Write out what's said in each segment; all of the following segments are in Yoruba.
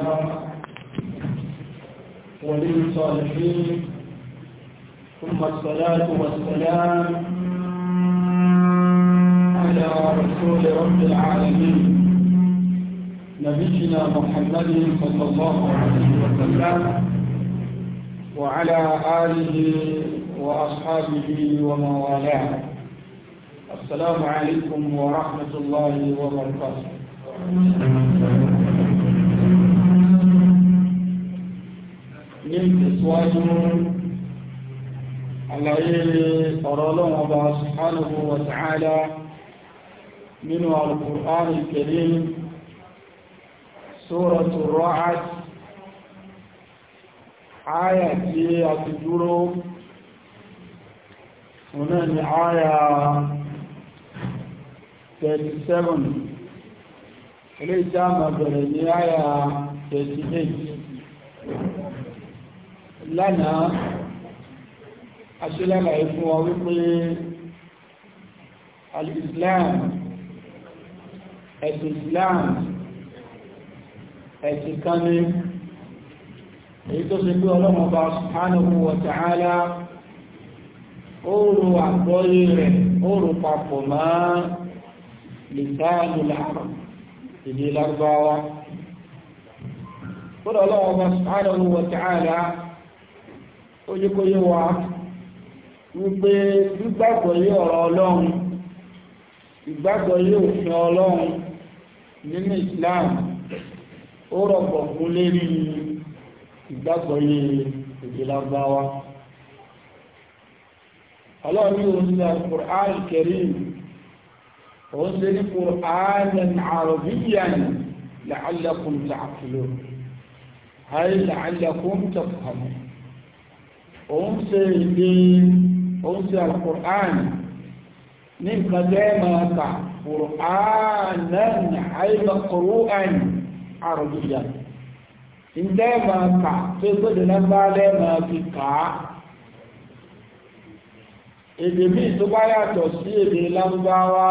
الله ولي ثم الصلاة والسلام على رسول رب العالمين نبينا محمد صلى الله عليه وسلم وعلى آله وأصحابه وموالاه السلام عليكم ورحمة الله وبركاته ní ìtẹ̀síwájú àlàyé ọ̀rọ̀ ọlọ́run ọba subhanahu wa ta'ala nínú al-Qur'an al-Karim Suratu Ra'd áyà tí a ti dúró ọ̀nà ni áyà 37 ilé ìjáàmà bẹ̀rẹ̀ ní áyà 38 lánàá aṣílálàyé fún wa wípé al-islam ẹ̀sìn islam ẹ̀sìn kan ní èyí tó ṣe bí ọlọ́mọba oòrùn àgbọ́yé rẹ̀ oòrùn papọ̀ máa láàrùn ìdí ó yẹ kó yé wa wípé gbígbàgbọ́ yé ọ̀rọ̀ ọlọ́run ìgbàgbọ́ yé òfin ọlọ́run nínú Islam ó rọ̀pọ̀ fún lérí ìgbàgbọ́ yé èdè lágbáwá ọlọ́run ní òun ní al-Qur'an òun ṣe ní Qur'anan Arabiyyan la'allakum ta'qilun ay la'allakum tafhamun òun ṣe ìdí òun ṣe alukur'an ní nǹkan jẹ́ máa kà kur'anan àìlọ kur'an àrùbíyà ǹjẹ́ máa kà tó gbọ́dọ̀ náà bá lẹ́ máa fi kà á èdè míì tó bá yàtọ̀ sí èdè lárúbáwá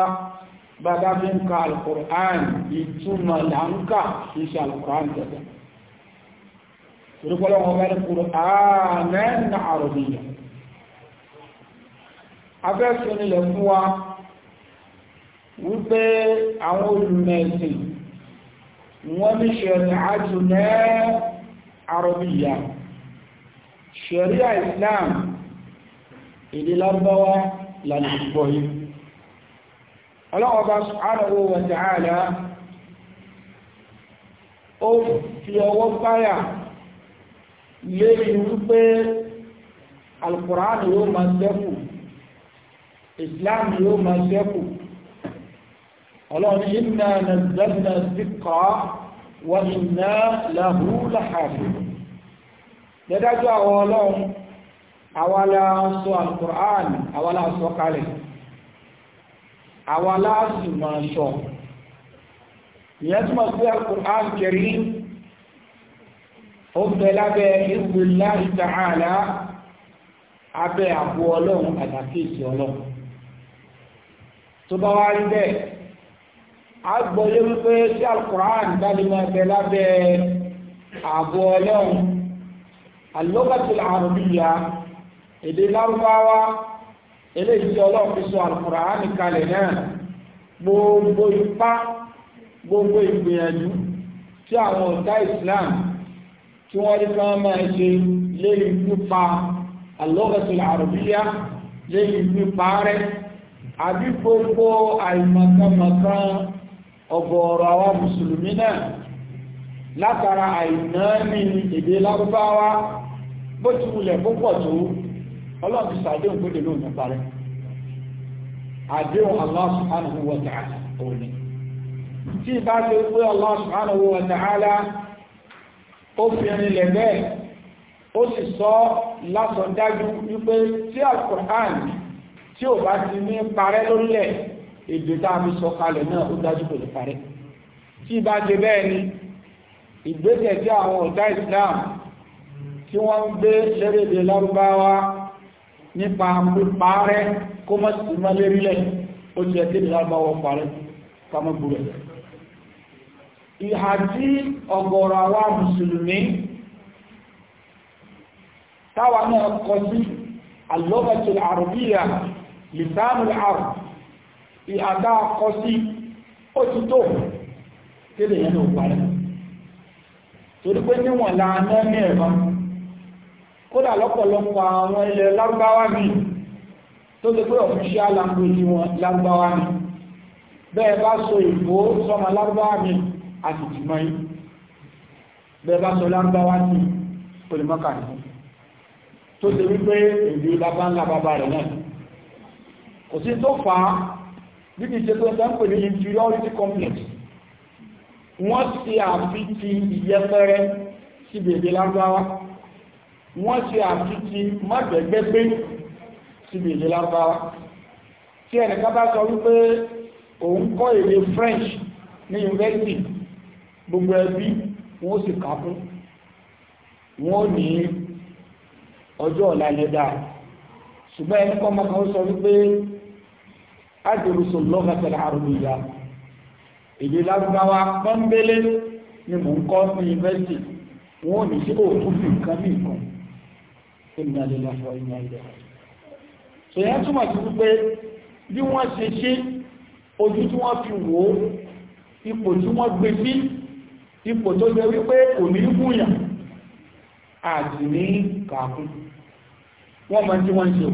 bàbá fi ń ka alukur'an ìtumọ̀ là ń ṣe alukur'an tẹ̀tẹ̀ torípọ́lọ́ wọn bá ní kúrò àmẹ́nà àrùbíyà abẹ́sùn nílẹ̀ fún wa wípé àwọn olùmẹ̀sìn wọ́n ní ṣẹ̀rì àjùmẹ́ àrùbíyà ṣẹ̀ríà Islam èdè lábáwá lànà ìgbọ̀ yìí ọlọ́ọ̀bá subhanahu wa ta'ala ó fi ọwọ́ báyà lérí wípé alukur'an yóò máa ṣẹ́kù islam yóò máa ṣẹ́kù ọlọ́run inna nazzalna dhikra wa inna lahu lahafidh dẹ́dájọ́ àwọn ọlọ́run àwàlá sọ alukur'an àwàlá sọ kalẹ̀ àwàlá sì máa sọ ìyẹn túnmọ̀ sí alukur'an karim o bẹ lábẹ́ ìgbìlá ìtàhálà abẹ́ àbú ọlọ́run àtàkì ọlọ́run tó bá wá rí bẹ́ẹ̀ a gbọ́lé wípé sí alkùnrán dálímọ̀ bẹ lábẹ́ àbú ọlọ́run alókàtìlá ede èdè lárúbáwá eléyìí ọlọ́run fi sọ alkùnrán kalẹ̀ náà gbogbo ipá gbogbo ìgbìyànjú tí àwọn ọ̀tá Islam tí wọ́n rí kan máa ṣe lẹ́yìn pípa alọ́gẹ̀tìlá àrùbíyá lẹ́yìn pípa rẹ̀ àbí gbogbo àìmọ̀kànmọ̀kàn ọ̀gọ̀ọ̀rọ̀ àwọn mùsùlùmí náà látara àìná ní èdè lárúbáwá bó ti wulẹ̀ púpọ̀ tó ọlọ́run ti sàdéhùn kó dé lóun rẹ̀ àdéhùn Allah subhanahu wa ta'ala òní tí ìbá ṣe pé Allah subhanahu wa ta'ala ó fi ẹni lẹ̀ bẹ́ẹ̀ ó sì sọ lásán dájú wípé tí alukur'an tí ò bá ti ní parẹ́ lórílẹ̀ èdè tá a fi sọ kalẹ̀ náà ó dájú kò lè parẹ́ tí ìbá jẹ bẹ́ẹ̀ ni ìgbésẹ̀ tí àwọn ọ̀tá Islam tí wọ́n ń gbé lérédè lárúbáwá nípa pípa rẹ̀ kó mọ̀ sí mọ́ lérílẹ̀ ó jẹ́ kéde lárúbáwá parẹ́ ká gbúrẹ̀ ìhà tí ọ̀gọ̀rọ̀ àwa mùsùlùmí táwa náà kọ sí alọ́bàtí àrùbíyà lìsánù àrùn ìhà táa kọ sí ó ti tó kéde yẹn ló parẹ́ torí pé níwọ̀n láàánẹ́ ní ẹ̀rọ kódà lọ́pọ̀lọpọ̀ àwọn ilẹ̀ lárúbáwá mi tó ti pé ọ̀fíṣẹ́ alágbèjì wọn lárúbáwá mi bẹ́ẹ̀ bá so ìbò sọmọ lárúbáwá mi a sì ti mọ́ yìí bẹ́ẹ̀ bá sọ lárúbáwá sí olùmọ́kà ní tó ṣe wípé èdè bàbá ńlá bàbá rẹ̀ náà kò sí tó fà á níbi ìṣe tó ń pè ní inferiority complex wọ́n ṣe àfi ti ìyẹpẹrẹ síbi èdè lárúbáwá wọ́n ṣe àfi ti mọ́gbẹ̀gbẹ́gbẹ́ síbi èdè lárúbáwá tí ẹnìkan bá sọ wípé òun kọ́ èdè French ní yunifásitì gbogbo ẹbí wọ́n sì kà fún wọ́n ní ọjọ́ ọ̀la lè dáa ṣùgbọ́n ẹni kọ́ máa sọ wípé adùrùsùn lọ́gàtẹ̀lẹ̀ àrùbíyà èdè lágbàwá pọ́nbélé ni mò ń kọ́ ní yunifásitì wọ́n ní sí òtún fi nǹkan ní nǹkan ìnà lè lọ́fọ́ ìnà ilẹ̀ ṣèyàn túmọ̀ sí wípé bí wọ́n ṣe ṣe ojú tí wọ́n fi wò ó ipò tí wọ́n gbé sí ipò tó jẹ wípé kò ní gúnyàn àti ní kàkún wọ́n mọ̀ tí wọ́n ṣe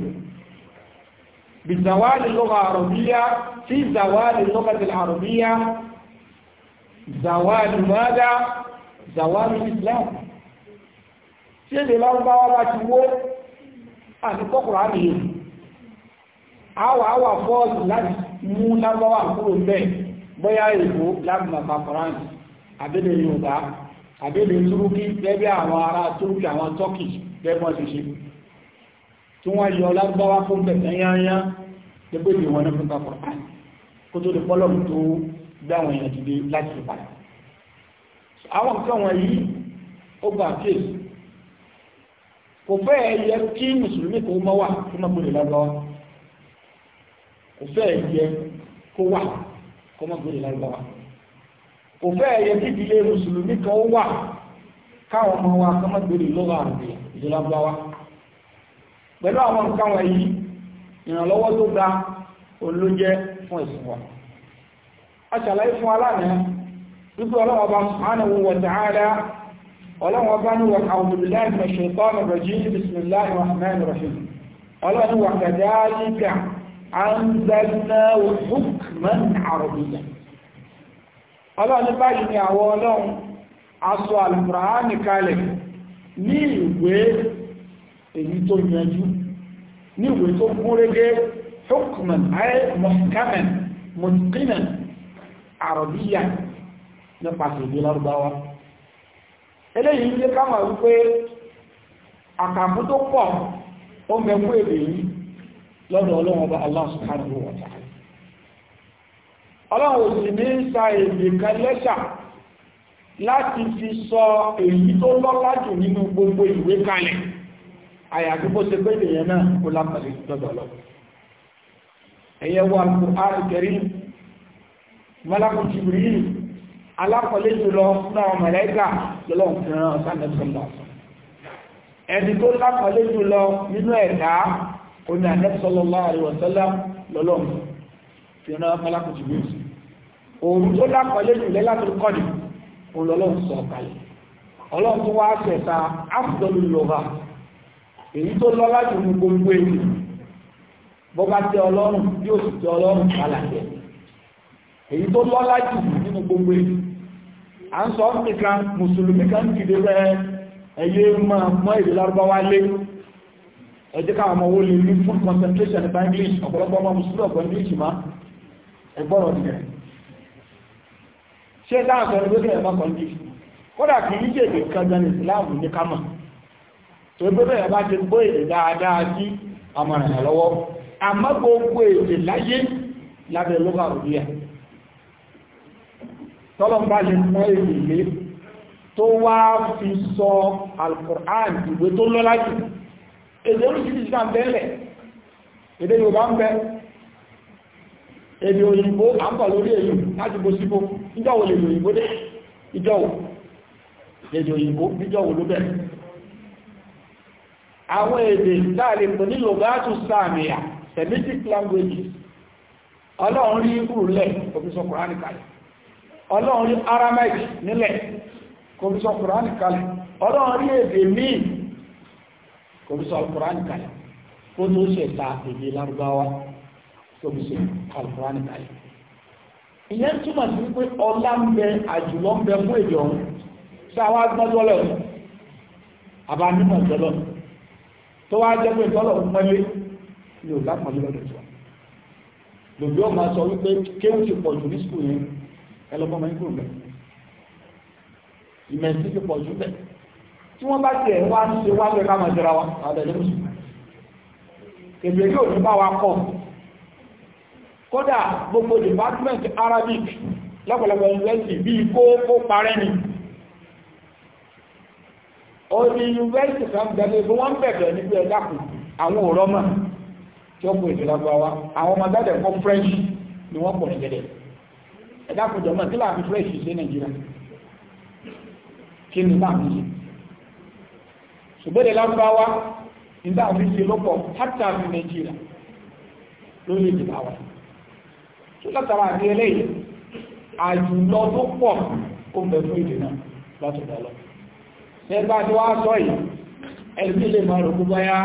bí zawali lọ́gbà àrọ̀bíyá tí zawali lọ́gbà àrọ̀bíyá zawali mọ́dá zawali islam tí èdè lọ́gbàwà bá ti wó àti kọkùrù àmìyàn àwà àwà láti mú lágbàwà kúrò bẹ́ẹ̀ bóyá èkó lágbàmà faransé àbẹ́lẹ̀ yorùbá àbẹ́lẹ̀ túrúkí gẹ́gẹ́ àwọn ará túrúkí àwọn tọ́kì gẹ́gbọ́n ti ṣe tí wọ́n yọ lágbáwá fún bẹ̀rẹ̀ yányá gẹ́gbẹ́ ni wọ́n fún papọ̀ kó tó lè pọ́lọ̀mù tó dáwọn èèyàn dìde láti ìpàdà àwọn nǹkan wọn yìí ó gbà kéèsì kò fẹ́ yẹ kí mùsùlùmí kò mọ́ wà fún mọ́gbọ́dẹ̀ lágbáwá kò fẹ́ yẹ kó wà kó mọ́gbọ́dẹ̀ lágbáwá kò fẹ́ ẹ̀yẹ kí ìdílé mùsùlùmí kan wà káwọn ọmọ wa kọ́ mọ́gbèrè lọ́wọ́ àti ìdílábáwá pẹ̀lú àwọn nǹkan wọ̀nyí ìrànlọ́wọ́ tó ga olóúnjẹ fún ìsìn wa a ṣàlàyé fún aláàrẹ wípé ọlọ́wọ́ bá subhanahu wa ta'ala ọlọ́wọ́ bá ní wọ̀n a'udhu billahi minash shaitanir rajim bismillahir rahmanir rahim ọlọ́wọ́ ni wa ọlọ́run báyìí ni àwọn ọlọ́run aṣọ alìmùràánì kalẹ̀ ní ìwé èyí tó yanjú ní ìwé tó gún régé hukman ayé mọ̀kánẹ̀n mọ̀kínẹ̀n àrọ̀bíyà nípasẹ̀ ìdí lọ́rùbáwá eléyìí ní kámà wípé àkàkú pọ̀ ó mẹ́kú èdè yìí lọ́dọ̀ ọlọ́run ọba Allah subhanahu wa ta'ala ọlọ́run sì ní sa èdè kan lẹ́ṣà láti fi sọ èyí tó lọ́lá jù nínú gbogbo ìwé kalẹ̀ àyàfi bó ṣe pé èèyàn náà kó lápàlẹ̀ lọ́dọ̀ lọ ẹ̀yẹ wa Al-Qur'an Al-Karim Malaku Jibril alákọ̀ọ́lẹ̀ jùlọ náà mọ̀lẹ́gà lọ́lọ́run fẹ́ràn sánẹ́sọ́lọ́ ẹni tó lápàlẹ̀ jùlọ nínú ẹ̀dá oní àdẹ́sọ́lọ́lá àríwọ̀sọ́lá lọ́lọ́run fẹ́ràn Malaku Jibril òun tó lápọ̀lẹ́ jù lẹ́látò kọ́dì òun lọ́lọ́run sọ kalẹ̀ ọlọ́run tó wá sẹ̀ta áfùdọ́lù lọ́ba èyí tó lọ́lá jù ní gbogbo èyí bọ́bá tẹ ọlọ́run yóò sì tẹ ọlọ́run kalàjẹ èyí tó la jù nínú gbogbo èyí à ń sọ nìkan mùsùlùmí kan dìde rẹ ẹyẹ mọ mọ èdè lárúbáwá lé káwọn ọmọ lè ní full concentration in english ọ̀pọ̀lọpọ̀ ọmọ mùsùlùmí ọ̀pọ̀ ṣé láwọn sọ ìgbésẹ̀ ẹ̀mọ́ kan jì kódà kì í ṣèdè kan gan ìsìláàmù ní kámà tó gbébẹ̀ ẹ̀ bá ti gbọ́ èdè dáadáa sí àmọ̀ràn lọ́wọ́ àmọ́ gbogbo èdè láyé lábẹ́ lóga òdíyà tọ́lọ́m bá lè mọ́ èdè ilé tó wá fi sọ alkùrán ìwé tó lọ́lá jù èdè oríṣiríṣi náà bẹ́ẹ̀lẹ̀ èdè Yorùbá ń bẹ́ẹ̀ èdè òyìnbó à ń bọ̀ lórí èyí láti bó síbó níjọ́wò lè lòyìnbó dé ìjọ́wò èdè òyìnbó níjọ́wò ló bẹ̀rẹ̀ àwọn èdè láàrin tó nílò gáàtù semitic languages ọlọ́run rí hebrew lẹ̀ kòfisọ ọlọ́run rí aramaic nílẹ̀ kòfisọ kùránì ọlọ́run rí èdè míì kòfisọ kùránì kó tó ṣẹ̀ta èdè tó fi ṣe alukurani kalẹ̀ ìyẹn túmọ̀ sí pé ọlá ń bẹ àjùlọ ń bẹ fún èdè ọ̀hún sáwá gbọ́dọ́lọ̀ àbá mímọ̀ jọlọ tó wá jẹ́ pé tọ́lọ̀ ń pẹ́lẹ́ ní òlá pọ̀ lọ́dọ̀ tó lòdì ó máa sọ wípé kéwù ti pọ̀ jù ní sùkúù yẹn ẹlọ́gbọ́n máa ń kúrò bẹ́ẹ̀ ìmẹ̀sí ti pọ̀ jù bẹ́ẹ̀ tí wọ́n bá tiẹ̀ wá ń ṣe wá pé ká máa jọra wa àwọn ẹ̀dẹ̀ lẹ́mùsùn kèbèrè yóò ní bá wa kódà gbogbo department Arabic lọ́pọ̀lọpọ̀ university bí kó kó parẹ́ ni ó ní university kan gẹ́gẹ́ bí wọ́n bẹ̀rẹ̀ ní pé ẹ̀dàkù àwọn òrọ́ tí ó lágbàwá àwọn ọmọ French ni wọ́n pọ̀ nígẹ̀dẹ̀ ẹ̀dàkù láàfin French kí ni láàfin ṣùgbọ́n tó látara àti eléyìí àjùlọ tó pọ̀ ó ń bẹ fún ìdè náà látọ̀dọ̀ lọ ẹgbà tí wá sọ yìí ẹ̀sìn lè máa rògbò báyá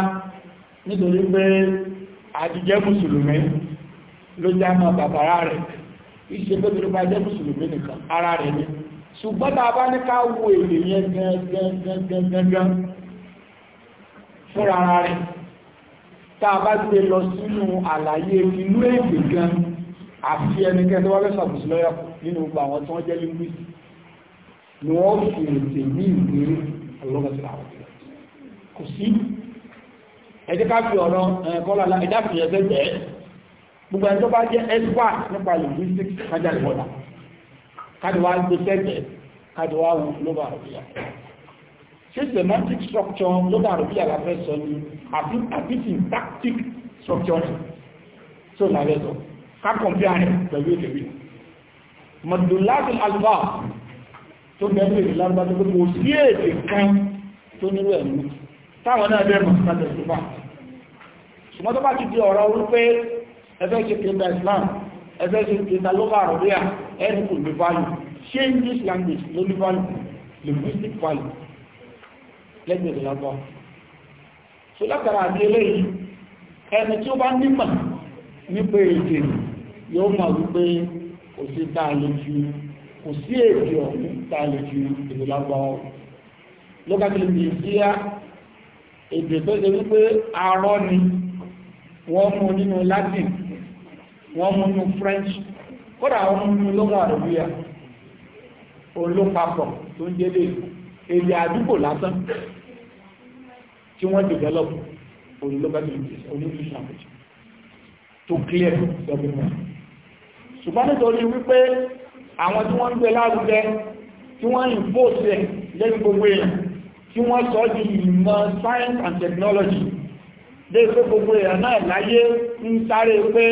nítorí pé àjíjẹ́ mùsùlùmí ló já mọ́ bàbára rẹ̀ ìṣe pé tó bá jẹ́ mùsùlùmí nìkan ara rẹ̀ ni ṣùgbọ́n tá a bá ní ká wo èdè yẹn fúnra rẹ̀ tá bá gbé lọ sínú àlàyé inú èdè gan-an àti ẹnikẹ́ni tó wá fẹ́ sàbùsù lọ́yà nínú gbogbo àwọn tí wọ́n jẹ́ linguist ni wọ́n fi ètè ní ìwé ọlọ́gọ́sílà kò sí ẹjẹ́ ká fi ọ̀rọ̀ ẹ̀kọ́lá ẹ̀dá fi ẹgbẹ́ jẹ́ gbogbo ẹni tó bá jẹ́ expert nípa linguistics kájà ìwọ̀dà káàdì wá gbé sẹ́gbẹ̀ káàdì wá wù lóba àrùbíyà ṣé semantic structure lóba àrùbíyà la fẹ́ sọ ni àbí syntactic structure so la fẹ́ sọ kákọ̀ọ́bí ààrẹ pẹ̀lú èdèbí mọ̀dùláàtì alfa tó bẹ̀rù èdè lárúbá tó gbogbo sí èdè kan tó nírú ẹ̀mú táwọn náà bẹ̀rù mọ̀sílẹ̀ ìsúfà ṣùgbọ́n tó bá ti di ọ̀rọ̀ wípé ẹfẹ́ ṣe kéta Islam ẹfẹ́ ṣe kéta lókà àròbíà ẹni kò ní value ṣé English language ló ní value linguistic value lẹ́gbẹ̀ẹ́ èdè lárúbá ṣùgbọ́n látara àti eléyìí ẹni tí ó bá nímọ̀ nípa èdè yóò mọ̀ wípé kò sí tá a lè fi kò sí èdè ọ̀hún tá a lè fi èdè lágbàá lókàtí lè sí á èdè tó ṣe wípé arọ́ ni wọ́n mú nínú Latin wọ́n mú nínú French kódà wọ́n mú nínú lọ́gà àrùbíyà olópapọ̀ tó ń jẹ́lé èdè àdúgbò lásán tí wọ́n develop olùlọ́gà tó ń jẹ́ oníṣàpẹ̀jẹ̀ to clear government ṣùgbọ́n nítorí wípé àwọn tí wọ́n ń gbé lárugẹ tí wọ́n ń bó ṣe lẹ́yìn gbogbo èèyàn tí wọ́n sọ di ìmọ̀ science and technology lè pé gbogbo èèyàn náà láyé ń sáré pé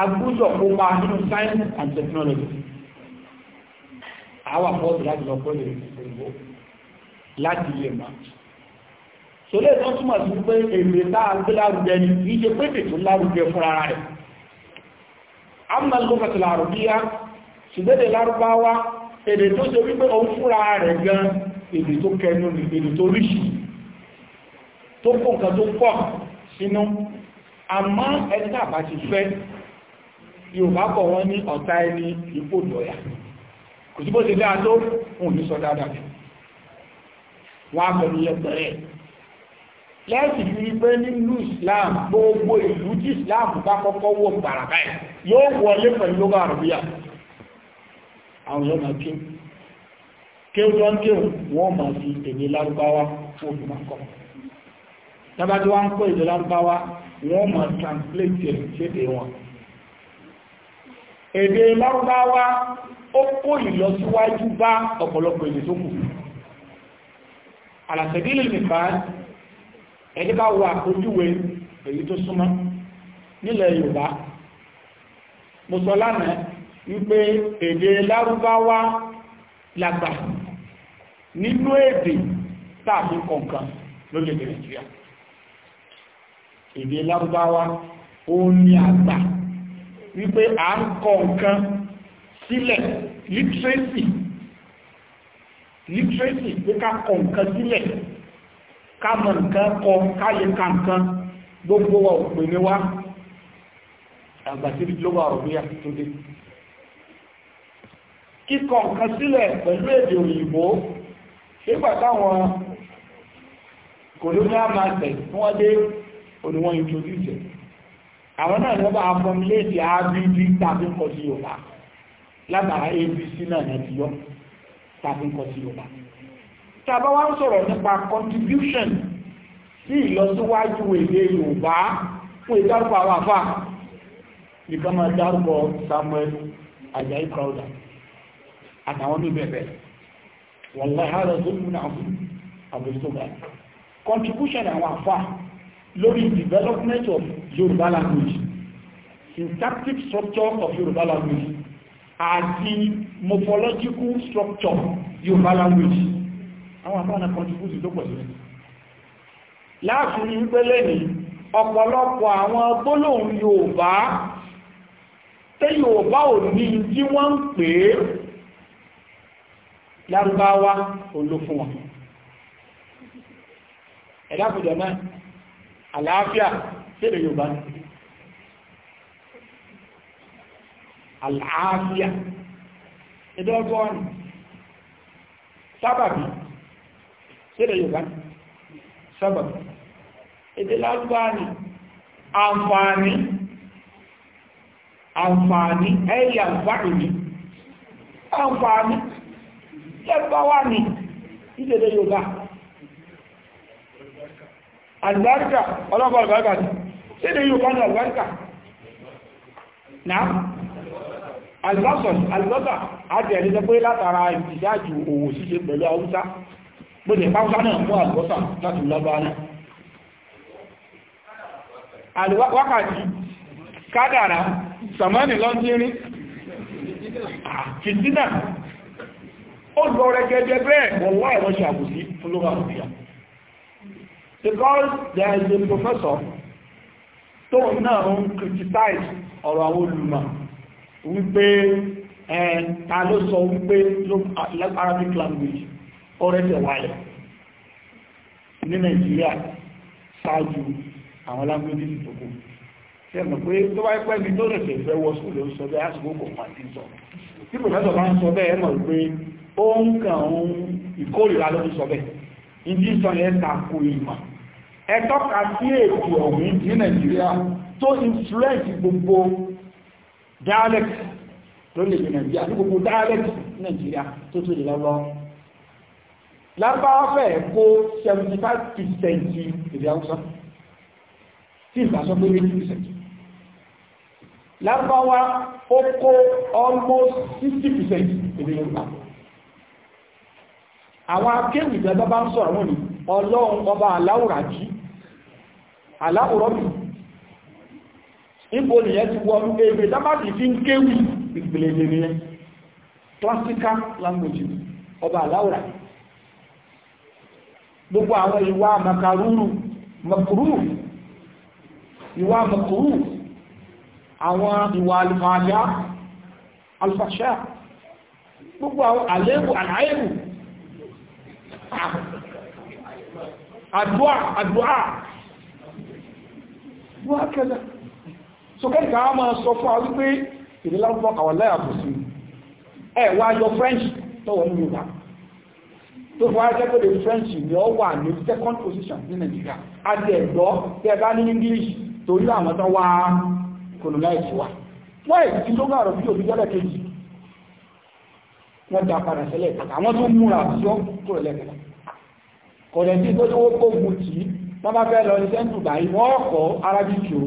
agbúdọ̀ kópa nínú science and technology àwọn àpọ́ọ̀tì láti lọ pẹ́lú ìgbò láti lè máa ṣolé tó túnmọ̀ sí pé èrè tá a gbé lárugẹ ni kìí ṣe pé tètè lárugẹ fúnra rẹ̀ amma lugha al-arabiyya ṣùgbọ́n èdè lárúbáwá èdè tó ṣe wípé òun fúnra rẹ̀ gan èdè tó kẹnu ní èdè tó ríṣì tó kó nǹkan tó pọ̀ sínú àmọ́ ẹni tàbá ti fẹ́ Yorùbá kọ̀ wọ́n ní ọ̀tá ẹni ipò lọ́yà kò sí bó ṣe dáa tó òun ní sọ dáadáa wọ́n á pẹ̀lú yẹpẹrẹ lẹ́sìn fi pé nínú Islam gbogbo ìlú tí Islam bá kọ́kọ́ wọ̀ gbàrà yóò wọlé pẹ̀lú lóga àrùbíyà àwọn yóò máa kí kí ó jọ ń kí wọ́n máa fi èdè lárúbáwá fún òfin akọ́ tábàtí wọ́n ń kó èdè lárúbáwá wọ́n máa translate ẹ̀ sédè wọn èdè lárúbáwá ó kó ìlọsíwájú bá ọ̀pọ̀lọpọ̀ èdè tó kù àlàsẹ̀dílì nìkan ẹ̀dí bá wà àkójúwe èyí tó súnmọ́ nílẹ̀ Yorùbá mo sọ lánàá wípé èdè lárúbáwá lágbà nínú èdè tàbí kọ̀ọ̀kan lórílẹ̀-èdè Nàìjíríà èdè lárúbáwá ó ní àgbà wípé à ń kọ nǹkan sílẹ̀ literacy literacy pé ká kọ sílẹ̀ ká mọ̀ nǹkan kọ káyé ka gbogbo wa òpè wá àgbàtí lówà ọ̀rọ̀gbéyà tó dé kíkọ nǹkan sílẹ̀ pẹ̀lú èdè òyìnbó nígbà táwọn colonial masters fún wọ́n dé olùwọ́n introduce àwọn náà lọ́bà formulate abd tàbí nǹkan sí yorùbá látara abc náà náà ti yọ tàbí nǹkan sí yorùbá tàbá wá ń sọ̀rọ̀ nípa contribution sí ìlọsíwájú èdè yorùbá fún ìdárúkọ àwọn àfáà nìkan máa dárúkọ Samuel Ajayi Crowder àtàwọn ní bẹ̀bẹ̀ wọ́n láhàrá tó mú náà fún àbòsíkògbà contribution àwọn àfà lórí development of Yorùbá language syntactic structure of Yorùbá language àti morphological structure Yorùbá language àwọn àfà náà contribution tó pọ̀ sílẹ̀ láàfin wípé lẹ́nìí ọ̀pọ̀lọpọ̀ àwọn gbólóhùn Yorùbá tẹ́yìn ò bá ò ní tí wọ́n ń pè é lárúbáwá olú fún wọn ẹ̀dá àpòjọ náà àlàáfíà tẹ́lẹ̀ Yorùbá ní àlàáfíà ẹ̀dọ́gọ́rùn sábàbí tẹ́lẹ̀ Yorùbá ní sábàbí èdè lárúbáwá ní àǹfààní àǹfààní ẹ̀yà àǹfààní àǹfààní lẹ́gbà wà ní ìdèdè yorùbá àlùbáríkà ọlọ́pàá àlùbáríkà ní ìdè yorùbá ní àlùbáríkà náà àlùbásọ̀ àlùbọ́sà àti ẹ̀lẹ́sẹ̀ pé látara ìdájú òwò ṣíṣe pẹ̀lú haúsá gbọ́dẹ̀ haúsá náà mú àlùbọ́sà láti lọ́bàá náà kádàrà sàmánì lọ́ndínrín fìdínà ó lọ rẹ̀gẹ̀dẹ̀ bẹ́ẹ̀ wọ́n wá ẹ̀rọ ṣe àbùsí fún ló because there is a professor tó náà ń criticize ọ̀rọ̀ àwọn olùmọ̀ wípé ta ló sọ wípé uh, Arabic language ọ̀rẹ́sẹ̀ wáyẹ̀ ní Nigeria, ṣáájú àwọn languages ìtòkùn sẹ́mọ̀ pé tó bá pẹ́ mi tó rẹ̀fẹ̀ fẹ́ wọ sóòlù ń sọ bẹ́ àsìkò kò máa ti sọ tí pòfẹ́sọ̀ bá ń sọ bẹ́ẹ̀ mọ̀ pé ó ń kàn ń ìkórìíra ló ń sọ bẹ́ẹ̀ ìdí sọ yẹn ta kò ìmọ̀ ẹ tọ́ka sí ètò ọ̀hún ní Nàìjíríà tó influence gbogbo dialect tó lè fi Nàìjíríà ní gbogbo dialect Nàìjíríà tó tó lè lọ́wọ́ lábáwá fẹ́ kó 75% ìdí Haúsá tí ìgbà sọ pé 80% lárúbáwá ó oko almost 60% ebe yorùbá àwọn akéwì ìjọba bá ń sọ̀rọ̀ wọn ni ọlọ́run ọba aláwòrán jí aláwòrán mi níbo nìyẹn ti wọ ebe dábàtì fi ń kéwì ìpìlẹ̀ èdè classical language ọba aláwòrán gbogbo àwọn ìwà makarúrù makarúrù àwọn ìwà alìfààlá alfàṣà gbogbo àwọn àléébù àláébù àdúà àdúà àdúà kẹlẹ̀ so kẹ́kẹ́ a máa sọ fún àwọn pé ìrìnlá fún àwọn láyàbò sí ẹ wá yọ French tọwọ́ ní Yorùbá tó fún ajẹ́ pé the French ni ó wà ní second position ní Nigeria a ti ẹ̀gbọ́ tẹ́ bá ní English torí àwọn tán wá colonize wa wọ́n èyí tí lóga ọ̀rọ̀ bíi òbíjọ́lẹ̀ kejì wọ́n da padà sílẹ̀ àwọn tó múra àbújọ́ tó rẹ̀ lẹ́kẹ̀ẹ́ kọ̀dẹ̀ tí tó lówó kóògùn tí wọ́n bá fẹ́ lọ ní sẹ́ńtù báyìí wọ́n kọ́ arábíkì o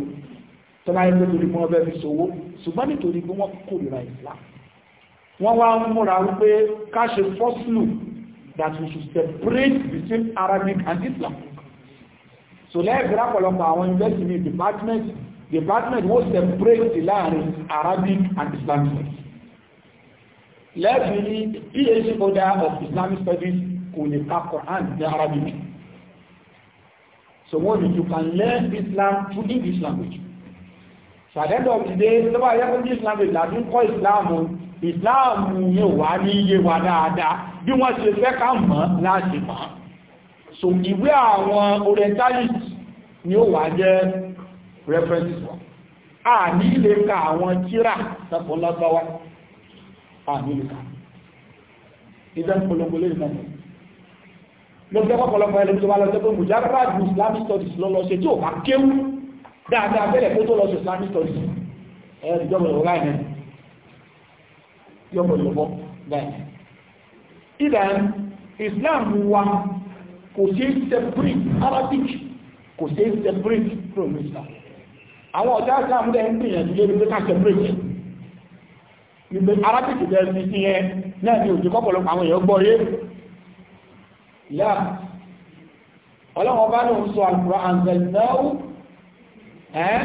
tó máa ń lórí mọ́ ọbẹ̀ fi ṣòwò ṣùgbọ́n nítorí pé wọ́n kórìíra ìsìlá wọ́n wá ń múra wípé ká ṣe fọ́sùlù that we should separate between Arabic and Islam so lẹ́ẹ̀gbẹ̀rẹ̀ pọ̀lọpọ̀ àwọn university department department wọ́n separate láàrin Arabic and Islamic studies lẹ́bí ní phd holder of Islamic studies kò lè ka Quran ní Arabic so wọ́n ní you can learn Islam through English language so at the end of the day lọ́wọ́ ayẹ́kọ́ English language láti ń kọ́ Islam Islam yẹn wà ní iye wa dáadáa bí wọ́n ṣe fẹ́ ká mọ̀ láti mọ̀ so ìwé àwọn orientalist ni ó wà jẹ́ references wa a ní lè ka àwọn tíra tẹ́kùn lágbàwá a ní lè ka ìdá pọlọpọlọ ìmọ̀mọ̀ lọ́gbẹ́ pọ̀pọ̀lọpọ̀ ẹlẹ́gbẹ́ tó bá lọ sẹ́kùn mùjára ju Islamic studies lọ lọ ṣe tí ò bá kéwú dáadáa bẹ́ẹ̀ kó tó lọ Islamic studies ẹ̀rọ ìjọba ìwọ̀lá ẹ̀mẹ́ wa kò ṣe Arabic kò ṣe é àwọn ọ̀dá islam dẹ̀ ń gbìyànjú lórí pé káṣẹ bíréèkì ìgbé arábìkì dẹ̀ ní ìyẹn náà ni òjò kọ́pọ̀lọpọ̀ àwọn èèyàn gbọ́ yé yá ọlọ́wọ́ bá lóun sọ àlùkùrọ̀ àǹzẹ̀lẹ́wù ẹ́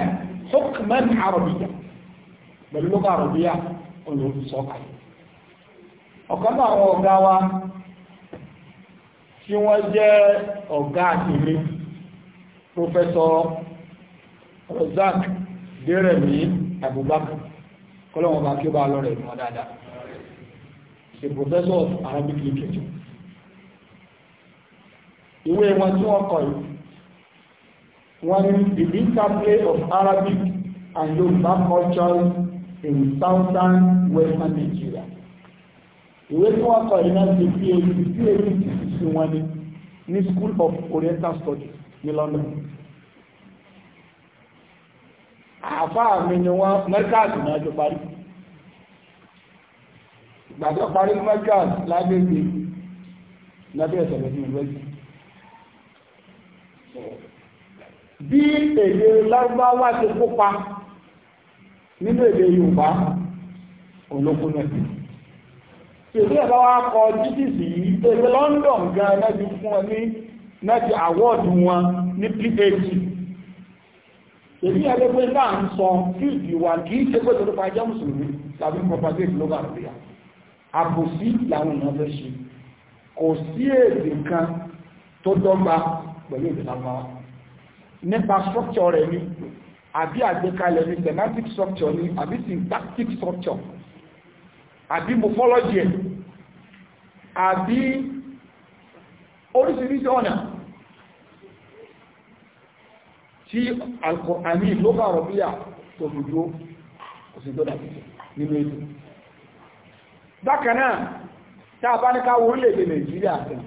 hukman arabiya pẹ̀lú lókà arabiya olóòrùn sọ́kàlẹ̀ ọ̀kan náà àwọn ọ̀gá wa tí wọ́n jẹ́ ọ̀gá àtìrí professor rozak dérẹ̀mí abubakar kọ́lọ́wọ́n bá kí ó bá lọ́rẹ̀ ìmọ̀ dáadáa ṣe professor of arabic literature ìwé wọn tí wọ́n kọ̀ wọ́n the interplay of arabic and yorùbá cultures in southern western nigeria ìwé tí wọ́n kọ̀ yìí náà ṣe phd phd sí wọn ní ní school of oriental studies ní london àfáà mi ni wọ́n mẹ́kàtì náà jọ parí ìgbà tó parí mẹ́kàtì lágbègbè lábẹ́ ìṣẹ̀lẹ̀ ní ìrẹ́jì bí èdè lárúbáwá ti kópa nínú èdè yorùbá olókun náà èdè ẹ̀bá wa kọ jíjìsì yìí èdè London gan náà ti fún ọ ní náà ti àwọ́ọ̀dù wọn ní phd èmi ẹlẹ́gbẹ́ náà ń sọ fíìdì wà kìí ṣe pé torípa ẹjẹ́ mùsùlùmí tàbí propagate global prayer àbòsí làwọn èèyàn fẹ́ ṣe kò sí èdè kan tó dọ́gba pẹ̀lú èdè lágbára nípa structure rẹ̀ ni àbí àgbékalẹ̀ ni thematic structure ni àbí syntactic structure àbí morphology àbí oríṣiríṣi ọ̀nà tí alkùnrin ló bá rọ̀ bíyà tó dúdú òsì tó dàbí nínú ètò bákanáà tá a bá ní ká orílẹ̀-èdè Nàìjíríà tẹ̀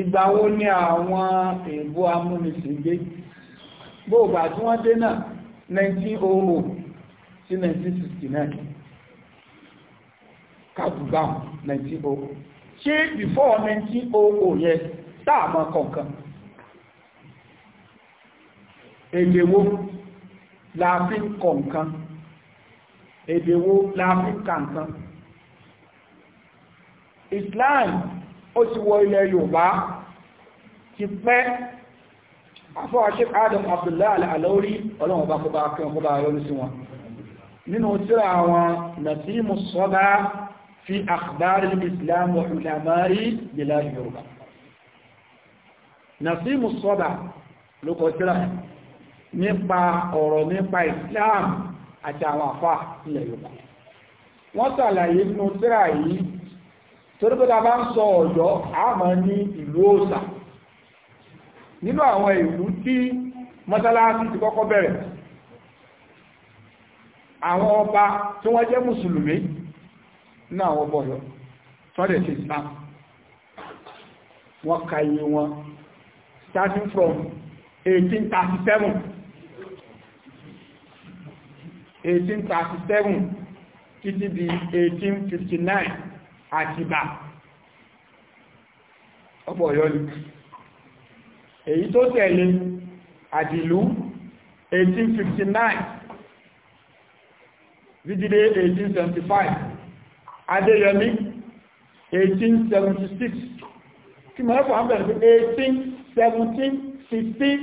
ìgbà wo ni àwọn èèbó amúnisìngbé gbóògbà tí wọ́n dé náà 1900 sí 1969 kàbùgbà 1900 ṣé before 1900 yẹ táàmà kọ̀ọ̀kan èdèwó láàfí ń kọ nǹkan èdèwó láàfí ń kà nǹkan Islam ó ti wọ ilẹ̀ Yorùbá ti pẹ́ afọ́ àṣík Adam Abdullahi Al-Alauri ọlọ́wọ̀n bá kọba kí wọn kọba yọrí sí wọn nínú tíra àwọn nàtíìmù sọ́bá fi akhbari Islam wa ulamari bilal Yorùbá nàtíìmù sọ́bá ló tíra nípa ọ̀rọ̀ nípa Islam àti àwọn àfà ilẹ̀ Yorùbá wọ́n sàlàyé nínú tírà yìí torí pé ta bá ń sọ Ọ̀yọ́ a máa ní ìlú òòṣà nínú àwọn ìlú tí mọ́sálásí ti kọ́kọ́ bẹ̀rẹ̀ àwọn ọba tí wọ́n jẹ́ mùsùlùmí ní àwọn ọba Ọ̀yọ́ tọ́lẹ̀ sí Islam wọ́n ka iye wọn starting from 1837 1837 títí di 1859 àtìbà ọ̀pọ̀ ọ̀yọ́ ni èyí tó tẹ̀lé àdìlú 1859 dídílé 1875 adéyọmí 1876 kí mọ̀ ẹ́fà ń bẹ̀rẹ̀ 18 17 16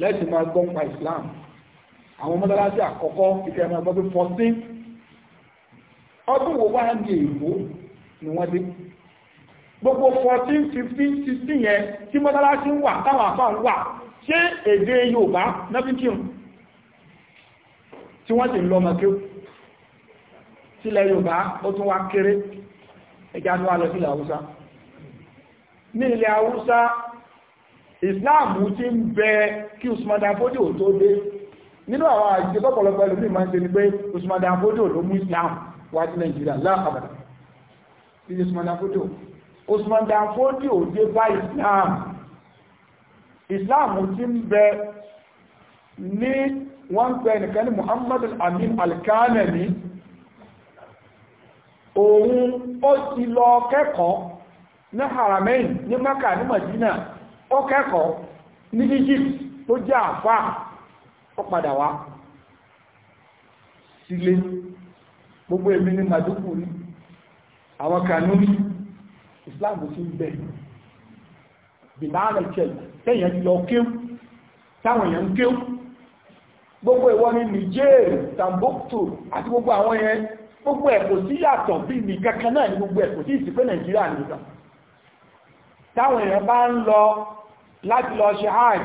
lẹ́sìn máa gbọ́npa Islam àwọn mọ́sálásí àkọ́kọ́ ìfẹ́ ẹ̀mọ́ ẹgbẹ́ fọ́sí ọdún wo wá ní èèbó ni wọ́n dé gbogbo 14 15 16 yẹn tí mọ́sálásí wà táwọn àfà wà ṣé èdè Yorùbá nọ́bíkìm tí wọ́n sì lọ lọ́mọ sílẹ̀ Yorùbá ó tún kéré ẹjá ní lọ sílẹ̀ Haúsá ní ilẹ̀ Islam ti ń kí Usman tó nínú àwọn àjíjẹ tọ́pọ̀lọpọ̀ ẹlòmí máa ń ṣe ni pé Usman Dan Fodio ló mú Islam wá sí Nàìjíríà láàbàdà sí Usman Dan Fodio Usman Dan Fodio dé bá Islam Islam ti ń bẹ ní wọ́n pẹ nìkan ní Muhammad Amin Al-Kanani òun ó ti lọ kẹ́kọ̀ọ́ ní Haramain ní Maka ní Madina ó kẹ́kọ̀ọ́ ní Egypt tó jẹ́ àfáà ó padà wá sílé gbogbo èmi ní màdúkù ní àwọn kanúrí islam sí ń bẹ̀ bìbáàrẹ̀ kẹlù tẹ́yẹ̀ ti lọ kéw táwọn èèyàn ń kéw gbogbo ìwọ ní niger tambokto àti gbogbo àwọn yẹn gbogbo ẹ̀ kò sí yàtọ̀ bí ní kankan náà ní gbogbo ẹ̀ kò sí ìsìnkú nàìjíríà nìkan táwọn èèyàn bá ń lọ láti lọ ṣe hajj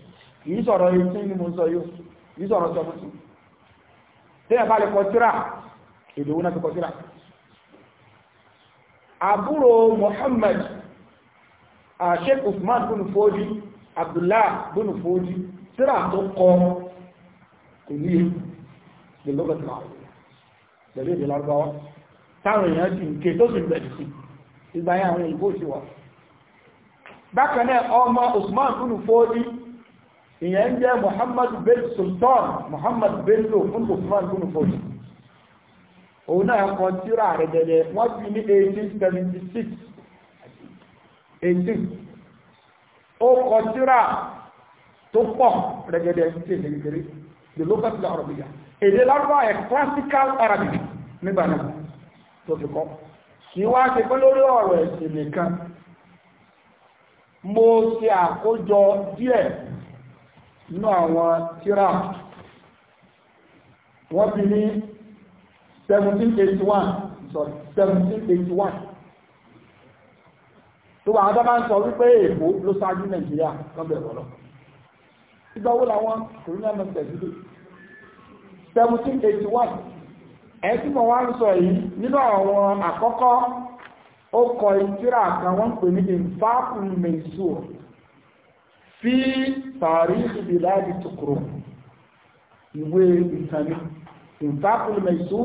kìí sọ̀rọ̀ etí ni mo sọ yóò kìí sọ̀rọ̀ sọmọ́tì tẹ́yà bá lè kọ tíra èdè owó náà fi kọ tíra àbúrò Muhammad Sheikh Usman bùnú fòójì Abdullah bùnú fòójì tíra tó kọ kò ní èdè lọ́gọ́tì láàrín pẹ̀lú èdè lárúbáwá táwọn èèyàn sì ń ké tó sì bẹ̀rẹ̀ sí ìgbà yẹn àwọn ìbò sí wọ bákan ọmọ Usman bùnú fòójì ìyẹn ń jẹ́ Muhammad bin Sultan Muhammad Bello fún Usman bin Fodio òun náà kọ tírà rẹ̀ jẹjẹ wọ́n ti ní 1876 18 ó kọ tírà tó pọ̀ rẹ̀ jẹjẹ sí èdè kékeré the local people are bigger èdè lárúbá ẹ̀ classical Arabic nígbà náà tó fi kọ́ kí wá ṣe pé lórí ọ̀rọ̀ ẹ̀sìn nìkan mo ṣe àkójọ díẹ̀ nínú àwọn tíra wọ́n bí ní 1781 sorry 1781 tó wà àwọn bá ń sọ wípé èkó ló sáájú nàìjíríà lọ́bẹ̀ rọ̀lọ́ ìgbàwó làwọn colonial nurses dé 1781 ẹ̀ tí mo wá ń sọ yìí nínú àwọn àkọ́kọ́ ó kọ ìtíra kan pè ní ìfáàkùn mẹ́sùn fi tàríkì bìláàdì tukuru ìwé ìtàní ìfàkùn mẹ́sù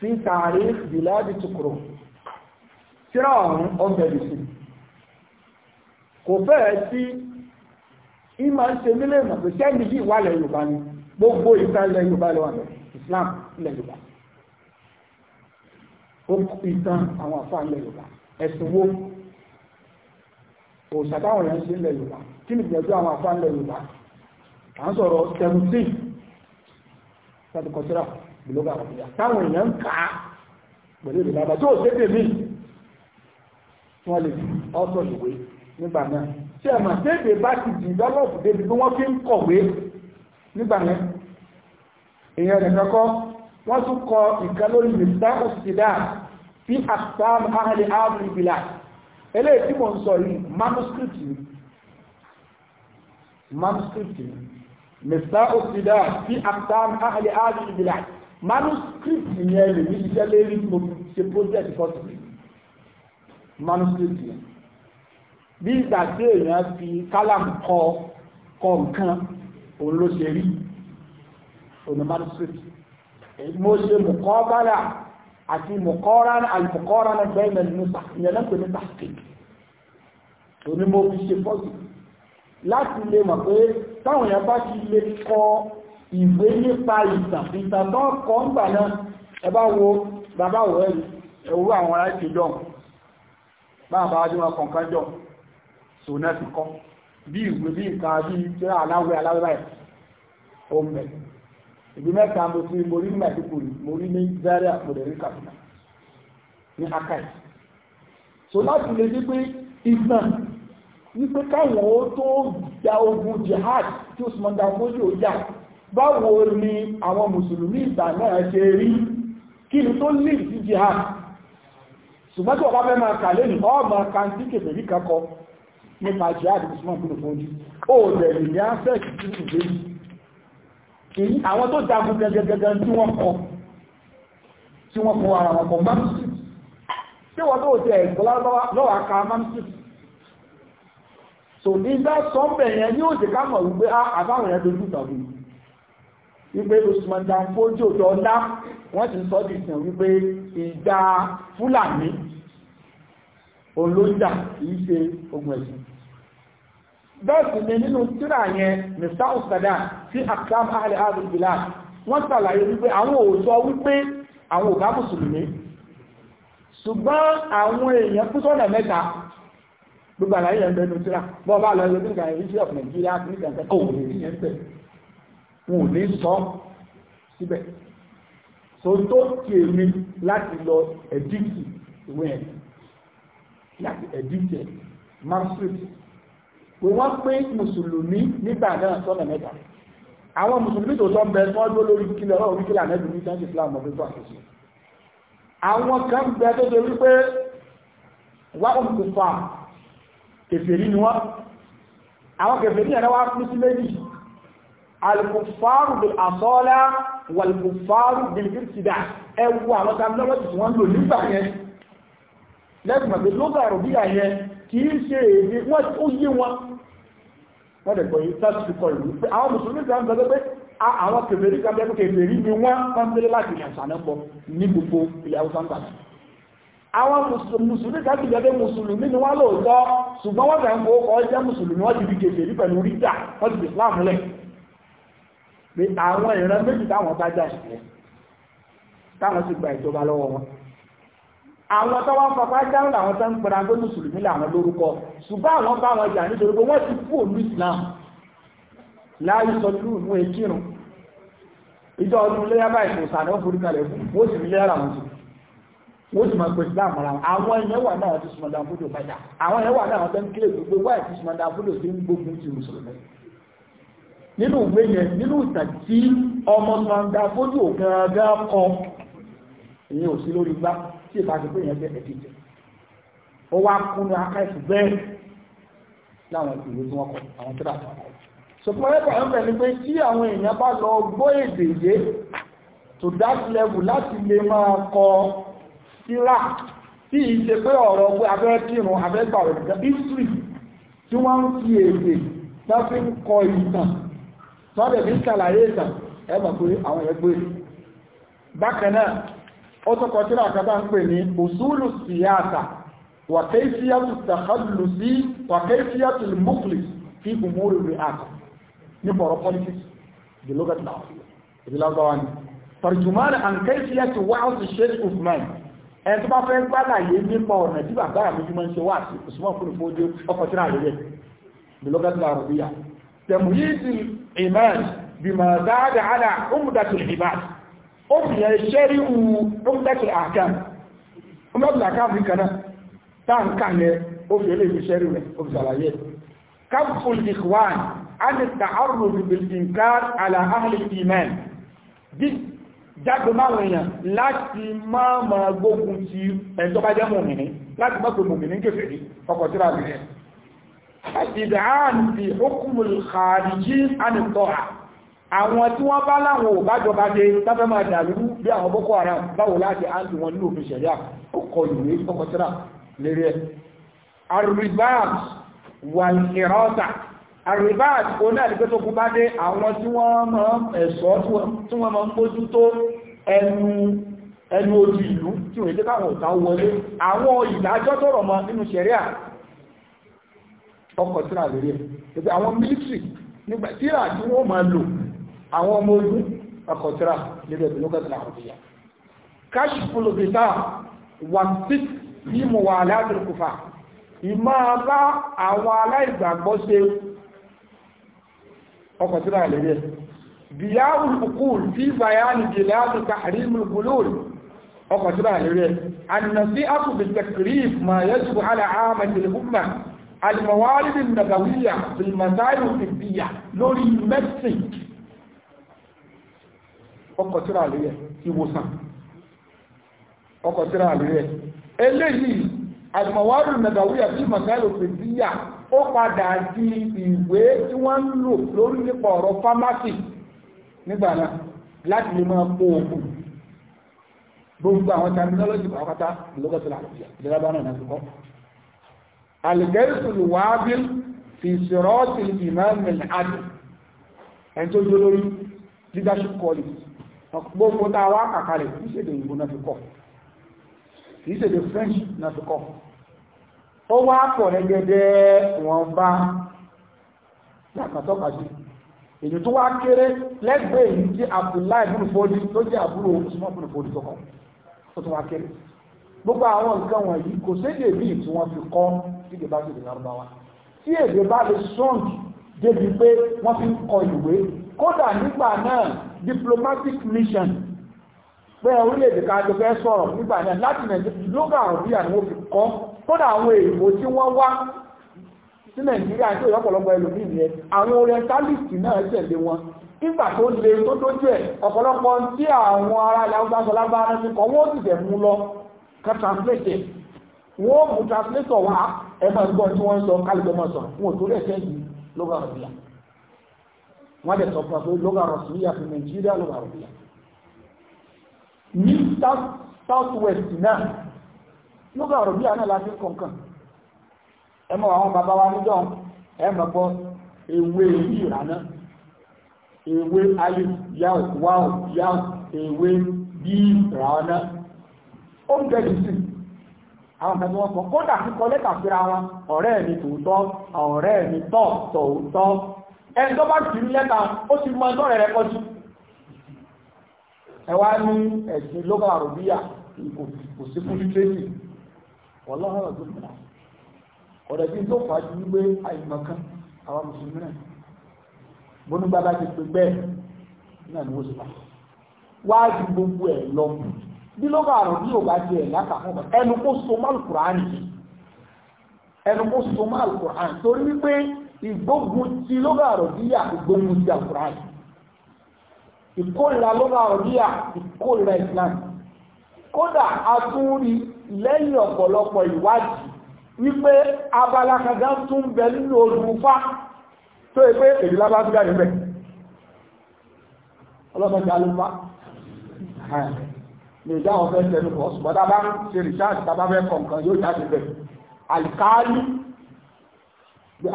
fi tàríkì bìláàdì tukuru tíra ọ̀run ọgbẹ̀lì sí kò fẹ́ẹ̀ sí ìmá ń ṣe nílé ìmọ̀ pé sẹ́ni yìí wà lẹ́yìn Yorùbá ni gbogbo ìtàn ilẹ̀ Yorùbá lọ wà Islam ilẹ̀ Yorùbá ìtàn àwọn àfáà ilẹ̀ Yorùbá ẹ̀sùn wo òòṣà táwọn èèyàn ṣe ń lẹ̀ Yorùbá kí ni ìgbẹ̀jọ́ àwọn àfáà ń lẹ̀ Yorùbá à ń sọ̀rọ̀ 17 láti kọtíra bìlógà àbúyà táwọn èèyàn ń kà á pẹ̀lú ìlú bàbá tó dédé wọ́n lè ọ́sọ̀ ìwé nígbà náà tí ẹ mà dédé bá ti di dọ́lọ́pù débi bí wọ́n fi ń kọ̀wé nígbà náà èèyàn nìkan kọ́ wọ́n tún kọ ìkan lórí ìgbésí dáhùn sí dáa fi àtàwọn ahàlẹ̀ ààrùn ìbìlà eléyìí tí mo ń sọ yìí manuscript ni manuscript ni mr osida fi aktam ahli ahli ibila manuscript yẹn lè ní iṣẹ́ lérí mo ṣe project fọ́sibí manuscript yẹn bí ìgbà tí èèyàn fi kálàm kọ kọ nǹkan òun ló ṣe rí òun manuscript mo ṣe mọ̀kọ́ bára àti mọ̀kọ́rán àìmọ̀kọ́rán ẹgbẹ́rún nípa ìyẹn náà pè ní tàkìk òní mo fi ṣe fọ́sì láti lè mọ̀ pé táwọn èèyàn bá ti lè kọ ìwé nípa ìtàn ìtàn tó kọ́ ń gbà náà ẹ bá wo bàbá òwe ẹ̀wúrọ̀ àwọn ará ìṣèjọ́ máa bá kọ̀ọ̀kan jọ sò náà ti kọ́ bí ìwé bí nǹkan bí aláwẹ̀ aláwẹ̀ báyìí ó ń ìlú mẹ́ta mo ti mo rí mẹ́tìkùrì mo rí ní zaria mo lè rí kaduna ní akai so láti lè ní pé ìgbọ̀n wípé káwọn ó tó da ogun jihad tí Usman dá fójú ó jà báwo ni àwọn mùsùlùmí ìgbà náà ṣe rí kí ni tó lè sí jihad ṣùgbọ́n tí ọba fẹ́ máa kà lẹ́nu ọmọ kàntí kèfèrí kakọ nípa jihad Usman kúrò fójú ó rẹ̀ ní access to the kìí àwọn tó jagun gẹ́gẹ́gẹ́gẹ́ tí wọ́n kọ tí wọ́n kọ ara wọn kọ mamsi tí wọ́n tó jẹ lọ́wọ́ aka mamsi so nígbà sọ́mbẹ̀ yẹn ní òjì ká mọ̀ wípé ah, àbáwọn yẹn dojú tàbí wípé Usman Dan Fodio ọ̀dá wọ́n ti sọ́ di sàn wípé ìjà Fúlàní olójà kìí ṣe ogun ẹ̀sìn bẹ́ẹ̀ sì ni nínú tíra yẹn mr usada sí akram ahli ahli bilal wọ́n ṣàlàyé wípé àwọn ò sọ wípé àwọn ò bá mùsùlùmí ṣùgbọ́n àwọn èèyàn kú sọ́nà mẹ́ta gbogbo àlàyé yẹn bẹ́ẹ̀ nínú tíra bọ́ bá lọ yọjú nígbà yẹn of Nigeria nígbà yẹn ò lè rí yẹn wọn ò ní sọ síbẹ̀ so tó ti èmi láti lọ ẹ̀dínkì ìwé ẹ̀ láti ẹ̀dínkì ẹ̀ pé wọ́n pé mùsùlùmí nígbà náà sọ́nà mẹ́ta àwọn mùsùlùmí tó sọ bẹ wọ́n dúró lórí kílẹ̀ ọ̀rọ̀ orí kílẹ̀ àmẹ́bí ní sáńsì islam ọ̀fẹ́ tó àṣẹṣe àwọn kan bẹ tó ṣe wípé wọ́n kò tó fa kèfèrí ni wọ́n àwọn kèfèrí yẹn wá pín sí méjì alkùfàárù bil asọ́lá wàlkùfàárù bil ìrìsìdá ẹwọ àwọn tàbí lọ́wọ́ kìí ṣe èdè wọ́n ó yé wọn wọ́n dẹ̀ gbọ́yí sáàtì kọ ìlú pé àwọn mùsùlùmí kan gbọ́dọ̀ pé àwọn kèfèrí kan bẹ́ẹ̀ kèfèrí ni wọ́n wọ́n ń bẹ́lẹ̀ láti yàn sànà pọ̀ ní gbogbo ilẹ̀ haúsá ń gbà àwọn mùsùlùmí kan ti gbẹ́dẹ́ mùsùlùmí ni wọ́n lóòótọ́ ṣùgbọ́n wọ́n fẹ́ ń kó ọjọ́ mùsùlùmí wọ́n ti di kèfèrí pẹ̀lú rídà wọ́n ti di Islam lẹ̀ pé àwọn ìran méjì táwọn bá jà sílẹ̀ táwọn sì gba ìjọba lọ́wọ́ wọn àwọn tó wá ń fọpá dáhùn làwọn tó ń pẹ̀lú agbé mùsùlùmí làwọn lórúkọ ṣùgbọ́n àwọn bá wọn jà nítorí pé wọ́n ti kú òlú Islam láàyè sọ lù mú ekírun ìjọ ọdún ilé yábà ìfòsàn àwọn forúkalẹ̀ fún wọ́n sì nílé ara wọn sí wọ́n sì máa pè Islam ara wọn àwọn ẹ̀yẹ́ wà náà ti sùmọ̀dà fúdò padà àwọn ẹ̀yẹ́ wà náà tó ń kílè gbogbo wáyé ti sùmọ̀dà fúdò sí ń gbógun ti ìyẹn ò sí lórí gbá tí ìbá ti pé èèyàn jẹ́ ẹ̀díjẹ́ ó wá kúnnú akáìsì bẹ́ẹ̀ láwọn ìwé tí wọ́n kọ àwọn tó dàgbà wọn. sọpọ́ ẹ̀kọ́ ẹ̀ ń bẹ̀ ni pé tí àwọn èèyàn bá lọ gbọ́ èdè yé to that level láti lè máa kọ síra tí ì ṣe pé ọ̀rọ̀ pé abẹ́ kírun abẹ́ gbàwẹ̀ nìkan history tí wọ́n ń fi èdè tó fi ń kọ ìtàn tó dẹ̀ fi ń ṣàlàyé ìtàn ẹ̀ mọ̀ pé àwọn ẹgbẹ́ bákan náà ó tó kọ tíra kan bá ń pè ní usulu siyasa wa kayfiyatu takhallusi wa kayfiyatu mukhlis fi umuri ri'asa ní bọ̀rọ̀ politics the local law ìdílágbáwá ni tarjumani an kayfiyatu wa'az sheikh usman ẹni tó bá fẹ́ gbálàyé nípa ọ̀nà tí bàbá àmì jùmọ́ ń ṣe tẹ̀mù yìí sí ìmáàjì bí màá dáadáa ala ó sì yẹ ṣẹ́rí wu ọmọdékìlá àkàm ọmọdékìlá àkàm nìkan náà táǹkà yẹ ó fi eléyìí fi ṣẹ́rí rẹ̀ ó fi ṣàlàyé káfùl ìkwán á ní tààrùn òbìbìnkà àlà áhàlì ìmẹ́n jágbe máwọn èèyàn láti máa ma gbógun ti ẹ̀ntọ́bá jẹ́ mòmìnì láti mọ́kò mòmìnì àwọn tí wọ́n bá láwọn ò bájọba ṣe sáfẹ́ máa dàlúrú bí àwọn boko haram báwo láti áńtì wọn ní òfin ṣẹ̀ríà ọkọ̀ ìwé tọkọtìrà lérí ẹ̀ arribat wal hirasa arribat ó náà ní pé tó kú bá dé àwọn tí wọ́n máa ẹ̀ṣọ́ tí wọ́n máa ń bójú tó ẹnu ẹnu ojú ìlú tí wọ́n jẹ́ káwọn ọ̀tá wọlé àwọn ìdájọ́ tó rọ̀ mọ́ nínú ṣẹ̀ríà ọkọ̀ tìrà lérí ẹ̀ tí wọ́n máa lò àwọn ọmọ ojú ọkọ̀tíra lébẹ̀ ìlú kẹsìlá àrùbíyà káṣífùlù bìtà wà sí mímú wà aláàdùnkùfà ìmọ̀ bá àwọn aláìgbàgbọ́ ṣe ọkọ̀tíra lébẹ̀ bìyàwó ìkùkùl tí bayani jìláàdù tàhrímù gulúl ọkọ̀tíra lébẹ̀ annasi aku bi takrif ma yajibu ala amati al-umma al-mawalid ọkọ̀ tíra àlúyẹ̀ ìwòsàn ọkọ̀ tíra àlúyẹ̀ eléyìí àdìmọ̀wárù nàdàwíyà tí mọ̀sáìlò pè sí yà ó padà di ìwé tí wọ́n ń lò lórí nípa ọ̀rọ̀ fámásì nígbà náà láti lè máa kó ogun gbogbo àwọn terminology pàápàá lọ́gọ́tìlá àlúyà ìjọba bá náà nàfikọ́ alìgẹ́rìsù lùwábìl fi sirati ìmáàmì àdì ẹni tó dúró lórí leadership quality gbogbo tá a wá kàkalẹ̀ kìí ṣèdè ìbò náà fi kọ́ kìí ṣèdè French náà fi kọ́ ó wá pọ̀ lẹ́gẹ́dẹ́ wọn bá yàtọ̀tọ́ka sí èyí tó wá kéré lẹ́gbẹ̀ẹ́ yìí tí Abdullahi bùn fọ́lì tó jẹ́ àbúrò Usman bùn fọ́lì tó kọ́ ó tó wá kéré gbogbo àwọn nǹkan wọ̀nyí kò sédè míì tí wọ́n fi kọ́ sí èdè bá ti dè lárúbáwá tí èdè bá lè sọ́ǹdì débi pé wọ́n fi ń kọ ìwé kódà nígbà náà diplomatic mission bẹ́ẹ̀ orílẹ̀-èdè ká jọ fẹ́ sọ̀rọ̀ nígbà náà láti nàìjíríà lókà àrùbí àwọn fi kọ́ kódà àwọn èèmò tí wọ́n wá sí nàìjíríà tí ó yọpọlọpọ ẹlòmíì yẹn àwọn orientalist náà tẹ̀lé wọn nígbà tó le tó dójú ẹ̀ ọ̀pọ̀lọpọ̀ tí àwọn ará ilẹ̀ haúsá lágbára ti kọ́ wọ́n ti tẹ̀ translate wọ́n mú translator wá ẹ̀ máa gbọ́ tí wọ́n ń sọ kálíkọ́ mọ̀ wọ́n lè sọ pé lọ́gà rọ̀sùlíyà fún nàìjíríà lọ́gà rọ̀sùlíyà ní south west náà lọ́gà rọ̀sùlíyà náà láti kọ̀ọ̀kan ẹmọ àwọn bàbá wa níjọ́ ẹmọ pọ̀ ewé ìrànà ewé ayé yáò wáò yáò ewé bí ìrànà ó ń bẹ̀rẹ̀ sí àwọn ọ̀pẹ̀ wọn kọ̀ kódà kíkọ lẹ́tà síra wọn ọ̀rẹ́ mi tòótọ́ ọ̀rẹ́ mi tọ̀ tòótọ́ ẹni tó bá ti lẹ́ta ó ti mọ ẹjọ́ rẹ̀ kọjú ẹwà ní ẹ̀sìn lókà àrùbíyà kò sí fún títẹ́sì ọlọ́rọ̀ tó mìíràn ọ̀rẹ́ bí tó fà á ju wípé àìmọ̀kan àwọn mùsùlùmí rẹ̀ ti pè bẹ́ẹ̀ náà ni wọ́n ti wá ju gbogbo ẹ̀ lọ bí àrùbíyà ò bá ti ẹ̀ ẹnu kó so ìgbógun ti lóga àròdíyà ìgbógun ti àkùrán ìkórìíra lóga àròdíyà ìkórìíra Islam kódà a tún rí lẹ́yìn ọ̀pọ̀lọpọ̀ ìwádìí wípé abala kankan tún bẹ nínú olùfá tó ẹgbẹ́ èyí lábájúgbà níbẹ̀ ọlọ́mọdé alúfá lè dá ọ̀fẹ́ tẹnu fọ́ ṣùgbọ́n tá bá ń ṣe rìṣáàtì tá fẹ́ kọ̀ọ̀kan yóò jáde bẹ̀ àlìkáálí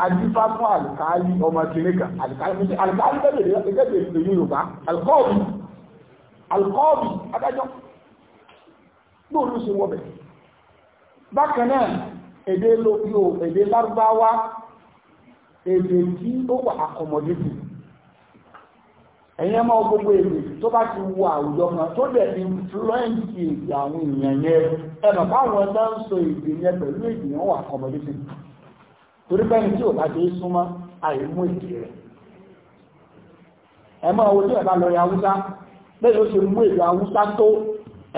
àdìfá fún àlùkáàlì ọmọ kìnìkan àlùkáàlì àlùkáàlì bẹ́ẹ̀ bẹ̀rẹ̀ ìlú yorùbá alkọ́ọ̀bì alkọ́ọ̀bì adájọ́ lóòrùn sí wọ́bẹ̀ bákan náà èdè lópio èdè lárúbáwá èdè tí ó wà àkọmọdébì ẹ̀yẹn máa gbogbo èdè tó bá ti wọ àwùjọ kan tó dẹ̀ influence èdè àwọn èèyàn yẹn ẹ̀nà báwọn náà ń sọ èdè yẹn pẹ̀lú èdè wọn wà àkọmọdébì torí pẹ́ni tí ò bá dé súnmọ́ àìmú èdè rẹ̀ ẹ mọ́ owó tí ẹ̀ bá lọ ya Haúsá lẹ́yìn ó ṣe mú èdè Haúsá tó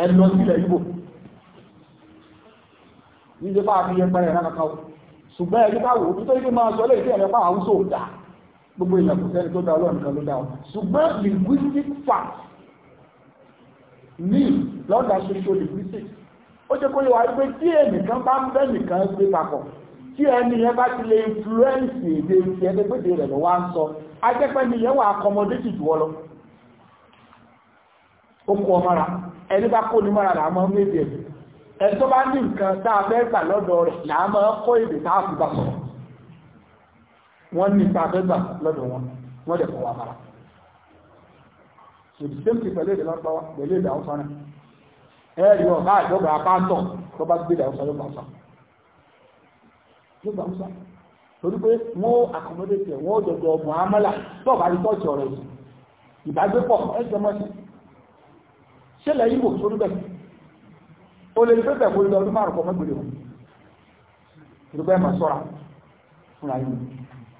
ẹ lọ sílẹ̀ Ìgbò ní ṣe fáà fi yẹ pẹ́rẹ̀ náà kankan ṣùgbọ́n ẹni ká wò ó tó yẹ máa sọ lè fi ẹ̀rẹ́ fáà Haúsá ò dá gbogbo èèyàn kò sẹ́ni tó dá Ọlọ́run kan ló dá ọ ṣùgbọ́n linguistic fact ní lọ́dà ṣoṣo linguistic ó ṣe kó yẹ wá pé tí ènìkan bá ń bẹ́ nìkan gbé papọ̀ tí yẹn bá ti lè influence èdè sọ ajẹ́pẹ́ ni accommodate jù ọ lọ ẹni bá kó ní mọ́ra là á mọ́ méjì ẹ̀dùn ẹni tó bá ní nǹkan tá a fẹ́ gbà lọ́dọ̀ rẹ̀ là á mọ́ kó èdè tá a fi wọn wọ́n dẹ̀ kọ́ wa pẹ̀lú èdè pẹ̀lú èdè àwọn yóò gbà musa torí pé wọ́n accommodate ẹ̀ wọ́n jọjọ muhammadu tó bá rí tọ́jú ọ̀rọ̀ yìí ìbágbé pọ̀ ẹ̀jẹ̀ mọ́sí ṣẹlẹ̀ ibo tó rí o lè fẹ́ bẹ̀ kórí lọ́dún márùn-ún kọ́mọ́ gbèrè wọn ìrúgbẹ́ ẹ̀ máa sọ́ra fúnra yìí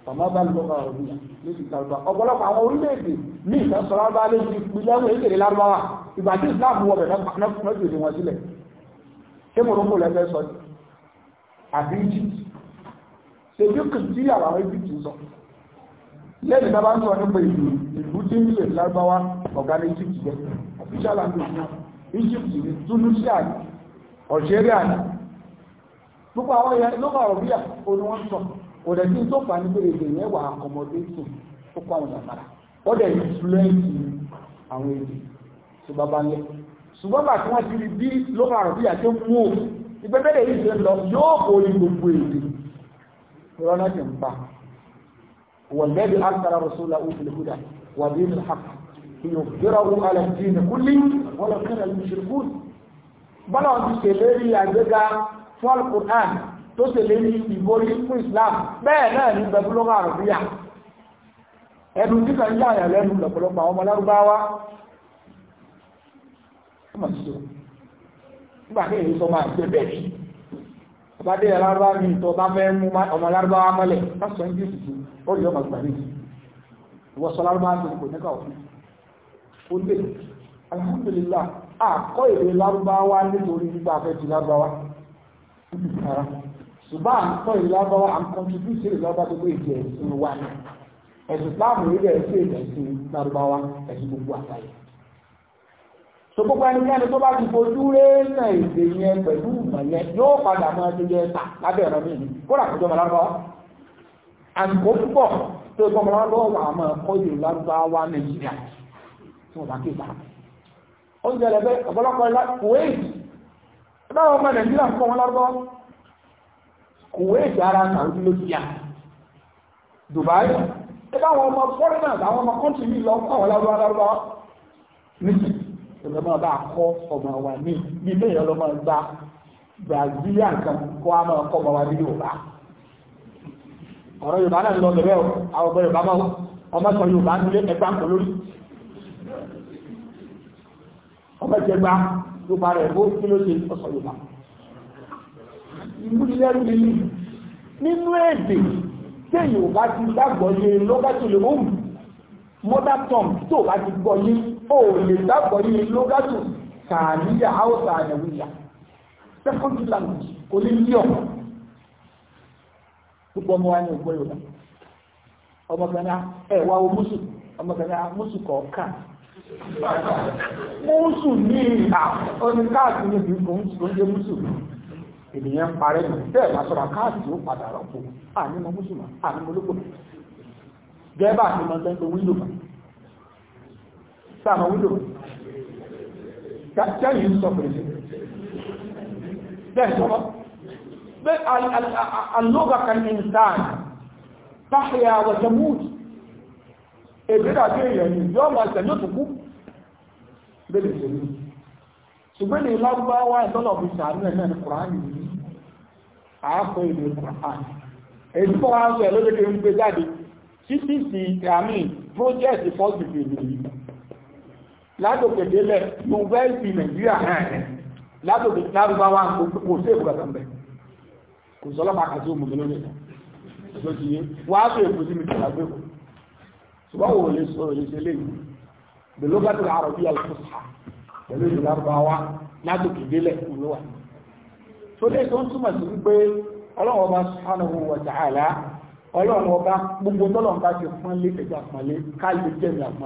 bàmá bá lọ bá ọ̀rọ̀ yìí lóṣù kàlùbà ọ̀pọ̀lọpọ̀ àwọn orílẹ̀-èdè ní ìfẹ́ sọ́ra bá lè fi ìpínlẹ̀ wọn èdè lárúbáwá ìgbà tí Islam wọ bẹ̀rẹ̀ náà gbèrè wọn sílẹ̀ ṣé mo rọ́pò lẹ́fẹ́ sọ àbí Egypt ṣèbí kì tí àwọn egypt sọ lẹ́yìn tá bá ń sọ nípa ìlú ìlú tí ń lè lárúbáwá ọ̀gá ní egypt jẹ́ official language náà egypt ní tunisia ní algeria ní gbogbo àwọn ẹ̀yà lọ́kọ̀ ọ̀rọ̀bíà oní wọ́n sọ òdẹ̀sí tó fà ní pé èdè yẹn wà accommodation tó kọ́ àwọn ìdàgbàrà ó dẹ̀ influence àwọn èdè tó bá bá ń lẹ̀ ṣùgbọ́n bá tí wọ́n ti rí bí lọ́kọ̀ ọ̀rọ̀bíà tó mú ìgbẹ́bẹ́rẹ̀ yìí ṣe lọ yóò kó ní gbogbo èdè rọ́nà ti ń pa wọ̀lẹ́bí akara rasúlà òfin húdà wà bí mi hàk kí yóò gbéra wú alàjí ní kúlí wọ́n lọ kẹ́rẹ̀ ní ṣirkún bọ́lá wọn ti ṣèlé rí àgbéga fún alukur'an tó ṣèlé rí ìborí fún islam bẹ́ẹ̀ náà ní bẹ̀búlọ́mà àrùbíyà ẹ̀dùn títà ń yà yàn lẹ́nu lọ́pọ̀lọpọ̀ àwọn ọmọ lárúbáwá nígbà tí èyí sọ àbádé dị mi tó bá fẹ́ mú ọmọ alárúbá mọ́lẹ̀ lọ́sọ̀ ń bíi tuntun ó rí ọmọ ìgbà méjì ìwọ sọ alárúbá mi ní káwọ́ ó lè alhamdulillah àkọ́ èdè alárúbá wa nítorí nígbà fẹ́ ṣùgbọ́n àkọ́ èdè tó gbogbo ẹnikẹ́ni tó bá ti fojú rẹ́nà èdè yẹn pẹ̀lú ìmọ̀yẹ yóò padà máa ti yẹ ta lábẹ́ ẹ̀rọ mi yìí kó làkójọ mọ̀lárúbọ́ àsìkò púpọ̀ tó gbọ́ mọ̀lárúbọ́ wà á máa kọ́ ìlú lárúbáwá nàìjíríà tí wọ́n bá ké ta ó ń jẹlẹ bẹ ọ̀pọ̀lọpọ̀ kuwait báwọn ọmọ nàìjíríà ń kọ́ wọn lárúbọ́ kuwait dubai ẹ báwọn ọmọ fọ́rẹ́nà àwọn ọmọ kọ́ńtì yìí lọ lọ máa bá kọ́ ọmọ wa ní ilé ìyọ́ lọ máa gba brazilian kan kó a máa kọ́ ọmọ wa ní yorùbá ọ̀rọ̀ yorùbá náà lọ bẹ̀rẹ̀ àwọn ọmọ yorùbá nílé ẹgbà ńkọ lórí ọmọ ìjẹgba yorùbá rẹ̀ bó kí ló ṣe ọsọ yorùbá ìmúlẹ́rù nínú nínú èdè tí yorùbá ti gbàgbọ́ yé lọ́gbàtò lè mọ́dà tọ̀m tó bá ti gbọ́ yé o le gbàgbọ́ yìí lógàtù sàníyà áwòsà àyẹ̀wìyà second language kò ní ní ọ̀pọ̀ gbogbo ọmọ wa ní ògbó yorùbá ọmọ kan ẹ wá o mùsù ọmọ kan mùsù kọ̀ọ̀kan mùsù ní ìhà oní káàtì ní ìlú kò ń sọ oúnjẹ mùsù ènìyàn parẹ́ bẹ́ẹ̀ bá sọ̀rọ̀ ó padà àní mùsù mọ́ àní sáàmà wíńdò kẹ́yìn sọ pèsè bẹ́ẹ̀ sọ́mọ́ bẹ́ẹ̀ alóga kan ìntàn táhìyà wà jamúd èbèrè àti èèyàn ni yọ́ ma ṣẹ̀ yóò tukú bẹ́ẹ̀ sẹ́yìn ṣùgbọ́n ní lágbàáwá ìtọ́lọ̀ fi sàánú ẹ̀ náà ní kùránì yìí àákọ́ ìlú kùránì èyí tó wá ń sọ ẹ̀ lóde kí n gbé jáde títí sí àmì project first degree látòkè délẹ̀ yunifásitì nàìjíríà náà rẹ̀ látòkè lárúbáwá kò sí èkó kankan bẹ̀ kò sọ ọlọ́pàá kàtí òmùgbé lórí ẹ̀sọ́ ti yé wá sọ èkó sí mi kàlá ṣùgbọ́n wò lè sọ èyí bá ti rà pẹ̀lú ìlú lárúbáwá délẹ̀ wa tó tó ń túmọ̀ sí wípé ọlọ́run ọba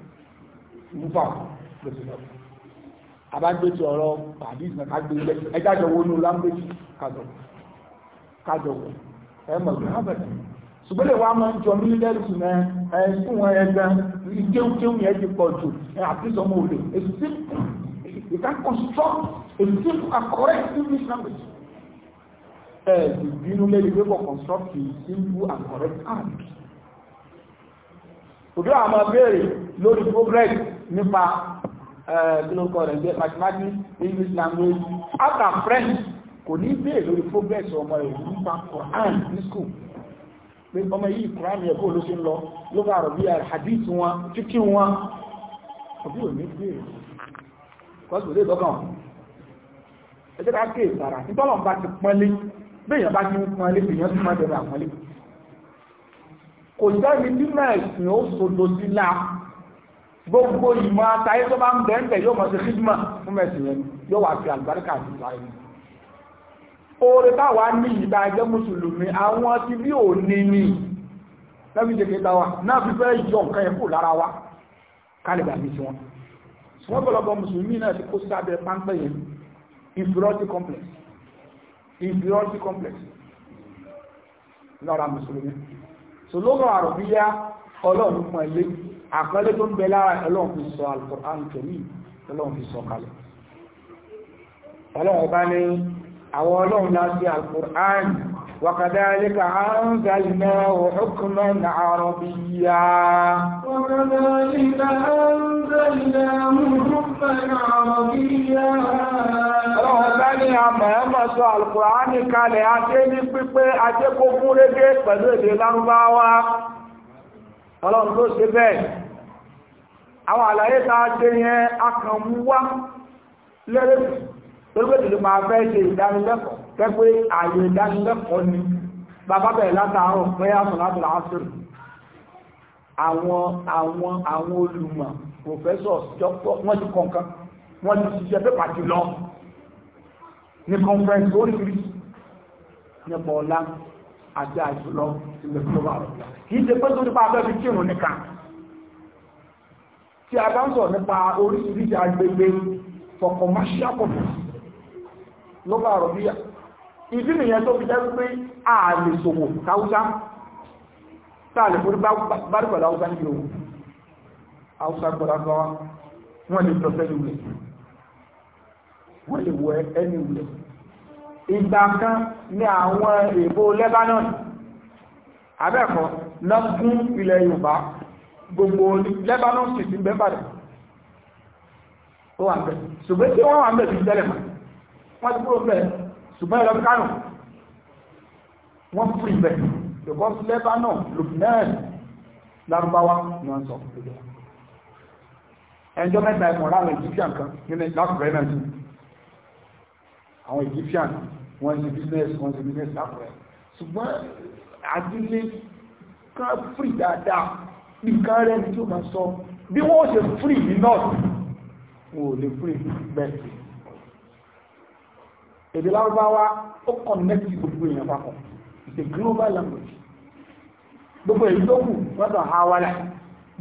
rúfà lọ́sọ̀rọ̀ àbágbétì ọ̀rọ̀ hadith náà kágbé ilẹ̀ ẹjájọ wo ní lámbéjì kájọ kájọ wọ ẹ mọ̀ ní ábẹ̀tì ṣùgbọ́n lè wá máa ń jọ mílíọ̀nù sí ẹ fún wọn ẹgbẹ́ ìjẹunjẹun yẹn ti pọ̀ jù ẹ àpéjọ mọ́ òde èsì tí you can construct a simple and correct English language ẹ ìbínú lẹ́yìn pé kò construct a simple and correct Arabic òdó àmọ́ béèrè lórí progress nípa kílókọ̀ rẹ̀ jẹ́ mathematics English language after French kò ní béèrè lórí progress ọmọ rẹ̀ nípa Quran ní school pé ọmọ yìí Quran yẹ kó ló ṣe ń lọ ló bá rọ̀ bí i hadith wọn títí wọn òbí ò ní béèrè kọ́sùn lè lọ́kàn ẹjẹ́ ká kéè sára nítọ́lọ̀ bá ti pọ́nlé béèyàn bá ti ń pọ́nlé béèyàn tún máa dẹ̀rẹ̀ àpọ́nlé kò sẹ́ni tí náà ẹ̀sìn ó sòdò sí la gbogbo ìmọ̀ àtàyé tó bá ń bẹ̀ ń bẹ̀ yóò mọ̀ sí hídímà fún ẹ̀sìn yẹn yóò wà sí àlùbáríkà àti ìwà yìí oore táwa ní ìta ẹgbẹ́ mùsùlùmí àwọn ti bí ò ní ní lẹ́bí jẹ́ kẹta wa náà fi fẹ́ yọ nǹkan ẹ̀kú lára wa kálìbà ní tiwọn ṣùgbọ́n pọ̀lọpọ̀ mùsùlùmí náà ti kó sábẹ́ páńpẹ́ yẹn inferiority complex inferiority complex lọ́ra mùsùlùmí sòlógún àrùbíyá ọlọ́run pọ̀ ilé àpẹẹlẹ tó ń bẹ lára ọlọ́run fi sọ Al-Qur'an Karim ọlọ́run fi sọ kalẹ̀ ọlọ́run bá ní àwọn ọlọ́run láti al وكذلك أنزلناه حكما عربيا وكذلك أنزلناه حكما عربيا Ọ̀gbẹ́ni àmọ̀ ẹ̀mọ̀ sọ Alkùránì kalẹ̀ ajé ní pípé ajé kó fún régé pẹ̀lú èdè lárúbáwá. Ọlọ́run tó ṣe bẹ́ẹ̀. Àwọn àlàyé ta ṣe yẹn akànmú wá pẹ̀lú èdè máa fẹ́ ṣe ìdánilẹ́kọ̀ọ́ pẹ́pẹ́ ààyè ìdánilẹ́kọ̀ọ́ ni bàbá bẹ̀rẹ̀ látàárọ̀ pẹ́ àtọ̀látọ̀lá ásìrì àwọn àwọn àwọn olùmọ̀ professors jọ́pọ̀ wọ́n ti kọ̀ọ̀kan wọ́n ti ṣiṣẹ́ pépà jù lọ ní conference oríṣirí nípa ọ̀la àti àìsùlọ ilẹ̀ global kì í ṣe pé tó nípa abẹ́bí kírun nìkan tí a bá ń sọ nípa oríṣiríṣi agbègbè for commercial purpose global rọ̀bíyà ìdí nìyẹn tó fi jẹ́ pé ààlè ṣòwò káúsá tààlè fún bárìkọ̀lá haúsá ní ìrò haúsá gbọ́dá gbọ́wá wọ́n lè tọ́fẹ́ ní ilẹ̀ wọ́n lè wọ ẹni ilẹ̀ ìgbà kan ní àwọn èbó Lebanon abẹ́ẹ̀kọ́ lọ́gún ilẹ̀ Yorùbá gbogbo Lebanon sì ti bẹ́bàdàn ó wà ń bẹ̀ ṣùgbọ́n tí wọ́n wà ń bẹ̀ ti tẹ́lẹ̀ mọ́ wọ́n ti kúrò bẹ́ẹ̀ ṣùgbọ́n ẹ̀rọ kánò wọ́n fún ibẹ̀ because lebanon lubnan larubawa ni wọ́n sọ ẹjọ́ mẹ́ta ẹ̀mọ̀ láwọn egyptian kan nínú lákùrẹ́ náà sí àwọn egyptian wọ́n ṣe business wọ́n ṣe business lákùrẹ́ ṣùgbọ́n àdílé kan free dáadáa nǹkan rẹ̀ tí ó máa sọ bí wọ́n ṣe free ní north wọn ò lè free bẹ́ẹ̀ èdè lárúbáwá ó connect gbogbo èèyàn papọ̀ it's a global language gbogbo èyí ló kù lọ́dọ̀ hawala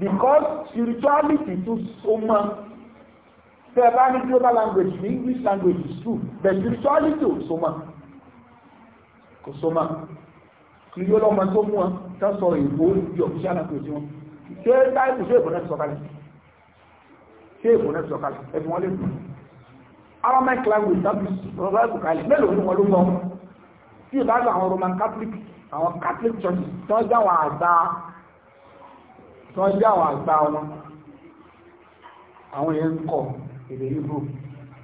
because spirituality tún so mọ́ tẹ́ bá ní global language ní English language is true but spirituality ò so mọ́ kò so mọ́ kì yóò lọ́mọ tó mú wọn tán sọ ìbò ìbí ọ̀fíṣà náà pèsè wọn ṣé táìpù ṣé ìbò náà sọ̀kalẹ̀ ṣé ìbò náà sọ̀kalẹ̀ ẹ̀fún wọn lè fún Aramaic language tàbí rọ̀báìbù kalẹ̀ mélòó ni wọ́n ló gbọ́ tí ìbá lọ àwọn Roman Catholic àwọn Catholic Church tó ń jáwọn àgbà tó ń jáwọn àgbà wọn àwọn yẹn ń kọ èdè Hebrew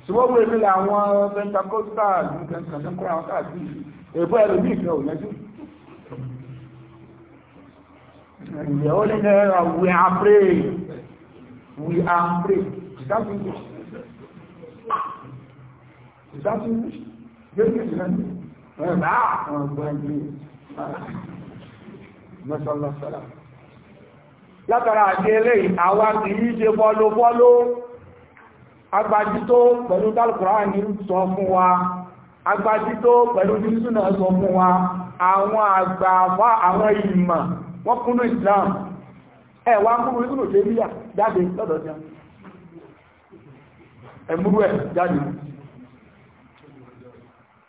ṣùgbọ́n wọ́n èmi là àwọn Pentecostal nǹkan àwọn káàkiri èbó ẹ̀rọ ní ìfẹ́ òyìnbó ìyẹ̀wò ní ẹ̀rọ we are pray we are pray Is that English? Yes, yes, yes. Well, ah, I'm going to Masallah salam. Látara àti eléyìí, àwa kì í ṣe bọ́lọ́bọ́lọ́, agbájító pẹ̀lú Al-Qur'an ní sọ fún wa, agbájító pẹ̀lú Jísúnà sọ fún wa, àwọn àgbàfà àwọn ìmọ̀, wọ́n kúnnú Islam, ẹ̀wà kúrò nínú òṣèlú jáde lọ́dọ̀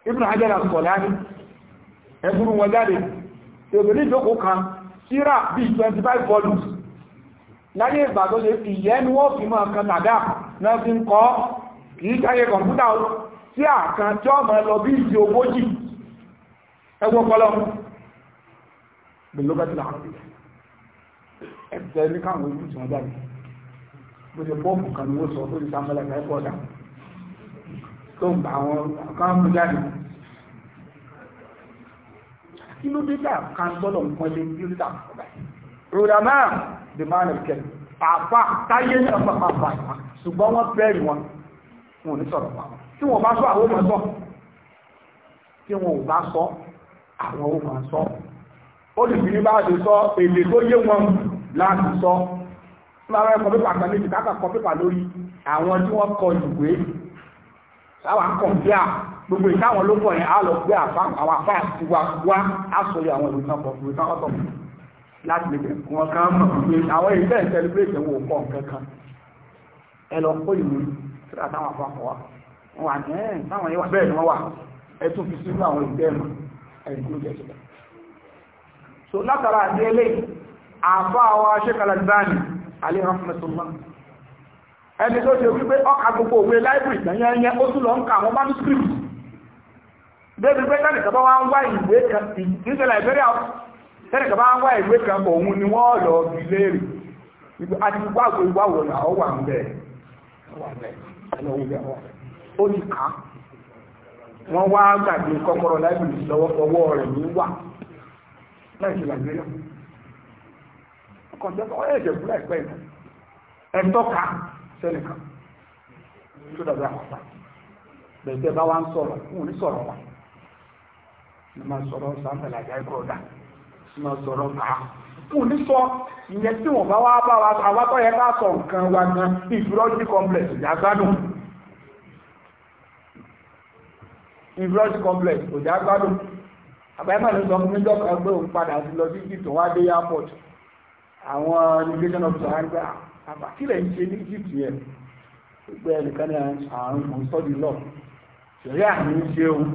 Ibn Hajar al-Asqalani ẹgbùn wọn jáde obìnrin ìjókòó kan síra bí 25 volumes láyé ìgbà tó ṣe fi yẹ́ ni wọ́n fi mọ́ ọ̀kan nàdá náà fi ń kọ́ kìí káyẹ kọ̀mpútà sí àkan tí ọmọ ẹlọ bí ìsì ogójì ẹgbọ́ pọ́lọ́ bẹ̀lọ́gbẹ̀tìlá ẹgbẹ̀ ní káwọn ojú ìjọ jáde bó ṣe pọ́ọ̀pù kan ni wọ́n sọ àwọn kan kí ló dé tà ká gbọ́dọ̀ nǹkan lé kí ló dé tà kọ́dà rọ̀dà máa the man of care àfa táyé ní ọ̀pọ̀ àfa ìwà ṣùgbọ́n wọ́n bẹ́ẹ̀rì wọn wọn ò ní sọ̀rọ̀ pa wọn tí wọ́n bá sọ àwọn ọmọ sọ tí wọn ò bá sọ àwọn ọmọ sọ ó lè fi ní bá ṣe sọ èdè tó yé wọn láti sọ máa ń kọ pépà kan níbi lórí àwọn tí wọ́n kọ ìwé táwa kọ̀ gbogbo ìtàwọn ló pọ̀ yẹn á lọ gbé àpá àwọn àpá àti wá àsọlẹ̀ àwọn ìlú náà pọ̀ fún ìtàn ọ̀tọ̀ láti lè bẹ̀rẹ̀ wọn kan mọ̀ pé àwọn ìlú bẹ́ẹ̀ celebration wò pọ̀ kankan ẹ lọ kó ìlú tí àtàwọn àpá kọ̀ wá wọn wà ní ẹ̀ táwọn yẹn wà bẹ́ẹ̀ ni wọ́n wà ẹ tún fi sínú àwọn ìlú bẹ́ẹ̀ mọ̀ ẹ̀yìn kúrò jẹ́ sílẹ̀ so látara àti eléyìí àfá àwọn aṣẹ́kàlà ìbáni alẹ́ rahmatullah ẹni tó ṣe wípé ọkà gbogbo òwe láìbìrì tẹ̀yẹ́ ẹ̀yẹ́ ó tún lọ ń ka àwọn manuscript débi pé tẹ́nìkan bá wọ́n wá ìwé kan ìjẹ́ Liberia tẹ́nìkan wá ìwé kan òun ni wọ́n lọ bí léèrè àti ìwà àgbò ìwà òun wà ń ó ní ká wọ́n wá gbàgbé kọ́kọ́rọ́ láìpẹ́ lọ́wọ́ rẹ̀ ní wà láìsí Liberia bá wá ń sọ̀rọ̀ ní máa sọ̀rọ̀ sàmẹ̀lá àjá ikọ̀ ọ̀dà ní máa sọ̀rọ̀ ká fún ní sọ ìyẹn tí wọ́n bá wá bá wa àwọn tó yẹ ká sọ nǹkan wa gan ìfúrọ́jì complex ìjàgbádùn ìfúrọ́jì complex ìjàgbádùn àbáyébà ló sọ fún mi dọ́kà pé òun padà sí lọ sí Egypt wá dé airport àwọn immigration officer wá gbé àbákílẹ̀ ń ṣe ní Egypt yẹn gbé ẹnìkan ní àrùn mọ̀ sọ́dí lọ ṣẹ̀rí àmì ń ṣe òun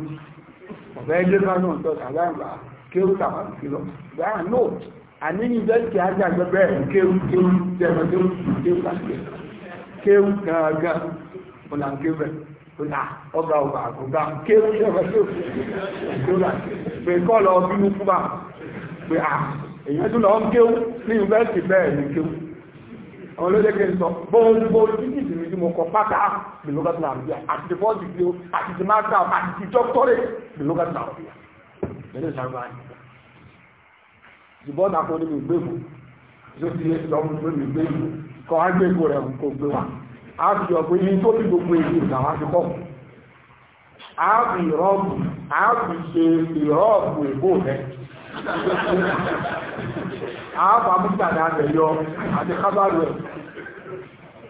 ọ̀fẹ́ lébánà ọ̀tọ̀ sàlámbà kéwù tàwọn kìlọ̀ gbáà náà àníyí bẹ́ẹ̀kì ajá gbẹgbẹ́ kéwù kéwù tẹ́lẹ̀ kéwù kéwù kéwù gàgà ọ̀làǹkéwù ọ̀là ọba ọba àgùnbà kéwù tẹ́lẹ̀ kéwù kéwù pé kọ́ lọ bínú fún bá pé à èyàn tún lọ ń kéwù ní yunifásitì bẹ́ẹ̀ ní kéwù àwọn olóyè kí n sọ bóòlù títí ìsinmi tí mo kọ pátá bìlógàtìlà àrùbíà àti ti fọ́ọ̀sì tí ó àti ti máta àti ti dọ́kítọ́rẹ̀ bìlógàtìlà àrùbíà lẹ́yìn ìṣàrùbá yìí ìbọn àkọ́ ní mi gbé mu tó ti gbogbo rẹ̀ àábà múgbàdá àbẹ̀yọ àti kábàrù ẹ̀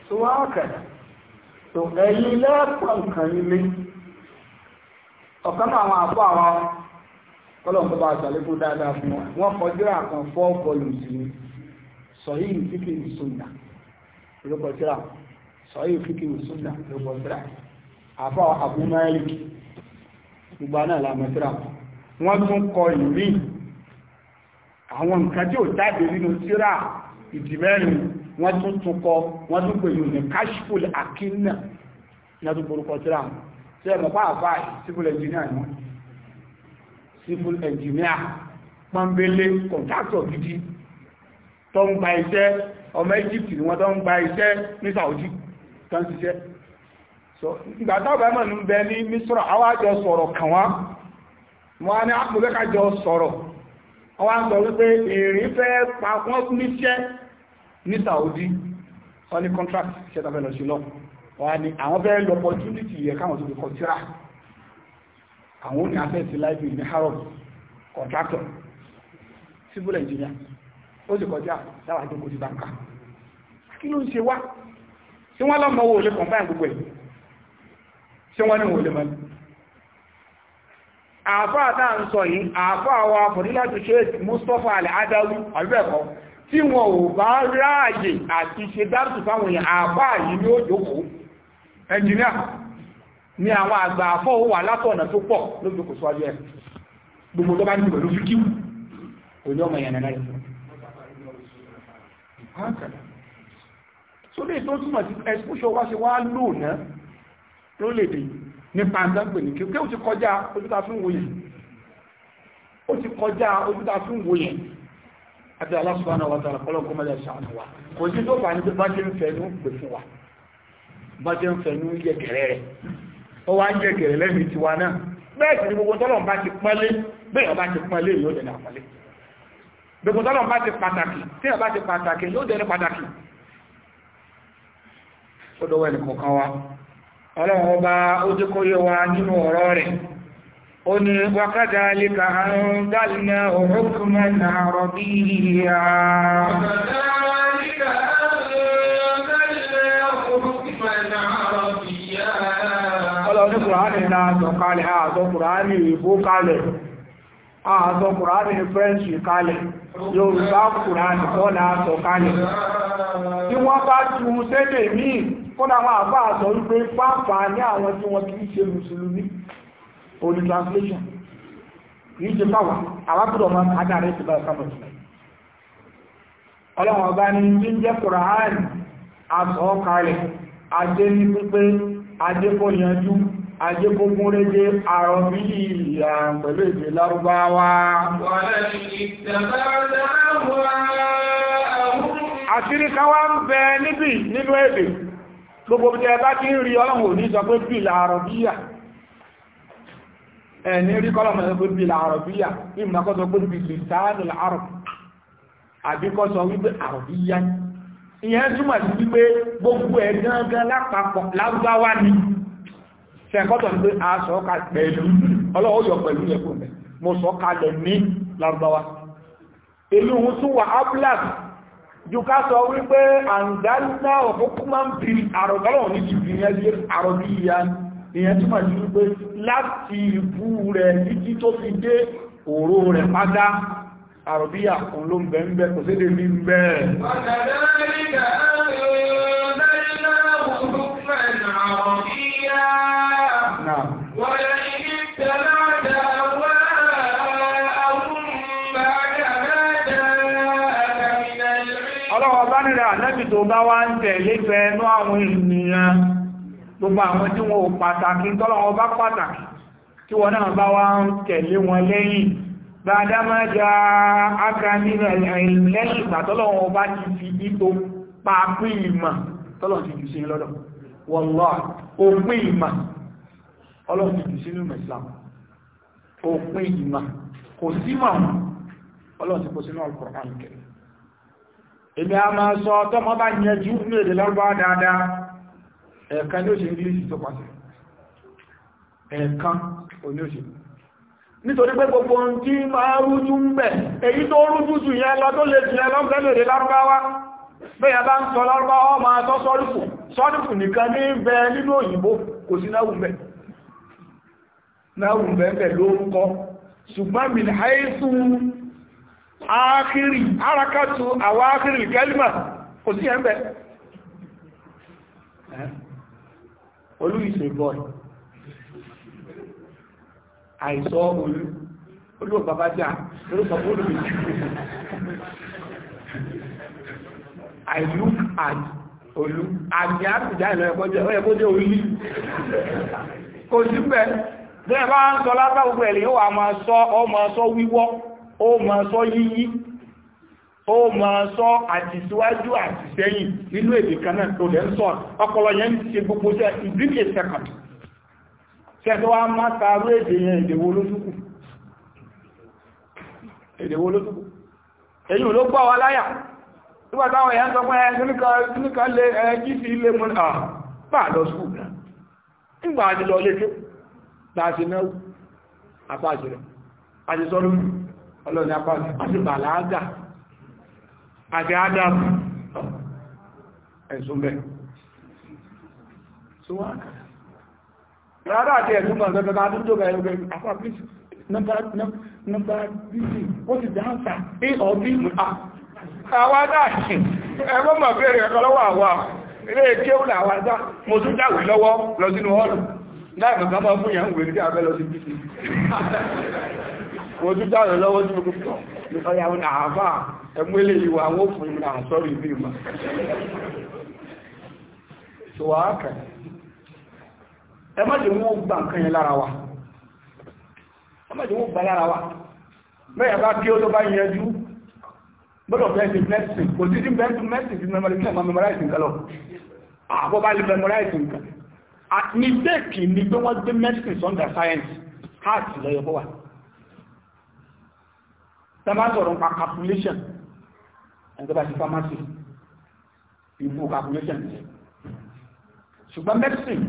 tó wá to tó ẹ̀yìn nkan nǹkan ilé ọ̀kan àwọn àpá àwọn kọ́lọ̀kọ́ bá ṣàlékún dada fún wọn kan fọ kan fọ́ volumes ní sọ̀yìn fíkì ìsúnà lókọ̀tíra sọ̀yìn fíkì ìsúnà lókọ̀tíra afọ àbúmọ́ ẹ̀lì gbogbo náà lámọ́tíra wọ́n tún kọ ìrìn àwọn nǹkan tí ó jáde nínú tíra ìdìmẹ́rin wọ́n tún tún kọ wọ́n tún pè ní kashful akínà náà tún borúkọ tíra tí ẹ̀mọ̀ pàápàá civil engineer ni civil engineer pọ́nbélé contractor gidi tó ń gba iṣẹ́ ọmọ Egypt ni wọ́n tó ń gba iṣẹ́ ní Saudi tó ń ṣiṣẹ́ ìgbà tábà mọ̀ ní bẹ ní Misra awájọ sọ̀rọ̀ kàn wá wọ́n wọ́n ń sọ wípé èrè fẹ́ pa wọ́n níṣẹ́ ní Saudi wọ́n ní contract iṣẹ́ tàbí lọ sí lọ wọ́n ní àwọn fẹ́ lọ opportunity yẹ káwọn tó fi kọ tíra àwọn ní access sí library ní harrow contractor civil engineer ó sì kọjá dáwà tó kò sí báńkà kí ló ń ṣe wá tí wọ́n lọ́mọ owó olè kọ̀ǹbáyà gbogbo ẹ̀ tí wọ́n ní owó olè àfáà náà ń sọ yìí àfáà wa fòdílátù sheikh mustapha al-adawi ọ̀rẹ́bẹ̀kọ́ tí wọn ò bá ráàyè àti ṣe dárùtù fáwọn èèyàn àfáà yìí ni ó jókòó ẹnjìníà ni àwọn àgbà àfọ́ wà látọ̀nà tó pọ̀ lójókòó sọ́jọ́ ẹ̀ gbogbo tó bá ní pẹ̀lú fíkíwù kò ní ọmọ ìyànà náà so lè tó túmọ̀ sí ẹ̀sùn ṣọwá ṣe wá lóòná ló lè dèyí nípa àdágbè ní kí ó ti kọjá ojúta fún wòyẹ̀ ó ti kọjá ojúta fún wòyẹ̀ àti Allah subhanahu wa ta'ala kọ́lọ́kọ́ mẹ́lẹ̀ ṣàánú wa kò sí tó fà ní pé bá jẹ́ ń fẹ̀nú pè fún wa bá jẹ́ ń fẹ̀nú yẹ̀kẹ̀rẹ̀ rẹ̀ ó wá ń yẹ̀kẹ̀rẹ̀ lẹ́mìí tiwa náà bẹ́ẹ̀ sì ni gbogbo tọ́lọ̀ bá ti pọ́nlé bẹ́ẹ̀ bá ti pọ́nlé yóò dẹ̀ ní pàtàkì ọlọ́run ọba ó jẹ́ kó wa nínú ọ̀rọ̀ rẹ̀ o ni wákàtí alìkà àrùn dálínà òhùnkùnmẹ́nà na àtọ̀kalẹ̀ àtọ̀ kùránì ìbó kalẹ̀ àtọ̀ kùránì french kalẹ̀ yorùbá kùránì kọ́ la àtọ̀kalẹ̀ tí wọ́n kódà àwọn àbá àsọ wípé pàápàá ní àwọn tí wọ́n kìí ṣe mùsùlùmí òní translation kìí ṣe fáwà àwákùdọ̀ máa adáre ti bá ìsámọ̀ sílẹ̀ ọlọ́wọ̀n ọba ní ní jẹ́ kùràánì àsọ kalẹ̀ ajé ní pípé ajé kó yanjú ajé kó gún régé àrọ̀ bí ìyà àṣírí kan wá ń bẹ níbi nínú èdè gbogbo bí ẹ bá kí ń rí ọlọ́run ò ní sọ pé bí làárọ̀bíyà ẹni rí kọ́lọ̀mọ̀ sọ pé bí làárọ̀bíyà bí mọ̀ kọ́ sọ pé bí lìsáàdù làárọ̀ àbíkọ́ sọ wípé àrọ̀bíyà ìyẹn túmọ̀ sí wípé gbogbo ẹ̀ gángan lápapọ̀ ni sẹ́kọ́tọ̀ ní pé a sọ ká pẹ̀lú jùká sọ wípé àǹdálínà òkúkúmán bí àrọ̀gọ́lọ̀ ní jùbí yẹn lé àrọ̀bí ìyá ìyẹn túnmọ̀ sí wípé láti ìbú rẹ̀ títí tó fi dé òró rẹ̀ pátá àrọ̀bí àkùn ló ń bẹ̀ ń bẹ̀ kò sí lè ń bẹ̀ Nah. bá wá ń tẹ̀lé fẹ́ẹ̀nú àwọn ènìyàn gbogbo àwọn tí wọn ò pàtàkì tọ́lọ́wọ́ bá pàtàkì tí wọn náà bá wá ń tẹ̀lé wọn lẹ́yìn gbádámájá ákàmínà lẹ́yìn ìgbà tọ́lọ́wọ́ bá ti fi ipò pàápí ìmọ̀ tọ́lọ́wọ́ ti jù sí Islam òpin ìmọ̀ kò símọ̀ ọlọ́wọ́ ti sínú Al-Qur'an kẹrì èmi a máa sọ tọ́mọ bá yẹjú ní èdè lọ́gbà dáadáa ẹ̀ẹ̀kan ní òṣè english tó pàṣẹ ẹ̀ẹ̀kan òní òṣè nítorí pé gbogbo ohun tí máa rújú ń bẹ̀ èyí tó rújú jù yẹn lọ tó lè jù yẹn lọ́gbẹ́ lèdè lárúbáwá bẹ́yà bá ń sọ ákìrì árakàtù àwọn ákìrì kẹlìmà kò sí ẹ̀mẹ́ olú ìṣègbọ́ àìsọ́ olú olú bàbá jà olú I look at olú àmì àpìdá ìlọ olú kò sí bẹ́ẹ̀ bẹ́ẹ̀ bá ń sọ lábá gbogbo ẹ̀lẹ́ wà máa ó ma sọ yíyí ó ma sọ àtìsíwájú àtìsẹ́yìn nínú èdè kan tó lẹ́ ń sọ ọpọlọ yẹn ń gbogbo ṣe ìdíkè second ṣẹ́tọ́ wá má taarú èdè yẹn èdèwò olóṣùkù èdèwò olóṣùkù èyí ló gbọ́ wa láyà nígbà àti lọ lé tó láti náà ọlọ́ni apá àti àti adam ẹ̀sùn bẹ̀ rárá àti ẹ̀sùn bọ̀ ọ̀dọ́dọ́dọ́ adúgbò bẹ̀rẹ̀ ọgbẹ̀ apá please nọmbà bíbí ó a or b àwọn ẹgbọ́n mọ̀ bẹ̀rẹ̀ ẹ̀kọ́ àwọ́ ilé ọ mo tún dáàrẹ lọ́wọ́ tí mo kúrò ìfẹ́yàwó ní àáfà ẹmú ilé ìwà àwọn òfin ìrìnà àṣọ́rì ìbí ìmọ̀ tó wà ákà ẹ má jẹ́ wọ́n gbà nǹkan yẹn lára wa ẹ má jẹ́ wọ́n gbà lára wa mẹ́yà bá kí ó ló bá yẹjú gbọ́dọ̀ bẹ́ẹ̀sì mẹ́sì kò sí bẹ́ẹ̀sì mẹ́sì ti memorize nǹkan lọ àbọ̀ bá lè memorize nǹkan mistake ni lọ́yọ̀ fọ́wà tàbá sọ̀rọ̀ nípa calculation ẹgbẹ́ta sí pharmacy ìbú calculation ṣùgbọ́n medicine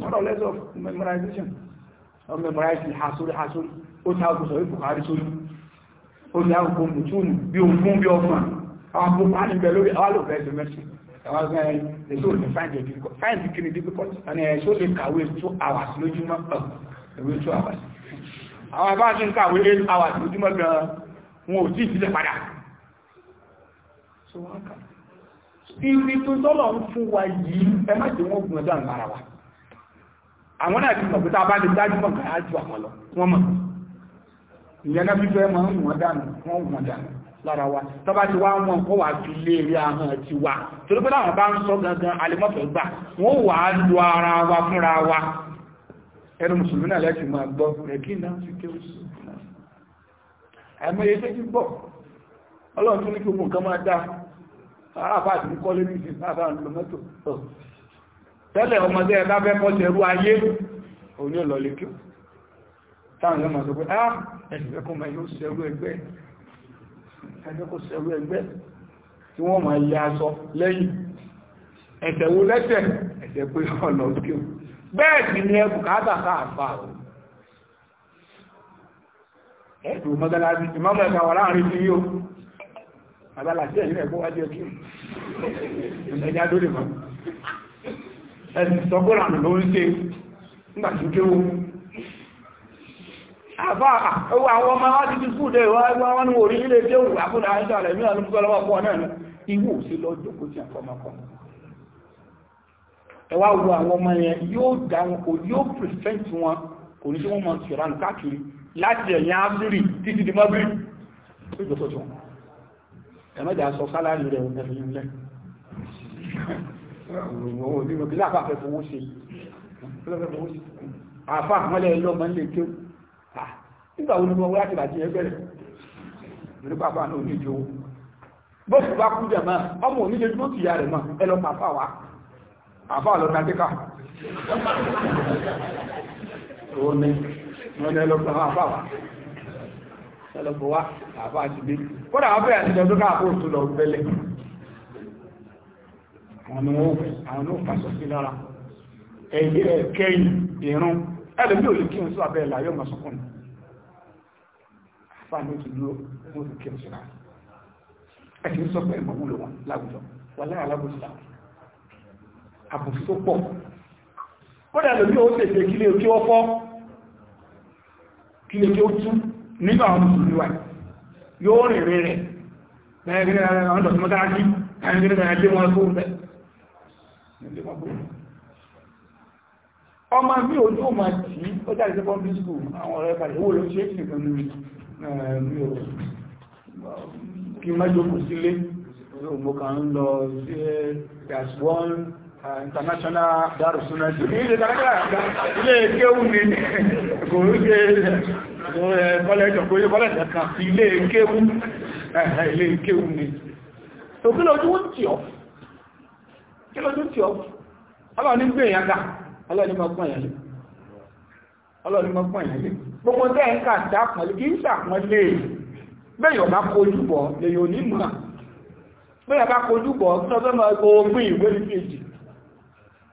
more or less of memorization of memorizing hasori hasori ó ní àgbòsọ̀ ìbù kárí sórí ó ní àgbò mùtúnù bí ohun fún bí ọgbọ̀n àwọn àgbò máa ní bẹ̀ lórí àwọn olùfẹ́ ẹ̀sẹ̀ medicine àwọn ọgbẹ́ ẹ̀ find the difficult find the difficult and ẹ̀ tó lè kàwé two hours lójúmọ́ ẹ̀wé uh, two hours àwọn àbá sí ń kàwé 8 hours lójúmọ́ gan wọn ò tí ìfilẹ̀ padà ibi tó tọ́lọ̀ ń fún wa yìí ẹ má jẹ́ wọ́n gbọ́n dáa lára wa àwọn náà ti mọ̀ pé tá a bá lè dájú mọ̀ kàá ju àwọn lọ wọ́n mọ̀ ìyẹn ń wọ́n dànù wọ́n wọ́n dànù lára wa tọ́bá ti wá wọn kọ́ wà fi lé rí ahọ́n ti wà torípé láwọn bá ń sọ gangan alẹ́mọ́fẹ́ gbà wọ́n wà á lu ara wa fúnra wa ẹnu mùsùlùmí náà láti máa gbọ́ rẹ̀kí náà sí kí ó sùn àìmọye tẹ́jú bọ̀ ọlọ́run tó ní kí ogun kan máa dá aráàfà àti kọ́lé ní ìsìn sáàfà àrùn mọ́tò tẹ́lẹ̀ ọmọdé ẹ̀dá fẹ́ kọ́ ti ẹrú ayé òní ọlọ́lẹ̀ kí táwọn lọ́mọ sọ pé á ah, ẹ̀sìnkẹ́ kọ́ máa yóò sẹ́rú ẹgbẹ́ ẹgbẹ́ kó sẹ́rú ẹgbẹ́ tí wọ́n máa bẹ́ẹ̀ sì ni ẹbùkátà káàfà ẹ̀dùn mọ́dálásí ìmọ́mọ̀ ẹ̀kà wà láàrin tí yóò àdálàsí ẹ̀yìn ẹ̀kọ́ wájú ẹ̀kí ẹ̀yà mọ́ sọ́gbọ́nà ló ń nígbàtí kéwò àwọn ọmọ ti dẹ̀ wọ́n ẹ wá wo àwọn ọmọ yẹn yóò dá wọn yóò present wọn kò ní sí wọn mọ sùránù káàkiri láti ẹ̀yìn ábírì títí di mọ́bírì tó jọ tọ́jú ẹ̀mẹ́jà sọ sálárì rẹ̀ ẹ̀fẹ̀ yìí lẹ́ òun òbí mọ̀ láàpá fẹ́ fowó ó nígbà wo bá kú jẹ̀ mọ́ ọmọ oníjẹ́ tó ti yà rẹ̀ mọ́ ẹlọ́pàá wà àfáà lọ tàtíkà òun ni wọ́n ní ẹlọ́pọ̀ àfáà wà ẹlọ́pọ̀ wá àfáà ti bí kódà ọbẹ̀ àtijọ́ tó káàkó tó lọ bẹ́lẹ̀ àwọn ohun fàṣọ sí lára ẹ̀yẹ ẹ̀kẹ́yìn ìrún ẹlẹ́bí ò lè kí n sọ abẹ́ ìlà yóò mọ̀sọ́kùn àfáà ní ó ti dúró mú ti kí n sọ ń sọ pé ìmọ̀múlò wọn láwùjọ wà láyà lábùjọ láwùjọ àbùsí tó pọ̀ kódà lórí ó tètè kílé kí ó fọ́ kílé kí ó tú nínú àwọn mùsùlùmí wa yóò rìn rìn rẹ̀ ẹgbẹ̀rẹ̀ àwọn ọ̀dọ̀tọ̀mọ́ta jí ẹgbẹ̀rẹ̀ ajé wọn kó rẹ̀ ọmọ mi ò ní ọmọ tí ó jáde secondary school àwọn ọ̀rẹ́ pàdé owó ló ṣe ìpínlẹ̀ lórí mi ò kí mẹ́jọ kò sílé mo kàn ń lọ sí ẹ̀ eh, Uh, international darussuna ti ní ilé ilé kéwù ní kò ń ṣe kọ́lẹ̀jọ̀ kó yé kọ́lẹ̀jọ̀ kan sí ilé kéwù eh, eh, ilé kéwù ní tó kí lójú ń tí ọ kí lójú ń tí ọ ọlọ́ni gbé èyàn ga ọlọ́ni mọ́gbọ́n èyàn lé ọlọ́ni mọ́gbọ́n èyàn lé gbogbo tẹ́ ń kà dápọ̀lẹ̀ kí ń sàpọ̀lẹ̀ bẹ́yọ̀ bá kojúbọ̀ lèyàn onímọ̀ bẹ́yọ̀ bá kojúbọ̀ tí ọjọ́ mọ́ ogun ìwé ní péjì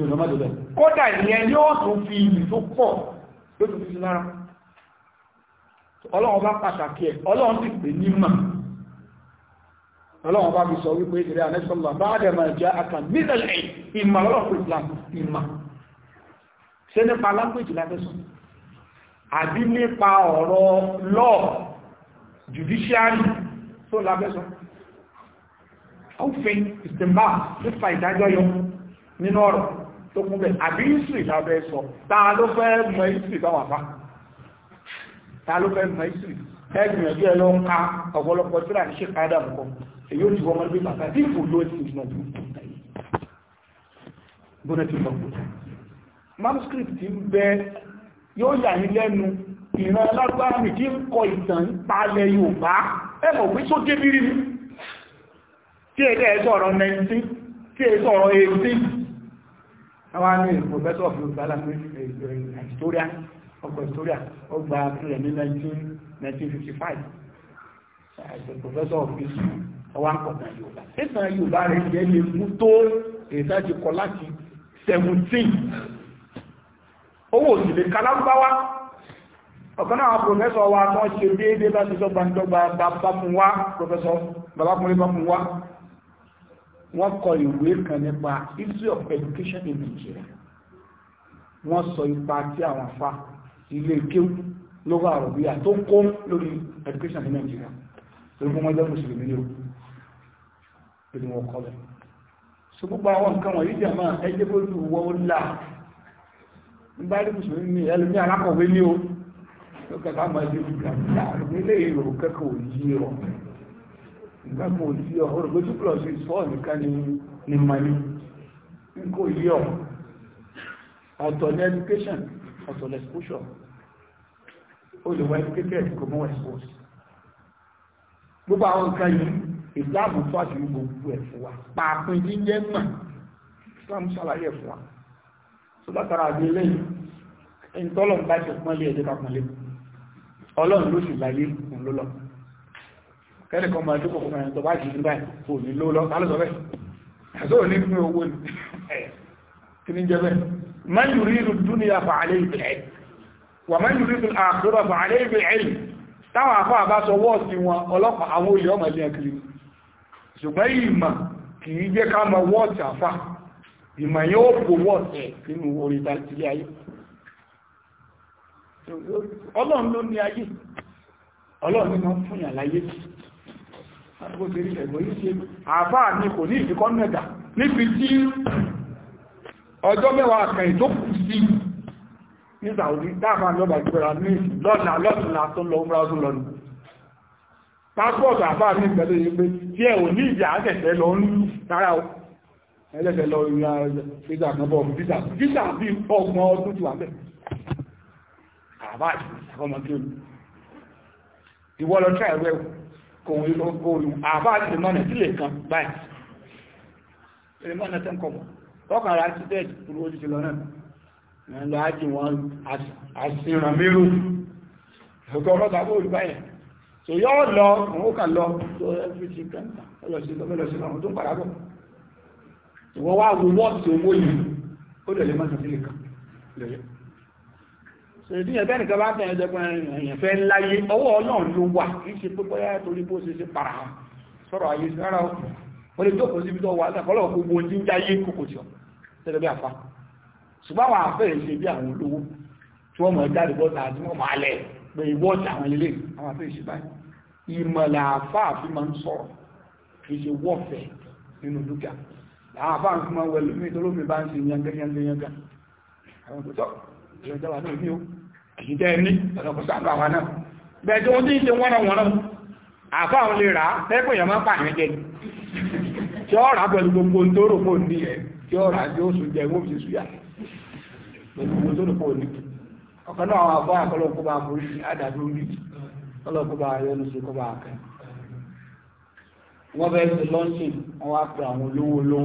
ní ọ̀nà má dọ̀bẹ̀ kódà ìyẹn yóò tún fi ìlú tó pọ̀ yóò tún fi sí lára ọlọ́run bá pàtàkì ẹ̀ ọlọ́run sì pè ní mà ọlọ́run bá fi sọ wípé ìrẹ́ anẹ́sọ́lá bá dẹ̀ máa jẹ́ àkà mílẹ̀lẹ̀ ìmà ọlọ́pọ̀ islam ìmà ṣe nípa language lábẹ́sùn àbí nípa ọ̀rọ̀ law judiciary tó lábẹ́sùn òfin ìsìnbá nípa ìdájọ́ yọ nínú ọ̀rọ̀ tó kún bẹ́ẹ̀ àbí ìsìrì lábẹ́ sọ ta ló fẹ́ mọ ìsìrì bá wà fà ta ló fẹ́ mọ ìsìrì ẹgbìyànjú ẹ lọ ń ka ọ̀pọ̀lọpọ̀ tí láti ṣe kádà mọ́ èyí ò ti wọ́n mọ́lẹ́bí bàtà tí kò ló ti mọ̀ gbọ́nà ti mọ̀ manuscript ti ń bẹ yóò yà ní lẹ́nu ìran alágbára mi tí ń kọ ìtàn ń palẹ̀ Yorùbá ẹ̀mọ̀ pé só débírí ni tí ẹ̀dẹ́ 19 tí ẹ̀sọ̀rọ̀ wọ́n ní professor of historian ọkọ̀ historian ó gba kílẹ̀ ní 1955 professor of history ọwá ń kọ̀tàn Yorùbá ìtàn Yorùbá rẹ̀ jẹ́ lè mú tó ìsájì kọ láti 17 owó òsìlè kalámbáwá ọ̀kan náà professor wa tán ṣe déédé láti sọ́gbàndọ́gba bàbá fún wa professor bàbá fún wa wọ́n kọ ìwé kan nípa history of education in Nigeria wọ́n sọ ipa tí àwọn afá ilé kéwù lọ́wọ́ àrọ̀bíyà tó kó lórí education in Nigeria lórí fún wọ́n jẹ́ mùsùlùmí ní òkú ìlú wọn kọ́lẹ̀ so gbogbo àwọn nǹkan wọ̀nyí jẹ́ máa ẹjẹ́ bó lù wọ́n ó là nígbà rí mùsùlùmí ní ẹlòmí alákọ̀wé ní o lókè ká máa ẹjẹ́ bó lù wọ́n ìrò kẹ́kọ̀ọ́ yí rọ̀ nǹkan mọ̀ sí ọ̀rọ̀ pé 2 plus 6 4 nìkan ni mani n kò yí ọ̀ ọ̀tọ̀ ní education ọ̀tọ̀ ní exposure ó lè wá educated kò mọ́ exposed gbogbo àwọn nǹkan yìí ìdáàbò tó àti gbogbo ẹ̀ fún wa pàápín jíjẹ́ mọ̀ Islam ṣàlàyé fún wa tó látara àbí eléyìí ẹni tọ́lọ̀ ń bá ṣe pọ́nlé ẹ̀dẹ́ kápọ̀lé ọlọ́run ló sì láyé òun ló lọ́pọ̀ kẹ́lẹ̀ kan máa dúkọ̀ fún ẹ̀tọ́ bá jù nígbà ò ní ló lọ tálọ́sọ bẹ́ẹ̀ ẹ̀sọ́ ní fún owó ní kí ní jẹ́ bẹ́ẹ̀ man yuridu dúnìyà fa alẹ́ ibi ẹ̀ wà man yuridu àkúrà fa alẹ́ ibi ẹ̀ táwọn afọ́ àbáṣọ wọ́ọ̀sì wọn ọlọ́pàá àwọn olè ọmọ ilé ẹkiri ṣùgbọ́n ìmọ̀ kì í jẹ́ ká mọ ọlọ́run ló ní ayé ọlọ́run ló fún yàn láyé bó ṣe rí ẹ̀gbọ́n yìí ṣe àbá mi kò ní ìfikọ́ mẹ́ta níbi tí ọjọ́ mẹ́wàá kẹ̀yìn tó kù sí ní Saudi dáàbà lọ́bà ìgbẹ̀rà ní lọ́nà lọ́nà tó lọ ń ráúsùn lọ́nà pápọ̀tù àbá mi pẹ̀lú yìí pé tí ẹ̀ ò ní ìjà àtẹ̀tẹ̀ lọ ń rárá o ẹlẹ́fẹ̀ lọ ìrìnà píta àkànbọ̀ píta píta bí ọgbọ̀n ọdún ti wà bẹ́ẹ̀ àbá ìwọ́lọ́tẹ̀ kòrò àbá àti mọ́nà sílẹ̀ kan báyìí ìrìnmọ́nà tẹ́ǹkọ̀bọ̀ tọ́kànrà ti tẹ́ẹ̀dì kúrò ó ti lọ náà lọ ájì wọn àṣìràn mérò ọgọ́ ọlọ́ta bó rí báyìí so yọ́ lọ òun kà lọ tó ẹfìtì kẹta ọlọ́sí lọ́wọ́ tó ń padà bọ̀ ìwọ́n wá wo wọ́ọ̀tì owó yìí ó lẹ̀lẹ́ mọ́nà sílẹ̀ kan lẹ̀lẹ́ ṣèdí ẹ̀bẹ́ nìkan bá tẹ̀yẹ̀ jẹ́ pé èèyàn fẹ́ láyé ọwọ́ ọlọ́run ló wà kì í ṣe pé bóyá torí bó ṣe ṣe para sọ̀rọ̀ ayé sára ó lè jókòó síbi tó wà látàkọ́lọ̀ gbogbo ojú ń jáyé kòkò tí ọ tẹ́lẹ̀ bí àfa ṣùgbọ́n àwọn àfẹ́ ìṣe bí àwọn olówó tí wọ́n mọ̀ ẹ́ jáde bọ́ta àti wọ́n máa lẹ̀ pé ìwọ́ọ̀tì àwọn ilé àwọn àfẹ́ ìṣe báyìí ìmọ̀lẹ̀ àfa àfi èyàn dáwà náà ní o àyíjẹ́ ẹni ọ̀dọ̀kọ̀sá àbáwà náà bẹ́ẹ̀ tí wọ́n tí ń ṣe wọ́n náà àfá àwọn lè rà á fẹ́kùn èyàn ni tí ó rà pẹ̀lú gbogbo tó rò pò ní ẹ̀ tí ó rà tí ó sùn jẹ ìwọ́n fi sùyà gbogbo tó rò pò ní ọ̀kan náà àwọn àfá àkọlọ́ kó bá borí àdàbí orí ọlọ́ kó bá sí kó wọ́n wá pe àwọn olówó olówó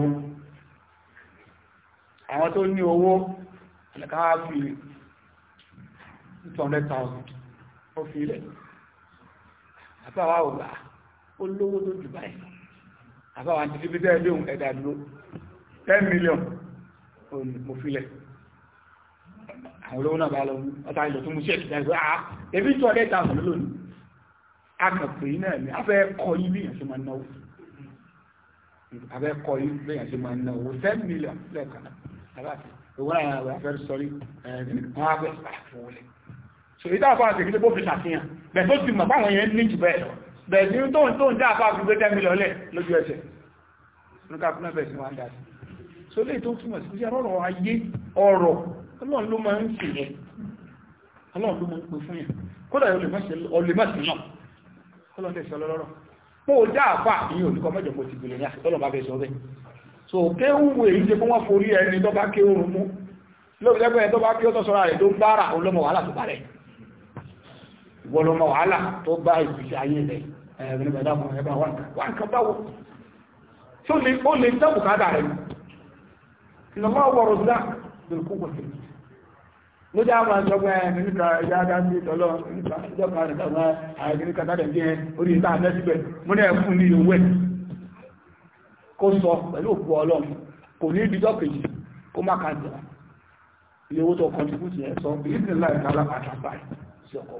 àwọn tó ní owó ẹ̀ka fi 200,000 ó fi ilẹ̀ àbáwá ọ̀gbà ó lówó tó jù báyìí àbáwá ti fi tẹ́ lóhun ẹ̀dà ló 10 million mo filẹ̀ àwọn olówó náà bá lọ ọ̀tá ìlọ̀ tó mú ṣẹ́kì dáìgbé àá ebí 200,000 lónìí ten million lẹ́ẹ̀kan náà owó náà àwọn afẹ́ sọ́rí ẹ̀ẹ́dínlẹ́gbọ̀n afẹ́ sàfọ́lẹ̀ so ìdáàfà àti ìgbẹ́ bófin ṣàfihàn bẹ̀ tó ti mọ̀ páwọn yẹn ní jù bẹ́ẹ̀ lọ bẹ̀ ní tó ń tó ń dáàfà àti ìgbẹ́ tẹ́mi lọ́lẹ̀ lójú ẹsẹ̀ nígbàkúnlẹ̀ bẹ̀ sí wọ́n dáa so lè tó túnmọ̀ sí pé ọ̀rọ̀ ayé ọ̀rọ̀ ọlọ́run ló máa ń sì yẹn ọlọ́run ló máa ń pè fún yẹn kódà olèmọ̀sí náà ọlọ́run tẹ̀sí ọlọ́rọ̀ pé ó dáàfà ìyẹn olùkọ́ mẹ́jọ kò ti gbìlẹ̀ ní àsìkò ọlọ́run bá fẹ́ sọ bẹ́ẹ̀ so kéwùwé yìí ṣe fún wọn ni, ẹni tó bá kéwùrún mú lóòrùn lẹ́gbẹ̀ẹ́ tó bá kí ó tọ́ sọ́ra rẹ̀ tó ń bára òun lọ́mọ bá rẹ̀ ìwọlọmọ wàhálà tó bá ìgbésí ayé rẹ̀ ẹ̀rìn ẹ̀dá fún ẹ̀bá wà nǹkan báwo tí ó lè dá bùkádà rẹ̀ ìlọ́mọ́ wọ̀rọ̀ dá lórúkú wọ̀sẹ̀ ló dá àwọn àjọgbẹ́ ẹ̀mìnìkà ẹ̀yà dá sí ìtọ́lọ́ ìjọba rẹ̀ tàbí àìgìníkà tàbí ẹ̀jẹ́ orí ìta àmẹ́síbẹ̀ mú ní ẹ̀fún ní owó ẹ̀ kó sọ pẹ̀lú òkú ọlọ́run kò ní ìdíjọ́ kejì kó má kàjẹ́ ilé owó tó kọjú fún ti ẹ̀ sọ bí ìsìn láìka alápàtà báyìí sí ọkọ̀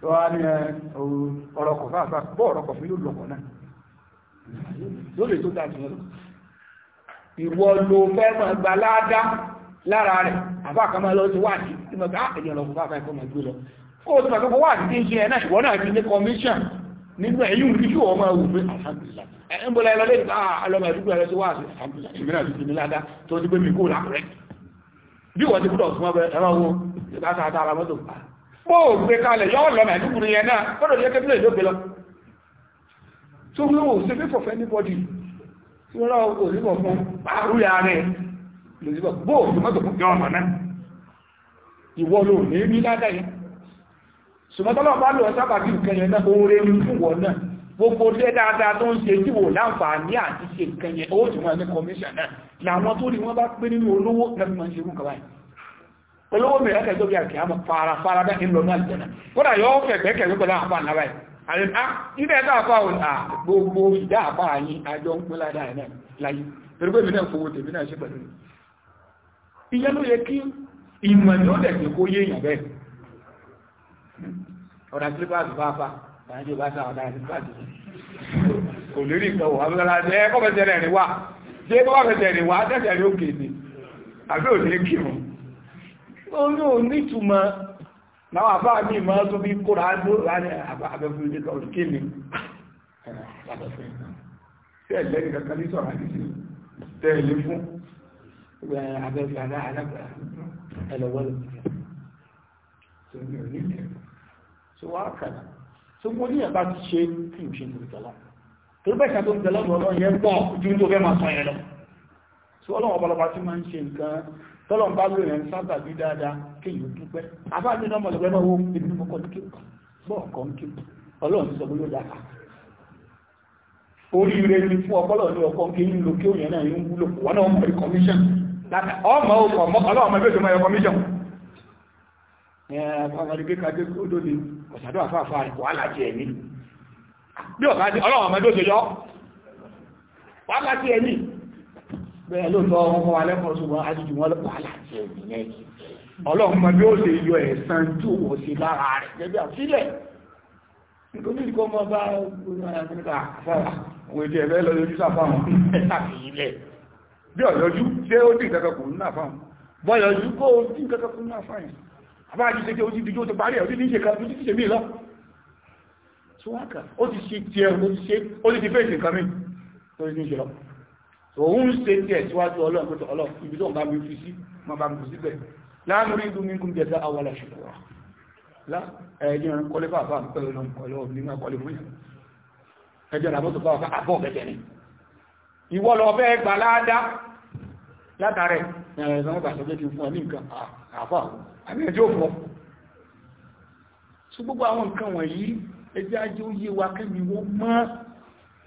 tó wá ní eh, ọ̀rọ̀ kọ̀ fáfá bọ́ ọ̀rọ̀ kọ̀ fún yóò lọ́kọ̀ náà yóò lè tó dáa jù lọ ìwọ ló fẹ́ máa gba láàdá lára rẹ̀ àbá kan máa lọ sí wáàdí tí mo gbá ènìyàn lọ fún fáfá ẹ̀kọ́ máa gbé lọ kó o tó máa kọ́kọ́ wáàdí tí ń ṣe ẹ̀ náà ìwọ náà ti ní commission nínú ẹ̀yìn rí yóò máa wù pé alhamdulillah ẹ̀ bó o gbé kalẹ̀ yọ́ lọ mẹ́lúkùnrin yẹn náà fọ́dọ̀ yẹ́ kébílẹ̀ ló gbé lọ tó ń lọ́wọ́ sí fífọ̀ fẹ́ níbọ̀dì tí wọ́n lọ́wọ́ òsìbọ̀ fún àrúyà rẹ̀ lòsìbọ̀ bó o fi mọ́tò fún ọmọ náà ìwọ ló ní rí ládà yẹn sùmọ́tọ́lọ́ bá lọ sábà bí nǹkan yẹn náà ó rẹ́ ní ìwọ náà gbogbo dé dáadáa tó ń ṣe tí wò láǹfààní àti ṣe nǹkan yẹn ó tún ní kọmíṣàn náà làwọn tó rí wọn bá pé nínú olówó lẹ́fún ṣe irú nǹkan olówó mi ẹ̀kẹ́ tóbi àti àmọ́ farafara bẹ́ẹ̀ ń lọ ní àjẹ́nà kódà yóò fẹ̀ gbẹ́kẹ̀ wípé láàpá náà báyìí àyìn á ah, ilé ẹ̀dá àpá òun à gbogbo ìdá àpá yín àjọ ń pín ládàá ẹ̀nà láyé torí pé mi náà fowó tèmi náà ṣe pẹ̀lú ìyẹn ló yẹ kí ìmọ̀ ni ó dẹ̀gbẹ̀ kó yé èèyàn bẹ́ẹ̀ ọ̀dà sílípàsì bá fa ìdájọ́ bá sá ọ̀dà sílípàsì kò lérí nǹkan wò abúlé láti ẹ kọ́ fẹsẹ̀ rẹ̀ wá ṣé kọ́ fẹsẹ̀ rẹ̀ wá tẹ̀sẹ̀ rẹ̀ ó kéde àbí òní kírun orí ò ní ìtumọ̀ náà àbá mi ìmọ̀ tó bí kóra ló láàrin àbẹ̀fún ilé lọ́rùn kí mi sí ẹ̀lẹ́rìí kankan ní sọ̀rọ̀ àdìsí tẹ̀lé fún abẹ́fún aláàlágbà ẹlọ́wọ́lọ́ tó ní òní ìtẹ̀lẹ́ tó wá kàdà tó mú ní ẹ̀bá ti ṣe kí n ṣe ń tẹ̀lọ́ tó bẹ́ẹ̀ tó ń tẹ̀lọ́ lọ́rọ̀ yẹn pọ̀ ju tó tọ́lọ̀ ń bá lórí ẹ̀ ń sábà bí dáadáa kéèyàn dúpẹ́ àbá mi náà mọ̀lẹ́gbẹ́ náà wo ibi mo kọ́ ní kí bọ́ ọ̀kọ́ ń kí ọlọ́run sọ bó yóò dáa oríire ni fún ọpọlọ ní ọkọ kí ń lo kí òyìn náà ń wúlò wọn náà mọ̀ rí commission láti ọmọ ọkọ̀ ọlọ́run mọ̀ ẹgbẹ́ ìjọba commission ọmọdé kájé odó ni ọ̀sàdó àfáàfáà rẹ̀ wà láti ẹ̀mí bí ọ̀sàdó ọlọ́run mọ̀ ẹgbẹ́ ìjọba wà láti ẹ̀mí bẹ́ẹ̀ lóòótọ́ wọn fún wa ṣùgbọ́n ajíjù wọn lọ́pọ̀ aláàjẹ ìyẹn ọlọ́run mọ tí òwò sí lára rẹ̀ gẹ́gẹ́ àfilẹ̀ nítorí tí ẹ̀fẹ́ lọ lójú sáfáwọn ẹ̀sàfihìnlẹ̀ o dín ní ṣe kan tó ṣe mí lọ ó ti ṣe tí ẹ ó ti ṣe ó ti fẹ́ ìṣe mí tó ti ṣe lọ òun ṣe tiẹ̀ síwájú ọlọ́run pẹ̀tọ̀ ọlọ́run ibi tó ń bá mi fi sí ma bá mi fi síbẹ̀ láàrin ìlú ní kún jẹta awọlá ṣùgbọ́n lá ẹ̀yìn ọ̀rìn kọlé fà fà pẹ̀lú ọlọ́run kọlé ọ̀rìn nígbà kọlé fún ẹjọ́ ìràbọ̀ tó fà àbọ̀ bẹ̀tẹ̀ ni ìwọ lọ bẹ́ẹ̀ gbà láàdá látàrẹ ẹ̀rọ bàtọ̀ jẹ́ kí fún ẹ ní nǹkan àfà àmì ẹjọ́ fọ́ ṣùgbọ́n àwọn nǹkan wọ̀nyí ẹjọ́ ajé ó yé wa kẹ́mi wọ́n mọ́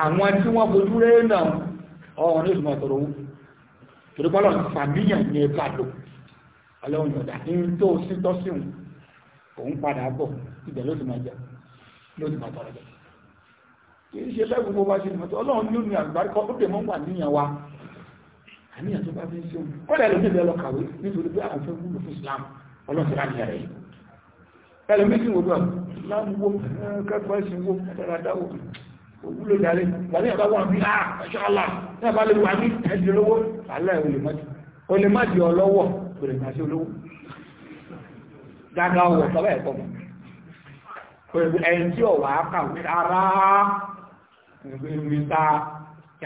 àwọn tí wọ́n fojú rẹ̀ náà ọ̀rọ̀ ní ìsúnmọ̀ tọrọ owó torí pọ́lọ̀ fàmíyàn ní ẹ̀ka lò ọlọ́run yọ̀dá ní tó sí tọ́síun òun padà bọ̀ ibẹ̀ wa àníyàn tó bá fi ń ṣeun ó dẹ̀ lómi ìbẹ̀ lọ kàwé Islam ọlọ́run ti rà níyàn rẹ̀ yìí ẹlòmí sì wò bẹ́ẹ̀ láwọn wo kẹ́kọ̀ọ́ ìsìn wo òwúlò jàre wàlẹ́ ẹ̀bá wà mí àà ṣọ́lá ní ẹ̀bá lè wà mí ẹ̀dì olówó alẹ́ olè mọ́dì olè mọ́dì ọlọ́wọ́ olè máa ṣe olówó gágá ọwọ́ sọ́wọ́ ẹ̀kọ́ mọ́ ẹ̀yìn tí ọ̀wà kàwé ara mìta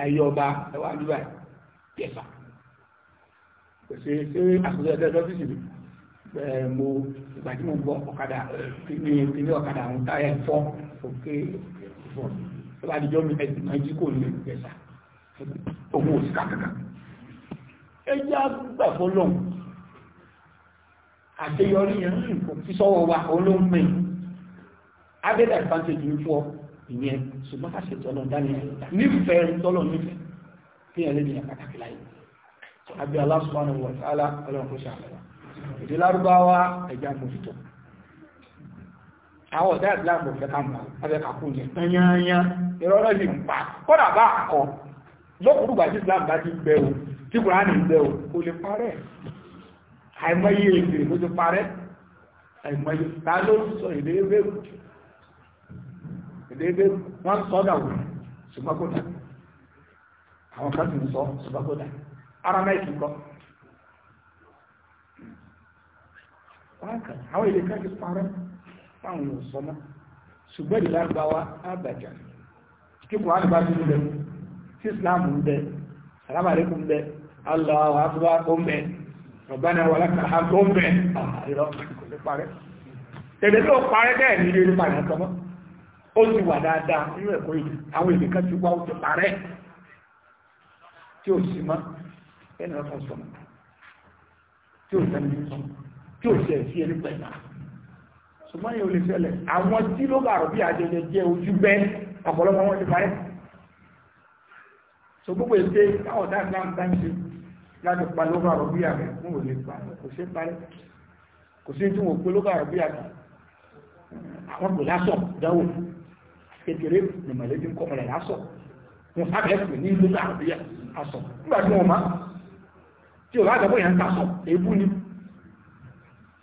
ayé ọba ẹwà níbà yẹsà pèsè ṣé àkùnrin ẹgbẹ́ lọ́fíìsì mi mo ìgbà tí mo gbọ́ ọ̀kadà kí ni ọ̀kadà àwọn táyà ẹ̀fọ́ òkè ìfọ́nù tó bá dijọ́ mi ẹ̀sìn máa jí kò ní ẹ̀sà owó òsì kàkàkà ẹjẹ́ àgbà fọlọ́n àṣeyọrí yẹn fi sọ́wọ́ wa olóńgbìn abẹ́dà advantage ń fọ́ ìyẹn ṣùgbọ́n ká ṣètò ọlọ́run dání nífẹ̀ẹ́ tọ́lọ̀ nífẹ̀ẹ́ kí ẹ̀ lẹ́yìn àkàtàkì láyé abẹ́ Allah subhanahu wa ta'ala ọlọ́run kò ṣe àlọ́wà èdè lárúbáwá ẹ̀já mọ́fìtọ́ àwọn ọ̀dá ìsìláàmù fẹ́ ká mọ̀ abẹ́ kàkú yẹn tanyanya ìrọ́rọ́ lè ń pa kọ́dà bá àkọ́ lọ́kùnrùgbà tí ìsìláàmù bá ti bẹ o tí kùránì bẹ o kò lè parẹ́ àìmọye èdè ló ti parẹ́ àìmọye ta ló ń sọ èdè ebéèrú èdè ebéèrú wọ́n sọ dàwọ̀ ṣùgbọ́kọ̀dà àwọn kan sì ń sọ ṣùgbọ́kọ̀dà aramẹ́ẹ̀kì kọ́ àwọn èdè kan ti parẹ́ táwọn yóò sọ mọ́ ṣùgbọ́n ìlú lárúbáwá àbàjá kí kò ánìbá tó ń bẹ tí islam ń bẹ salamu alaikum bẹ allahu akbar ó ń bẹ rabbana wa lakal hamd ó ń bẹ àìrọ ah, kò ní parẹ́ tẹ̀lé tó parẹ́ bẹ́ẹ̀ ní ilé nípa ìrìn sọmọ́ ó ti wà dáadáa nínú ẹ̀kọ́ yìí àwọn tí ó sì mọ́ ẹni ọ̀sán sọmọ́ tí ó sẹ́ni sọmọ́ tí ó sẹ́ sí ẹni pẹ̀lú ṣùgbọ́n yóò lè ṣẹlẹ̀ àwọn tí ló bá rọ̀ bí àjọjọ jẹ́ ojú bẹ́ ọ̀pọ̀lọpọ̀ wọn ti parẹ́ so gbogbo ète káwọn dá ìlànà tá ń ṣe láti pa ló bá rọ̀ bí àrẹ fún òní pa kò ṣe parẹ́ kò sí tí wọn pé ló bá rọ̀ bí àrẹ àwọn kò lásọ̀ dáwò kékeré ní mọ̀lẹ́bí kọ́ mọ̀lẹ́ lásọ̀ wọn sábẹ́ pè ní ló bá rọ̀ bí àsọ̀ nígbà tí wọn má tí ò bá gbàgbọ́ yẹn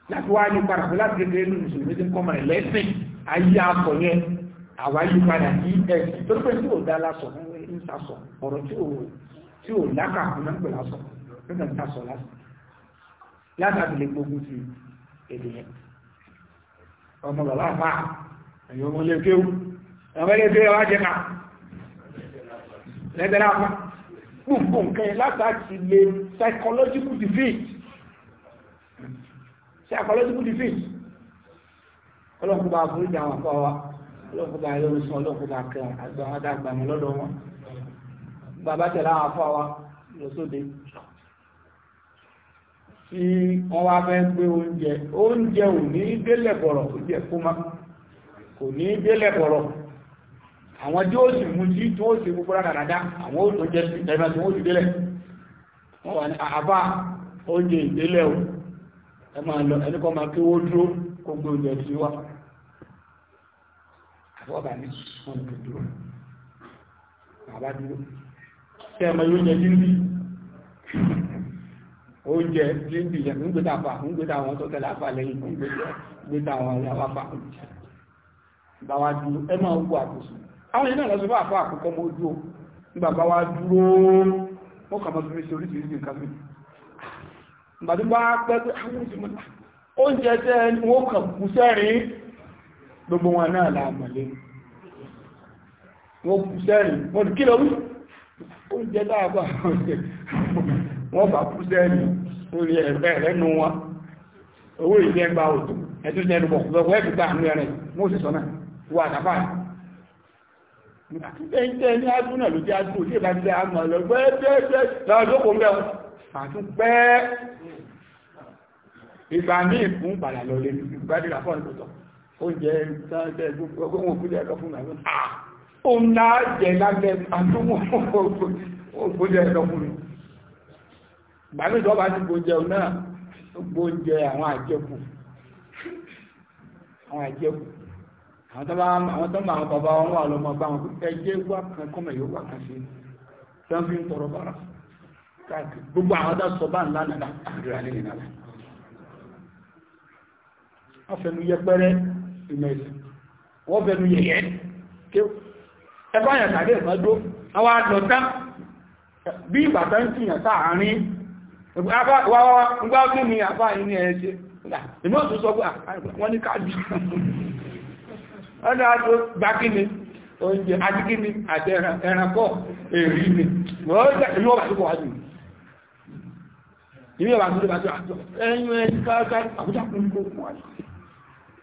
láti wá ní parapọ̀ láti kékeré ní mùsùlùmí tí ń kọ́mọ̀ ẹ̀lẹ́sìn ayé akọ̀ yẹn àwa yí padà sí ẹ̀sìn tó pé tí ò dá lásọ̀ ń sàsọ̀ ọ̀rọ̀ tí ò lákàkùn náà pè lásọ̀ nígbà tí sàsọ̀ lásọ̀ látàbí lè gbógun ti èdè yẹn ọmọ bàbá àpá ẹ̀yọ́ ọmọ lè kéwú ọmọ lè kéwú wá jẹ́ ká lẹ́gbẹ̀rẹ́ àpá gbogbo nǹkan látàkì lè psychological defeat psychological defeat ọlọ́kùnbà àforíjà àwọn àpá wa ọlọ́kùnbà ayọ́rùsùn ọlọ́kùnbà kan àgbà wọn dàgbà wọn lọ́dọ̀ wọn bàbá tẹ̀lé àwọn àpá wa lọ sóde tí wọ́n wá fẹ́ gbé oúnjẹ oúnjẹ ò ní délẹ̀ bọ̀rọ̀ oúnjẹ kò ní délẹ̀ bọ̀rọ̀ àwọn tí ó sì mú sí tí ó sì ẹ máa lọ ẹni kọ́ máa kí wó dúró kó gbé oúnjẹ sí wá àbọ̀bà ní wọn lè dúró bàbá dúró tẹ́ ẹmọ yóò jẹ jíndì oúnjẹ jíndì yẹn ń gbéta fà ń gbéta àwọn tó tẹ̀lé àfà lẹ́yìn ń gbéta àwọn ìyàwó àfà bàbá dúró ẹ máa wú àkóso àwọn ìlànà lọ sí fún àfà àkókò mọ́ ojú o ní bàbá wa dúró wọ́n kà mọ́ sí oríṣiríṣi nǹkan mìíràn gbàdú bá pẹ́pẹ́ àwọn ìsinmi oúnjẹ tẹ́ ẹni wọ́n kàn kú sẹ́rin gbogbo wọn náà láàmọ̀lé wọ́n kú sẹ́rin wọ́n kí lọ wí oúnjẹ dáàbà wọ́n bá kú sẹ́rin orí ẹ̀rẹ́ ẹ̀rẹ́nu wọn owó ìjẹ́ gba òtò ẹ̀tún jẹ́ ẹnubọ̀ lọ́wọ́ ẹ̀fì gbà àmì ẹ̀rẹ́ mọ́ sí sọ́nà wà tàbá ìtẹ́ ní ájú náà ló jẹ́ ìgbà míì fún padà lọ lé gbádìrà fún ìtòtò oúnjẹ sáńtẹ gbogbo òkúlẹ̀ ẹ̀kọ́ fún ìgbà náà òun náà jẹ lábẹ́ àtúwò òkúlẹ̀ ẹ̀kọ́ fún mi ìgbà míì tó bá ti gbóúnjẹ òun náà gbóúnjẹ àwọn àjẹkù àwọn àjẹkù àwọn tó bá àwọn tó bá àwọn bàbá wọn wà lọ́mọ bá wọn ẹjẹ́ wà kan kọ́mọ̀ yóò wà kan sí tó ń fi ń tọrọ bára káàkiri wọ́n fẹnu yẹpẹrẹ ìmọ̀ wọ́n fẹnu yẹ̀yẹ́ ẹgbẹ́ àyàn tàbí ẹ̀sán dó àwọn bí ìbàtà ń tìyàn sáàárín gbáwọ́ ní àbá ìní ẹ̀ẹ́sẹ̀ ìmọ̀ tó sọ ah, wọ́n ní káàdì tó àti ẹranko èrí ni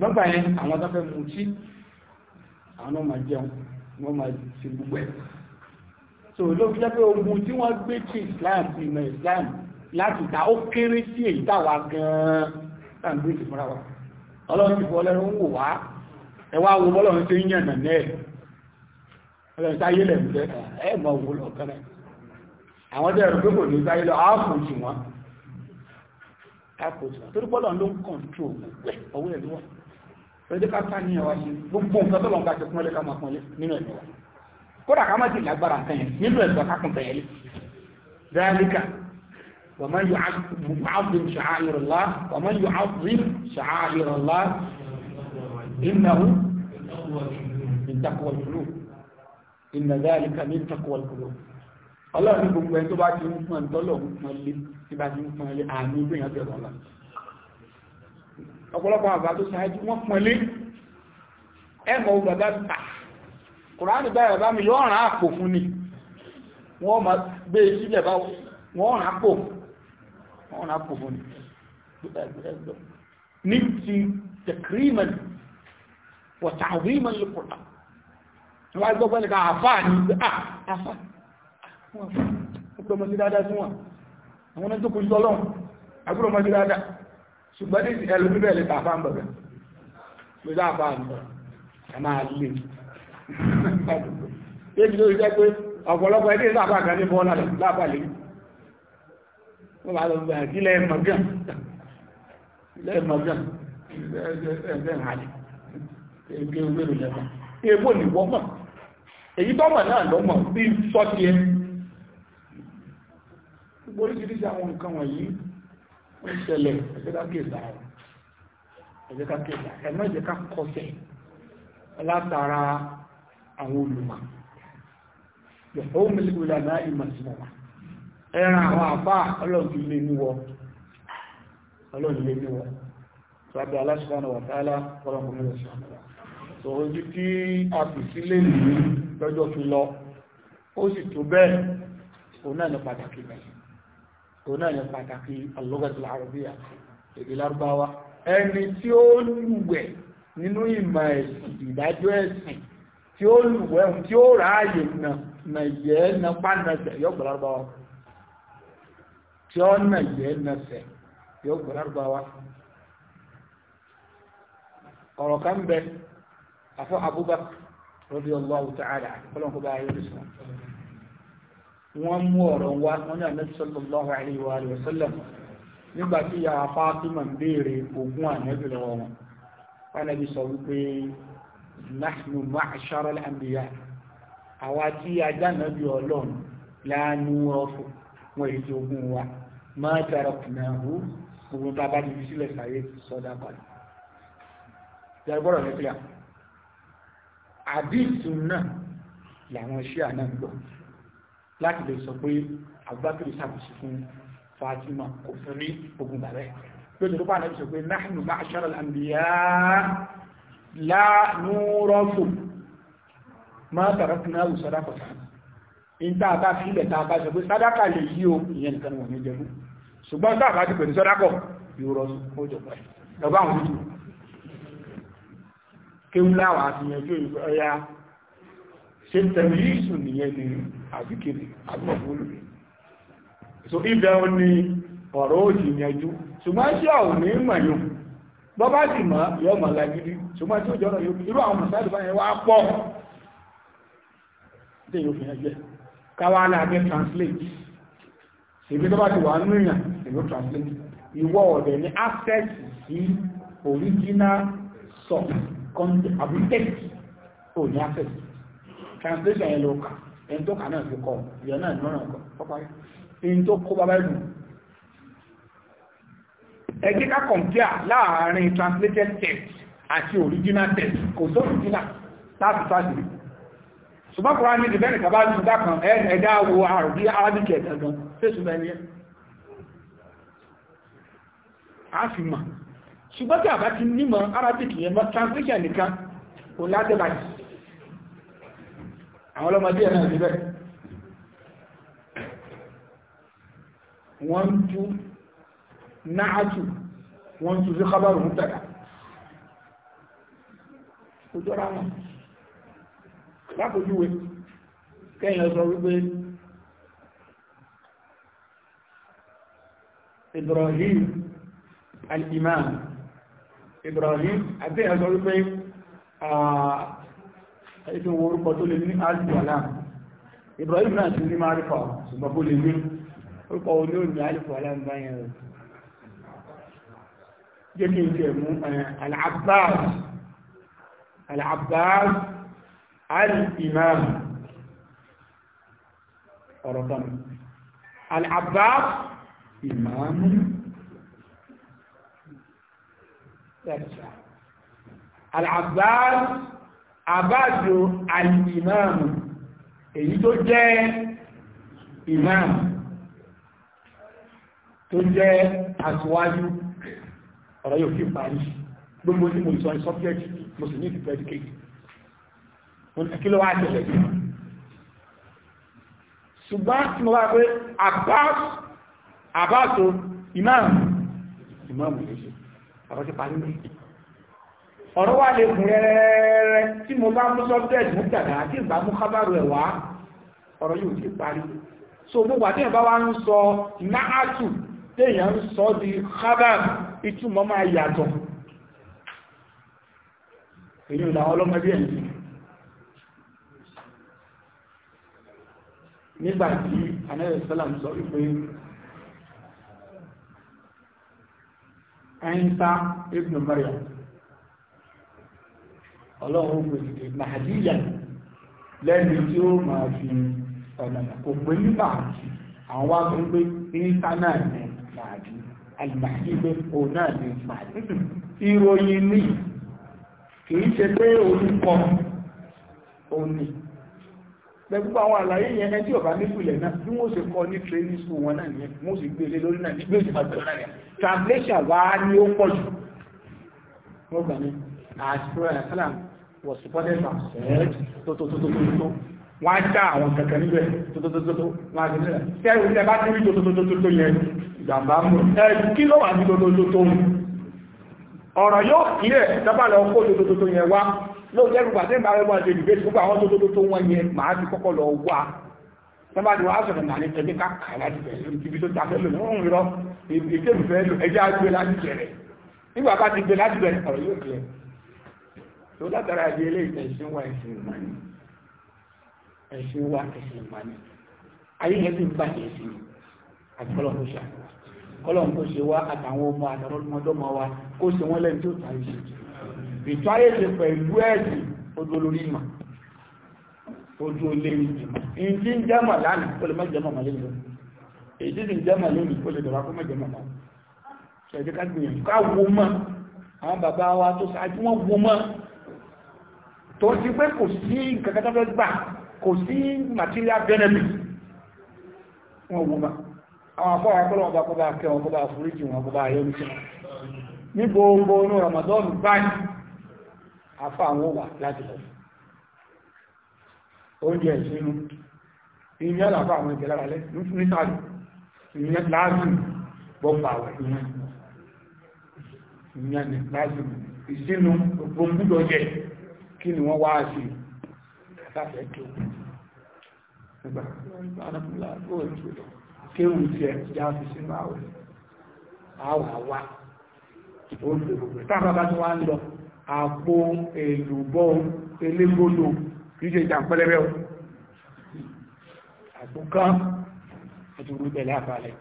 ṣùgbọ́n yẹn àwọn tó fẹ́ tí àwọn náà jẹun wọ́n máa ṣe gbogbo ẹ̀ so ló fi jẹ́ ogun tí wọ́n gbé tí Islam ìmọ̀ Islam láti ta ó kéré sí èyí táwa gan-an tá ń wa ọlọ́run ti fọ́ ọlọ́run wò wá ẹ wo bọ́lọ́run ṣe ń yànnà náà ọlọ́run sáyé lẹ̀ ń fẹ́ ẹ̀ mọ̀ wò lọ́kàn rẹ̀ àwọn tẹ̀rù pé kò ní sáyé lọ áàfù sí wọn kápòtù torí pọ́lọ̀ ló ń kọ̀ntró ọwọ́ ẹ̀ lọ́wọ́ ẹjọ́ ká ká ní ẹwà sí gbogbo nǹkan tó lọ ń ká ṣe pọ́nlé ká máa pọ́nlé nínú ẹ̀mí wa kódà ká má ti lágbára nǹkan yẹn nínú ẹ̀mí wa ká kún bẹ̀yẹ lé dáríkà wà má yóò áàbùn ṣàáyìrọ̀lá wà má yóò áàbùn ṣàáyìrọ̀lá ìnáwó ìtakọ̀wọ̀lùlù ìnà dáríkà ní ìtakọ̀wọ̀lùlù ọlọ́run ní gbogbo ẹni tó bá ti ń pọn tọ́lọ̀ ń pọn lé tí bá ti ń pọn lé àmì ìgbé èèyàn bẹ̀rẹ̀ ọ̀la ọ̀pọ̀lọpọ̀ àbá tó ṣáájú wọ́n pọn lé ẹ̀mọ̀ ogun bàbá ti tà ah, kùránì bá bàbá mi yóò rán àpò fún ni wọ́n máa gbé e sílẹ̀ bá wọ́n rán àpò wọ́n rán àpò fún ni ní ti tẹ̀kírímẹ̀lì fún wọn pé ọmọ sí dáadáa fún wọn àwọn ẹni tó kù sọ lọ́wọ́ àbúrò ọmọ sí dáadáa ṣùgbọ́n ní ẹlòmí bẹ́ẹ̀ lè ta àfáà ń bẹ̀rẹ̀ pé dá àfáà ń bẹ̀rẹ̀ ẹ máa lè débi lórí jẹ́ pé ọ̀pọ̀lọpọ̀ ẹgbẹ́ sábà kan ní bọ́ọ̀lá lábà lè wọ́n bá lọ oríṣiríṣi àwọn nǹkan wọ̀nyí ń ṣẹlẹ̀ ẹ̀jẹ̀kákèsà ẹ̀jẹ̀kákèsà ẹ̀mọ́ ìjẹ́ká kọsẹ̀ látara àwọn olùmọ̀ yọ̀fọ́ òmìnira náà ìmọ̀síwọ̀n ẹran àwọn àfá ọlọ́dún lè níwọ̀ ọlọ́dún lè níwọ̀ sábẹ́ aláṣùmọ́nà wàtálá ọlọ́kùnrin rẹ̀ sọ̀rọ̀ sọ̀rọ̀ ojú tí a fi sílé nìyí lọ́jọ́ fi lọ ó sì tó bẹ́ẹ̀ òun náà ní pàtàkì bẹ́ẹ̀ òun náà ní pàtàkì alọ́gàtìlá àrùbíyà èdè lárúbáwá ẹni tí ó lùwẹ̀ nínú ìmọ̀ ẹ̀sìn ìdájọ́ ẹ̀sìn tí ó lùwẹ̀ tí ó ráàyè nà yẹ́ nà pánàṣẹ̀ yóò gbọ́ lárúbáwá tí ó nà yẹ́ nà sẹ̀ yóò gbọ́ lárúbáwá ọ̀rọ̀ kan bẹ wọ́n mú ọ̀rọ̀ wá wọ́n ní ànábì sallallahu alaihi wa sallam nígbà tí ya Fátímà ń béèrè ogún ànábì lọ́wọ́ wọn ànábì sọ wípé nahnu ma'ashara al-anbiya àwa tí ajá ànábì ọlọ́run láàánú ọ̀fọ̀ wọn èyí tí ogún wa máa tara kùnàhù gbogbo tá a bá níbi sílẹ̀ sàyé sọ́dá padà yàgbọ́rọ̀ rẹ̀ pé àdìsùn náà làwọn ṣíà náà gbọ́ láti lè sọ pé agbákiri sàbùsù fún fatima kò fún ní ogun bàbẹ́ lójú rúpa náà sọ pé nahnu ma'ashara al-anbiya la nurasu ma tarakna sadaqatan in ta bá fílẹ̀ ta bá sọ pé sádàkà lè yí o ìyẹn nìkan wọ̀n ní jẹ́rú ṣùgbọ́n tá àbájú àbí kèrè àbí ọ̀fún olùrí so ibẹ̀ ó ní ọ̀rọ̀ òjì ìyànjú ṣùgbọ́n ṣé ò ní mọ̀ yóò bọ́ bá sì mọ̀ yọ mọ̀ lágídí ṣùgbọ́n tí ó jọ́rọ̀ yóò irú àwọn mọ̀sáàdì báyẹn wá pọ̀ tí yóò fi hàn jẹ́ káwá aláàbẹ̀ translate ṣèbí tó bá ti wà nú èèyàn èyí ó translate ìwọ ọ̀dẹ̀ ní access sí original song. content àbí text ò ní access translation yẹn ló ẹni tó kà náà fi kọ ìyọ náà nọ́nà kọparí ẹni tó kó bàbá ìlú ẹgbẹ́ ká kọ̀mpíà láàárín translated text àti original text kò sọ original láti fásitì ṣùgbọ́n kọ́ra ní ìbẹ̀rẹ̀ kàbá ní ìdá kan ẹ̀dá wo àrùbí arabic ẹ̀dá gan fẹ́sùn bẹ́ẹ̀ a fi mọ̀ ṣùgbọ́n tí a bá ti nímọ̀ arabic yẹn mọ́ translation nìkan kò ládẹ́bàjì àwọn ọlọ́mọdé ẹ̀ náà síbẹ̀ wọ́n tú náàtù wọ́n tú sí kábàrù ń tẹ̀lá ojú ara wọn lápòjúwe kẹ́yìn sọ wípé Ibrahim al-Imam Ibrahim àti ẹ̀sọ́ wípé ẹ̀fẹ́ orúkọ tó lè ní alifọ̀lá Ibrahim náà ti ní marifa ṣùgbọ́n kó lè ní orúkọ olóò ní alifọ̀lá ń báyẹ̀ rẹ̀ jẹ́ kí n jẹ́ mú al-Abbas al-Abbas àbájò alìmáàmù èyí tó jẹ́ ìmáàmù tó jẹ́ aṣíwájú ọ̀rọ̀ yóò fi parí gbogbo tí mo sọ ní subject mo sì ní ìfẹ́ ìkéjì kí ló wá tẹ̀lẹ̀ bí ṣùgbọ́n tí mo bá pé àbáṣo ìmáàmù ìmáàmù lè ṣe parí mẹ́rin ọ̀rọ̀ wà lè gùn rẹ́rẹ́rẹ́rẹ́ tí mo bá mú sọ́bẹ̀ẹ̀dì mú tàdá tí ìgbà kábàrù ẹ̀ wá ọ̀rọ̀ yóò ti parí so gbogbo àti ìbá wa ń sọ náàtù téèyàn ń sọ di kábàrù ìtumọ̀ máa yàtọ̀ èyí ìlànà ọlọ́mọdé ẹ̀yìn nígbàtí anẹ́rẹ̀ sọ́làm sọ wípé ẹ̀yìn sá ibùn Maryam ọlọ́run kò sì dé màdíyà lẹ́ni tí ó máa fi ọ̀nà kò pé ní màdí àwọn wá tó ń gbé níta náà ní màdí àlùmàdí pé òun náà ní màdí ìròyìn ní kìí ṣe pé orúkọ òní gbẹgbẹ́ àwọn àlàyé yẹn ẹni tí ọba nípìnlẹ̀ náà bí wọ́n ṣe kọ́ ní training school wọn náà nìyẹn wọ́n sì gbélé e lórí náà nígbè ìjọba tó náà nìyẹn translation wá ní ó pọ̀ jù wọ́n gbà ní àṣírò àṣàlàmù was reported from said tó tó tó tó tó tó wọ́n á dá àwọn kẹ̀kẹ́ níbẹ̀ tó tó tó tó tó wọ́n á sílẹ̀ sẹ́rù tẹ́ bá ti rí tó tó tó tó tó yẹn ìjàmbá mú ẹ kí ló wà ní tó tó tó tó ọ̀rọ̀ yóò kílẹ̀ tábàlẹ̀ ọkọ̀ tó tó tó yẹn wá lóòótọ́ ẹ̀rù pàṣẹ ìbára ẹgbẹ́ àti ìdìbò gbogbo àwọn tó tó tó wọ́n yẹn màá ti kọ́kọ́ lọ wá tọ́bàdì wà sọ̀rọ̀ nàní tẹ̀lé káàkà láti bẹ̀rẹ̀ ibi tó tafẹ́ lò lọ́rùn rọ ìtẹ́lùfẹ́ lò ẹjẹ́ àgbẹ̀ láti bẹ̀rẹ̀ nígbà bá ti gbẹ̀ láti bẹ̀rẹ̀ ọ̀rọ̀ yóò kílẹ̀ tó látara di eléyìí ẹ̀sìn wa ẹ̀sìn ìmọ̀ni ẹ̀sìn wa ẹ̀sìn ìmọ̀ni ayé ẹ̀sìn ń bàjẹ́ sí i àti kọ́lọ́mù ṣe kọ́lọ́mù kó ṣe wá àtàwọn ọmọ àtàrọ́mọdọ́mọ wa kó ṣe wọ́n lẹ́ni tó tàyè ṣe ìtọ́ ayé ṣe pẹ̀lú ẹ̀sìn ojú olórí ìmọ̀ ojú olé ìmọ̀ ìdí ń jẹ́mọ̀ lánàá ó lè má jẹ́mọ̀ mọ́ lẹ́yìn èdè ń jẹ́mọ̀ lónìí ó lè dọ̀rọ̀ akọ́mọ̀ jẹ́mọ̀ mọ́ ṣẹ̀dí ká gbìyànjú ká wo mọ́ àwọn bàbá wa tó ṣáájú tó ti pé kò sí nǹkan tó fẹ́ gbà kò sí material benefit wọn wò bá àwọn afọ́ àkọ́lọ̀ ọba kọba akẹ́ wọn kọba àforíjì wọn kọba ayọ́lú sí wọn ní gbogbo inú Ramadan báyìí afọ́ àwọn wà láti lọ oúnjẹ ìsinú ìyẹn àlàfà àwọn ìjẹ lára lẹ́ nítàlù ìyẹn láàrín bọ́m̀bà wẹ̀ ìyẹn ìyẹn kí ni wọ́n wá sí àtàfẹ́ tó kéwù tí ẹ já fi sínú àwẹ̀ àwà wá tábàbá tí wá ń lọ àpò èlùbọ́ elégbòdò kìí ṣe ìjà pẹ́lẹ́rẹ́ o àpò kan ẹ̀tùrú bẹ̀lẹ́ àbálẹ̀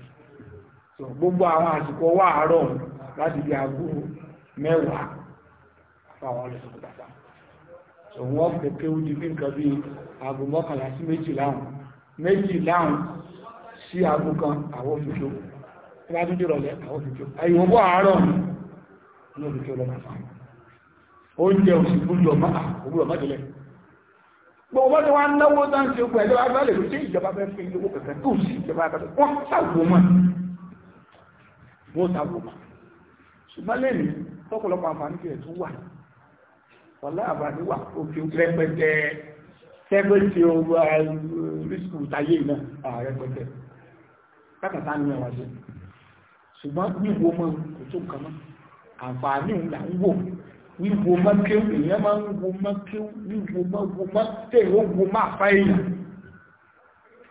gbogbo àwọn àsìkò wà àárọ̀ láti bí aago mẹ́wàá fáwọn ọlọ́sọ̀kọ̀ bàbá òun ọ̀pọ̀ kéwú di bí nǹkan bí aago mọ́kànlá sí méjì láhùn méjì láhùn sí aago kan àwọn òfìkó wọ́n á tún dé rọ̀lẹ́ àwọn òfìkó ẹ̀yìn owó àárọ̀ ní òfìkó lọ́nà fáwọn oúnjẹ òsì gbúdọ̀ máa gbúdọ̀ máa jẹlẹ̀ gbogbo tí wọ́n náwó tán ṣe pẹ̀lú agbálẹ̀ tí ìjọba fẹ́ fi owó kẹ̀kẹ́ tó sí ìjọba akẹ́kẹ́ wọ́n sàgbò mọ́ wọ́n sàgbò mọ́ ṣùgbọ́n lẹ́nu tọ́pọ̀lọpọ̀ àǹfààní kẹ̀ẹ́ tó wà ọ̀lá àbáni wà òkè rẹpẹtẹ sẹ́gbẹ̀tì owó rísìkù táyé náà rẹpẹtẹ kákàtà ní ẹwà jẹ ṣùgbọ́n wíwo mọ́ kò tó nǹkan mọ́ àǹfààní là ń wò wíwo mọ́ kéw èèyàn máa ń wo mọ́ kéw wíwo mọ́ wo mọ́ téèyàn ó wo mọ́ àfa èèyàn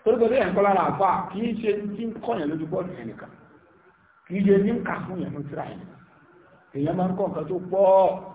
torípẹ̀lẹ́ yẹn kọ́lára àfa kì í ṣe ní ń kọ́yàn lójú bọ́ọ̀lù yẹn kì í ṣe ní ń kà fún yẹn ní tíra èèyàn máa ń kọ́ nǹkan tó pọ̀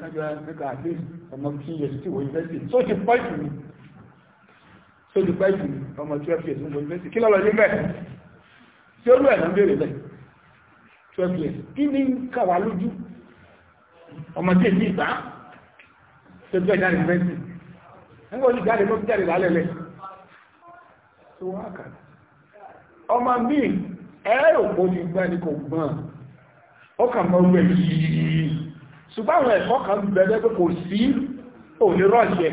kájọ ẹgbẹ́ka àti ọmọ tí yẹ sí wọ yúnẹ́sì tó ti pọ́ ìtù mi tó ti pọ́ ìtù mi ọmọ tí wọ́n fi ẹ̀sùn wọ yúnẹ́sì kí lọ́lọ́ níbẹ̀ tí ó lú ẹ̀nà béèrè bẹ̀ 12 years kí ní kàwà lójú ọmọ tí èyí ìgbà tó gbé jáde mẹ́sì nígbà ojú jáde mọ́ jáde lálẹ́lẹ́ tó wá kàdà ọmọ míì ẹ̀rọ kò ní gbẹ́ kò gbọ́n ó mọ́ wẹ̀ yìí ṣùgbọ́n àwọn ẹ̀kọ́ kan bẹ̀rẹ̀ pé kò sí òní rọ́ṣẹ́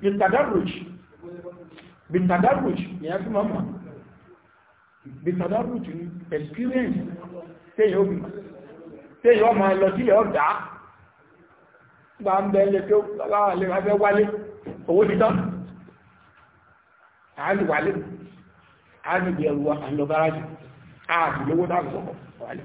bitadarruj bitadarruj ni a fi máa mọ̀ bitadarruj ni experience tẹ́yìn ọmọ lọ sí ọ̀dá gbà ń bẹ̀rẹ̀ pé láwàlẹ́ wálé owó ti tán àálù wálé àálù bí ẹrù àlọ́bárajù ààbì lówó dáàbò wálé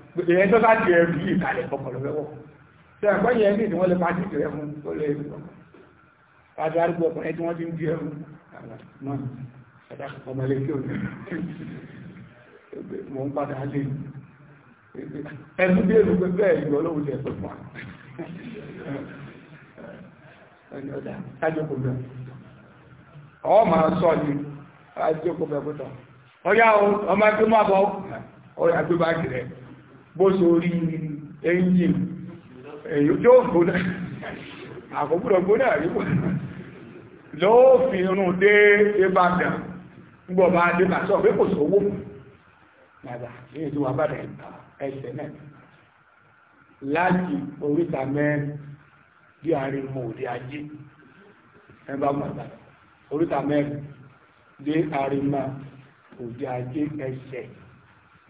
èyàn tó bá jẹ ẹrù yìí kalẹ̀ ọ̀pọ̀lọpọ̀ tí a gbọ́yẹ ẹni tí wọ́n lè máa dìtẹ̀ ẹ̀fún tó lè rí ọkọ̀ àti arúgbó ọkùnrin tí wọ́n ti ń di ẹrù náà ṣẹ̀dá ọmọlé kí òní mọ̀ ń padà lè ẹnu bí èrò pẹ́pẹ́ ìlú ọlọ́run jẹ́ pẹ̀lú wa ẹni ọ̀dà ájókòó bẹ̀ ọ máa sọ ni ájókòó bẹ̀ pẹ̀tọ̀ ọyá ọmọ ẹgbẹ́ máa bọ̀ ọyá gbé bá kìrẹ́ bó ṣe orí engine èyí tó gbóná àkókùrọ̀ gbóná àríwọ̀ lóòfin irun dé ìbàdà gbọ̀bá adébà sọ pé kò sówó nàdà ní ètò àbádà ẹsẹ̀ náà láti oríta mẹ́rin bí àárín mọ̀ òde ajé ẹgbà mọ̀ta oríta mẹ́rin dé àárín mọ̀ òde ajé ẹsẹ̀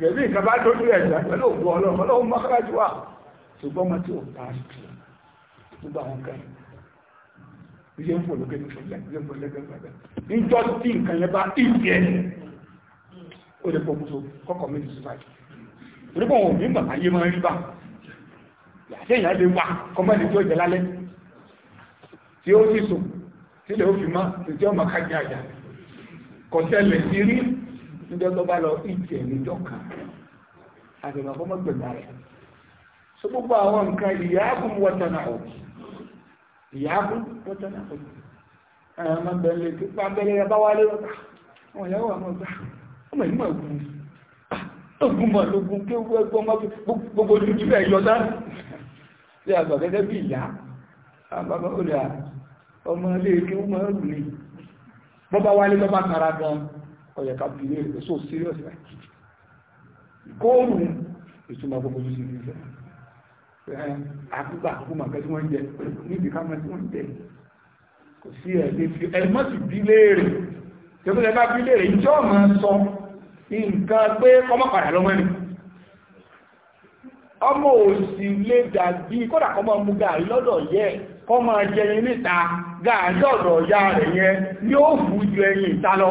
gẹ̀ẹ́bí ìkàbá tó ní ẹ̀dà pẹ̀lú ògbó ọlọ́run ọlọ́run mọ́kájú wà ṣùgbọ́n ọmọ tí ò bá ṣe gbogbo àwọn kan ìṣe ń fò lókè ní ṣọlẹ̀ ìṣe ń fò lókè ní ṣọlẹ̀ níjọ́ tí nǹkan yẹn bá ìdí ẹ̀ ó lè pọ̀ gbogbo kọ́kọ́ mi ní sùpàdé onígbọ̀n wọn ní màmá yé máa ń rí bá yàtẹ̀ èèyàn lè wà kọ́mọ́ni tí ó jẹ lálẹ́ tí ó sì sùn sílẹ̀ ó fi má tí ó máa kájí àjà kọ̀tẹ́lẹ̀ sí rí níjọ́ tó bá lọ ìjẹ̀ níjọ́ kan àgbẹ̀mọ̀ fọmọ gbẹ̀gbà rẹ̀ so gbogbo àwọn nǹkan ìyáàbùn wọ́tọ̀nà ọ̀dì ìyáàbùn wọ́tọ̀nà ọ̀dì àwọn ọmọ bẹ̀rẹ̀ tó pa abẹ́rẹ́ yẹn bá wálé ọ̀tà àwọn ìyàwó àwọn ọgbà ọmọ ìmọ̀ ògùn ògùn ah, mọ̀ lógún kí ó gbọ́ ọmọ gbogbo ojú ti bẹ́ẹ̀ yọ dáná bí àgbà gẹ́gẹ́ bí ìyá àbábá ó dà ọmọ ilé kí ó mọ̀ ọ́ lù ní bọ́bá wálé lọ́ba kára gan-an ọ̀yẹ̀ bí ilé rẹ̀ so serious rẹ̀ góòlù ìtumọ̀ gbogbo ojú ní ìfẹ́ àkúgbà àkúmọ̀ kẹ́ tí wọ́n jẹ níbi kámẹ́ tí wọ́n jẹ kò sí ẹ̀lẹ́ fi ẹ̀mọ́ sì bí léèrè tí ó tó lẹ́bá bí léèrè ìjọ ọmọ sọ nǹkan pé kọmọ padà lọ́mọ ọmọ òsì lè dàbí kódà kọmọ mú gàrí lọ́dọ̀ yẹ kọmọ jẹrin níta gàrí lọ́dọ̀ ya rẹ̀ yẹn yóò fú ju ẹyin ìta lọ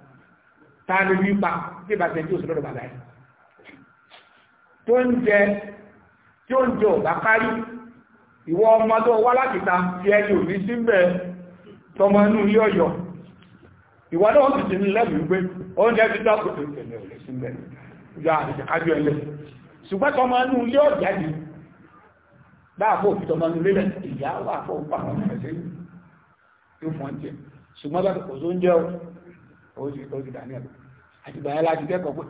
ta ló ní pa tí ìbá tẹ̀ tí òṣèlú ọ̀dọ̀ bàbá yìí tó ń jẹ tí ó ń jẹ ọ̀bá kárí ìwọ ọmọ tó wá láti ta fi ẹni òní síbẹ̀ tọmọ inú ilé ọ̀yọ́ ìwọ náà sì ti ní lẹ́bù wípé oúnjẹ ti dá kòtò ìtẹ̀lẹ̀ òní síbẹ̀ ya àjọ ẹlẹ́ ṣùgbọ́n tọmọ inú ilé ọ̀jà ni báàbò òfin tọmọ inú ilé ìyá wà fọ́ pa àwọn ọmọ ẹ̀sẹ̀ yìí tó fọ́n jẹ ṣùgbọ́n bá kò tó ń jẹ́ ó ti dà ní ẹ̀bùn àtìgbà yẹn láti kẹ́kọ̀ọ́ pé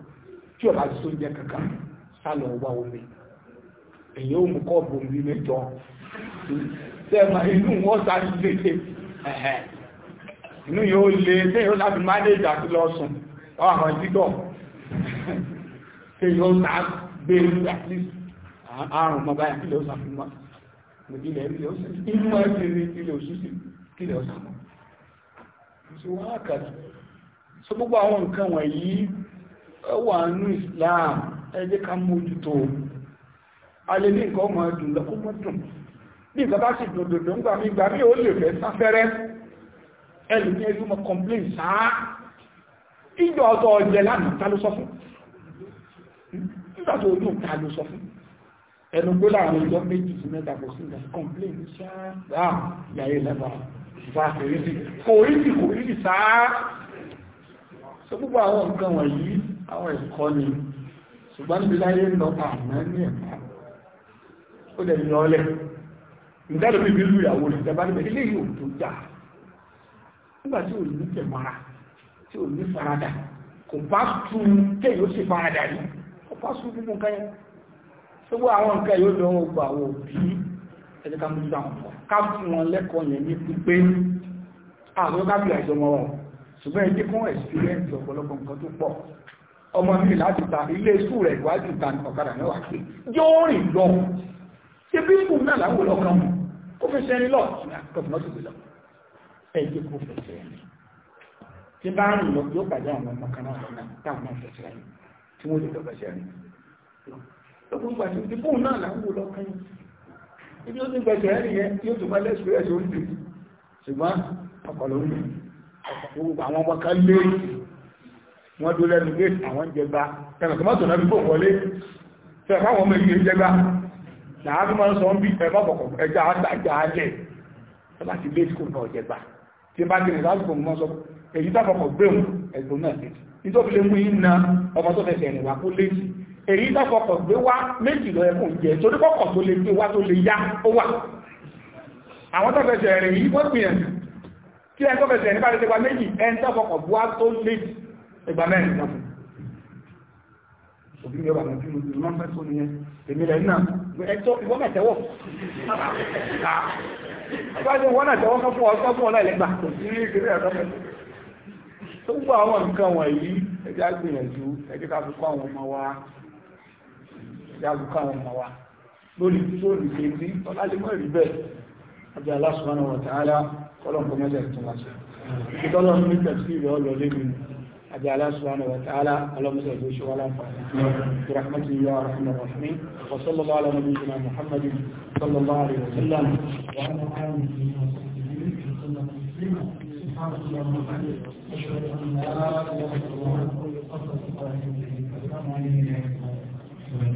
tí ọ̀la ti sóúnjẹ kankan sálọ wá omi èyí ó mú kọ́ọ̀bù omi mẹ́jọ sẹ́ẹ̀mà inú wọn sáré lé inú yóò lé sẹ́yìn ó láti mánéjì àti lọ sùn ọ̀rọ̀ àwọn ìdígbọ̀ sẹ́yìn ó sá gbé àti àrùn mọ́ báyà kílẹ̀ ó sàfihàn ìdílẹ̀ ilẹ̀ ó sì inú ẹ̀sìn ilẹ̀ òṣìṣẹ́ kílẹ̀ ó sàmọ́ so gbogbo àwọn nǹkan wọ̀nyí wà nínú Islam ẹ jẹ́ ká mójútó alẹ́ ní nǹkan ọmọ ẹdùn lọ́kọ́mọ́dùn bí nǹkan bá sì dòdòdó ńgbà mí gbà mí ó lè fẹ́ sáfẹ́rẹ́ ẹlù ní ẹlú mọ́ complain sáá ìjọ ọ̀tọ̀ ọ̀jẹ̀ lánàá ta ló sọ fún nígbà tó ojú ta ló sọ fún ẹnu gbó láàrin ìjọ méjì sí mẹ́ta kò sí ìdájí complain sáá yàrá ìlẹ́bàá ìfà kò so púpọ̀ àwọn nǹkan wọ̀nyí àwọn ẹ̀kọ́ ni ṣùgbọ́n níbi láyé ń lọ́pàá àmọ́ ní ẹ̀kọ́ ó dẹ̀ yọ ọlẹ̀ ìdájọ́ bí bí ìyàwó rẹ̀ ìjọba níbẹ̀ ilé yìí ò tó jà nígbà tí ò ní tẹ̀mọ́ra tí ò ní farada kò bá tún kéyìí ó sì farada rí ó bá tún gbogbo nǹkan yẹn gbogbo àwọn nǹkan yóò lọ gbà wọ bí ẹ̀jẹ̀ ká mú ká fún wọn lẹ́kọ̀ọ́ yẹn ní pípé àwọn ká fi wọn ṣùgbọ́n ẹjẹ́ kún experience ọ̀pọ̀lọpọ̀ nǹkan tó pọ̀ ọmọ mi láti ta ilé sùn rẹ̀ ìwájú ta ọ̀kadà mẹ́wàá pé yóò rìn lọ ṣe bí ìlú náà láwọn ọlọ́kan mú kó fẹ́ sẹ́ni lọ kọfìmọ́ sì gbé lọ ẹjẹ́ kó fẹ́ sẹ́ni tí bá rìn lọ yóò pàdé àwọn ọmọ kan náà táwọn náà fẹ́ sẹ́ni tí wọ́n lè lọ bẹ̀ sẹ́ni lọ́kùnrin pàṣẹ ṣùgbọ́n ọkọ̀ lórí gbogbo àwọn ọmọ kan lé wọ́n dó lẹ́nu gé àwọn jẹgba ẹ̀rọ̀kọ́ mọ́tò náà gbò wọlé fẹ́ fáwọn ọmọ ìyẹ jẹgba láàrín máa sọ ń bí ẹ̀mọ́bọ̀kọ̀ ẹja àtàjà alẹ́ ẹbá ti lé ìsìnkú náà jẹgba tí bá gẹ̀rẹ̀ lásìkò mọ́ sọ èyí tàbọ̀kọ̀ gbéhùn ẹ̀gbọ́n náà lè nítorí lè mú iná ọmọ tó fẹsẹ̀ rìn wá kó léjì èyí tàbọ̀kọ̀ gbé wá méjì lọ ẹkùn jẹ torí kọ̀kọ̀ tó lè gbé wá tó lè yá ó wà àwọn tó fẹsẹ̀ rìn yí wọ́n gbìyànjú tí ẹ tọ́fẹ̀ẹ́ nípa ìṣẹ́gbà méjì ẹ ń tọ́fọkọ̀ buwá tó lè ìgbà mẹ́rin náà òbí mi ọba nàbí lójú máa ń fẹ́ tó nìyẹn èmi rẹ̀ náà ẹ̀tọ́ ìwọ́n náà tẹ́wọ̀ ìwọ́n ìwọ́n náà tẹ́wọ́ fún ọ̀sán fún ọ̀nà ìlẹ́gbà kò sí ní ìgbésẹ̀ ẹ̀tọ́fẹ́ tó gbọ́ àwọn nǹkan wọ̀nyí ẹjá gbìyànjú ẹjẹ́ ká fi kọ́ àwọn ọmọ wa ẹjá fi kọ́ àwọn ọmọ wa lórí tó lè ṣe ní ọlálẹ́mọ̀ rí bẹ́ẹ̀ ọjà Allah subhanahu wa ta'ala kọ́lọ̀kọ́ mẹ́jẹ̀ tún wá sí ìtọ́lọ́ ní tẹ̀sí ìrọ̀ lọ lébi àti aláṣùwánà wà tààlà alọ́mọsẹ̀ tó ṣe wá láǹfààní ìrahmatu yà rahman rahmi wa sallallahu ala nabiyyina muhammadin sallallahu alaihi wa sallam wa ala alihi wa sahbihi wa sallam سبحانك اللهم وبحمدك اشهد ان لا اله الا انت استغفرك واتوب اليك السلام عليكم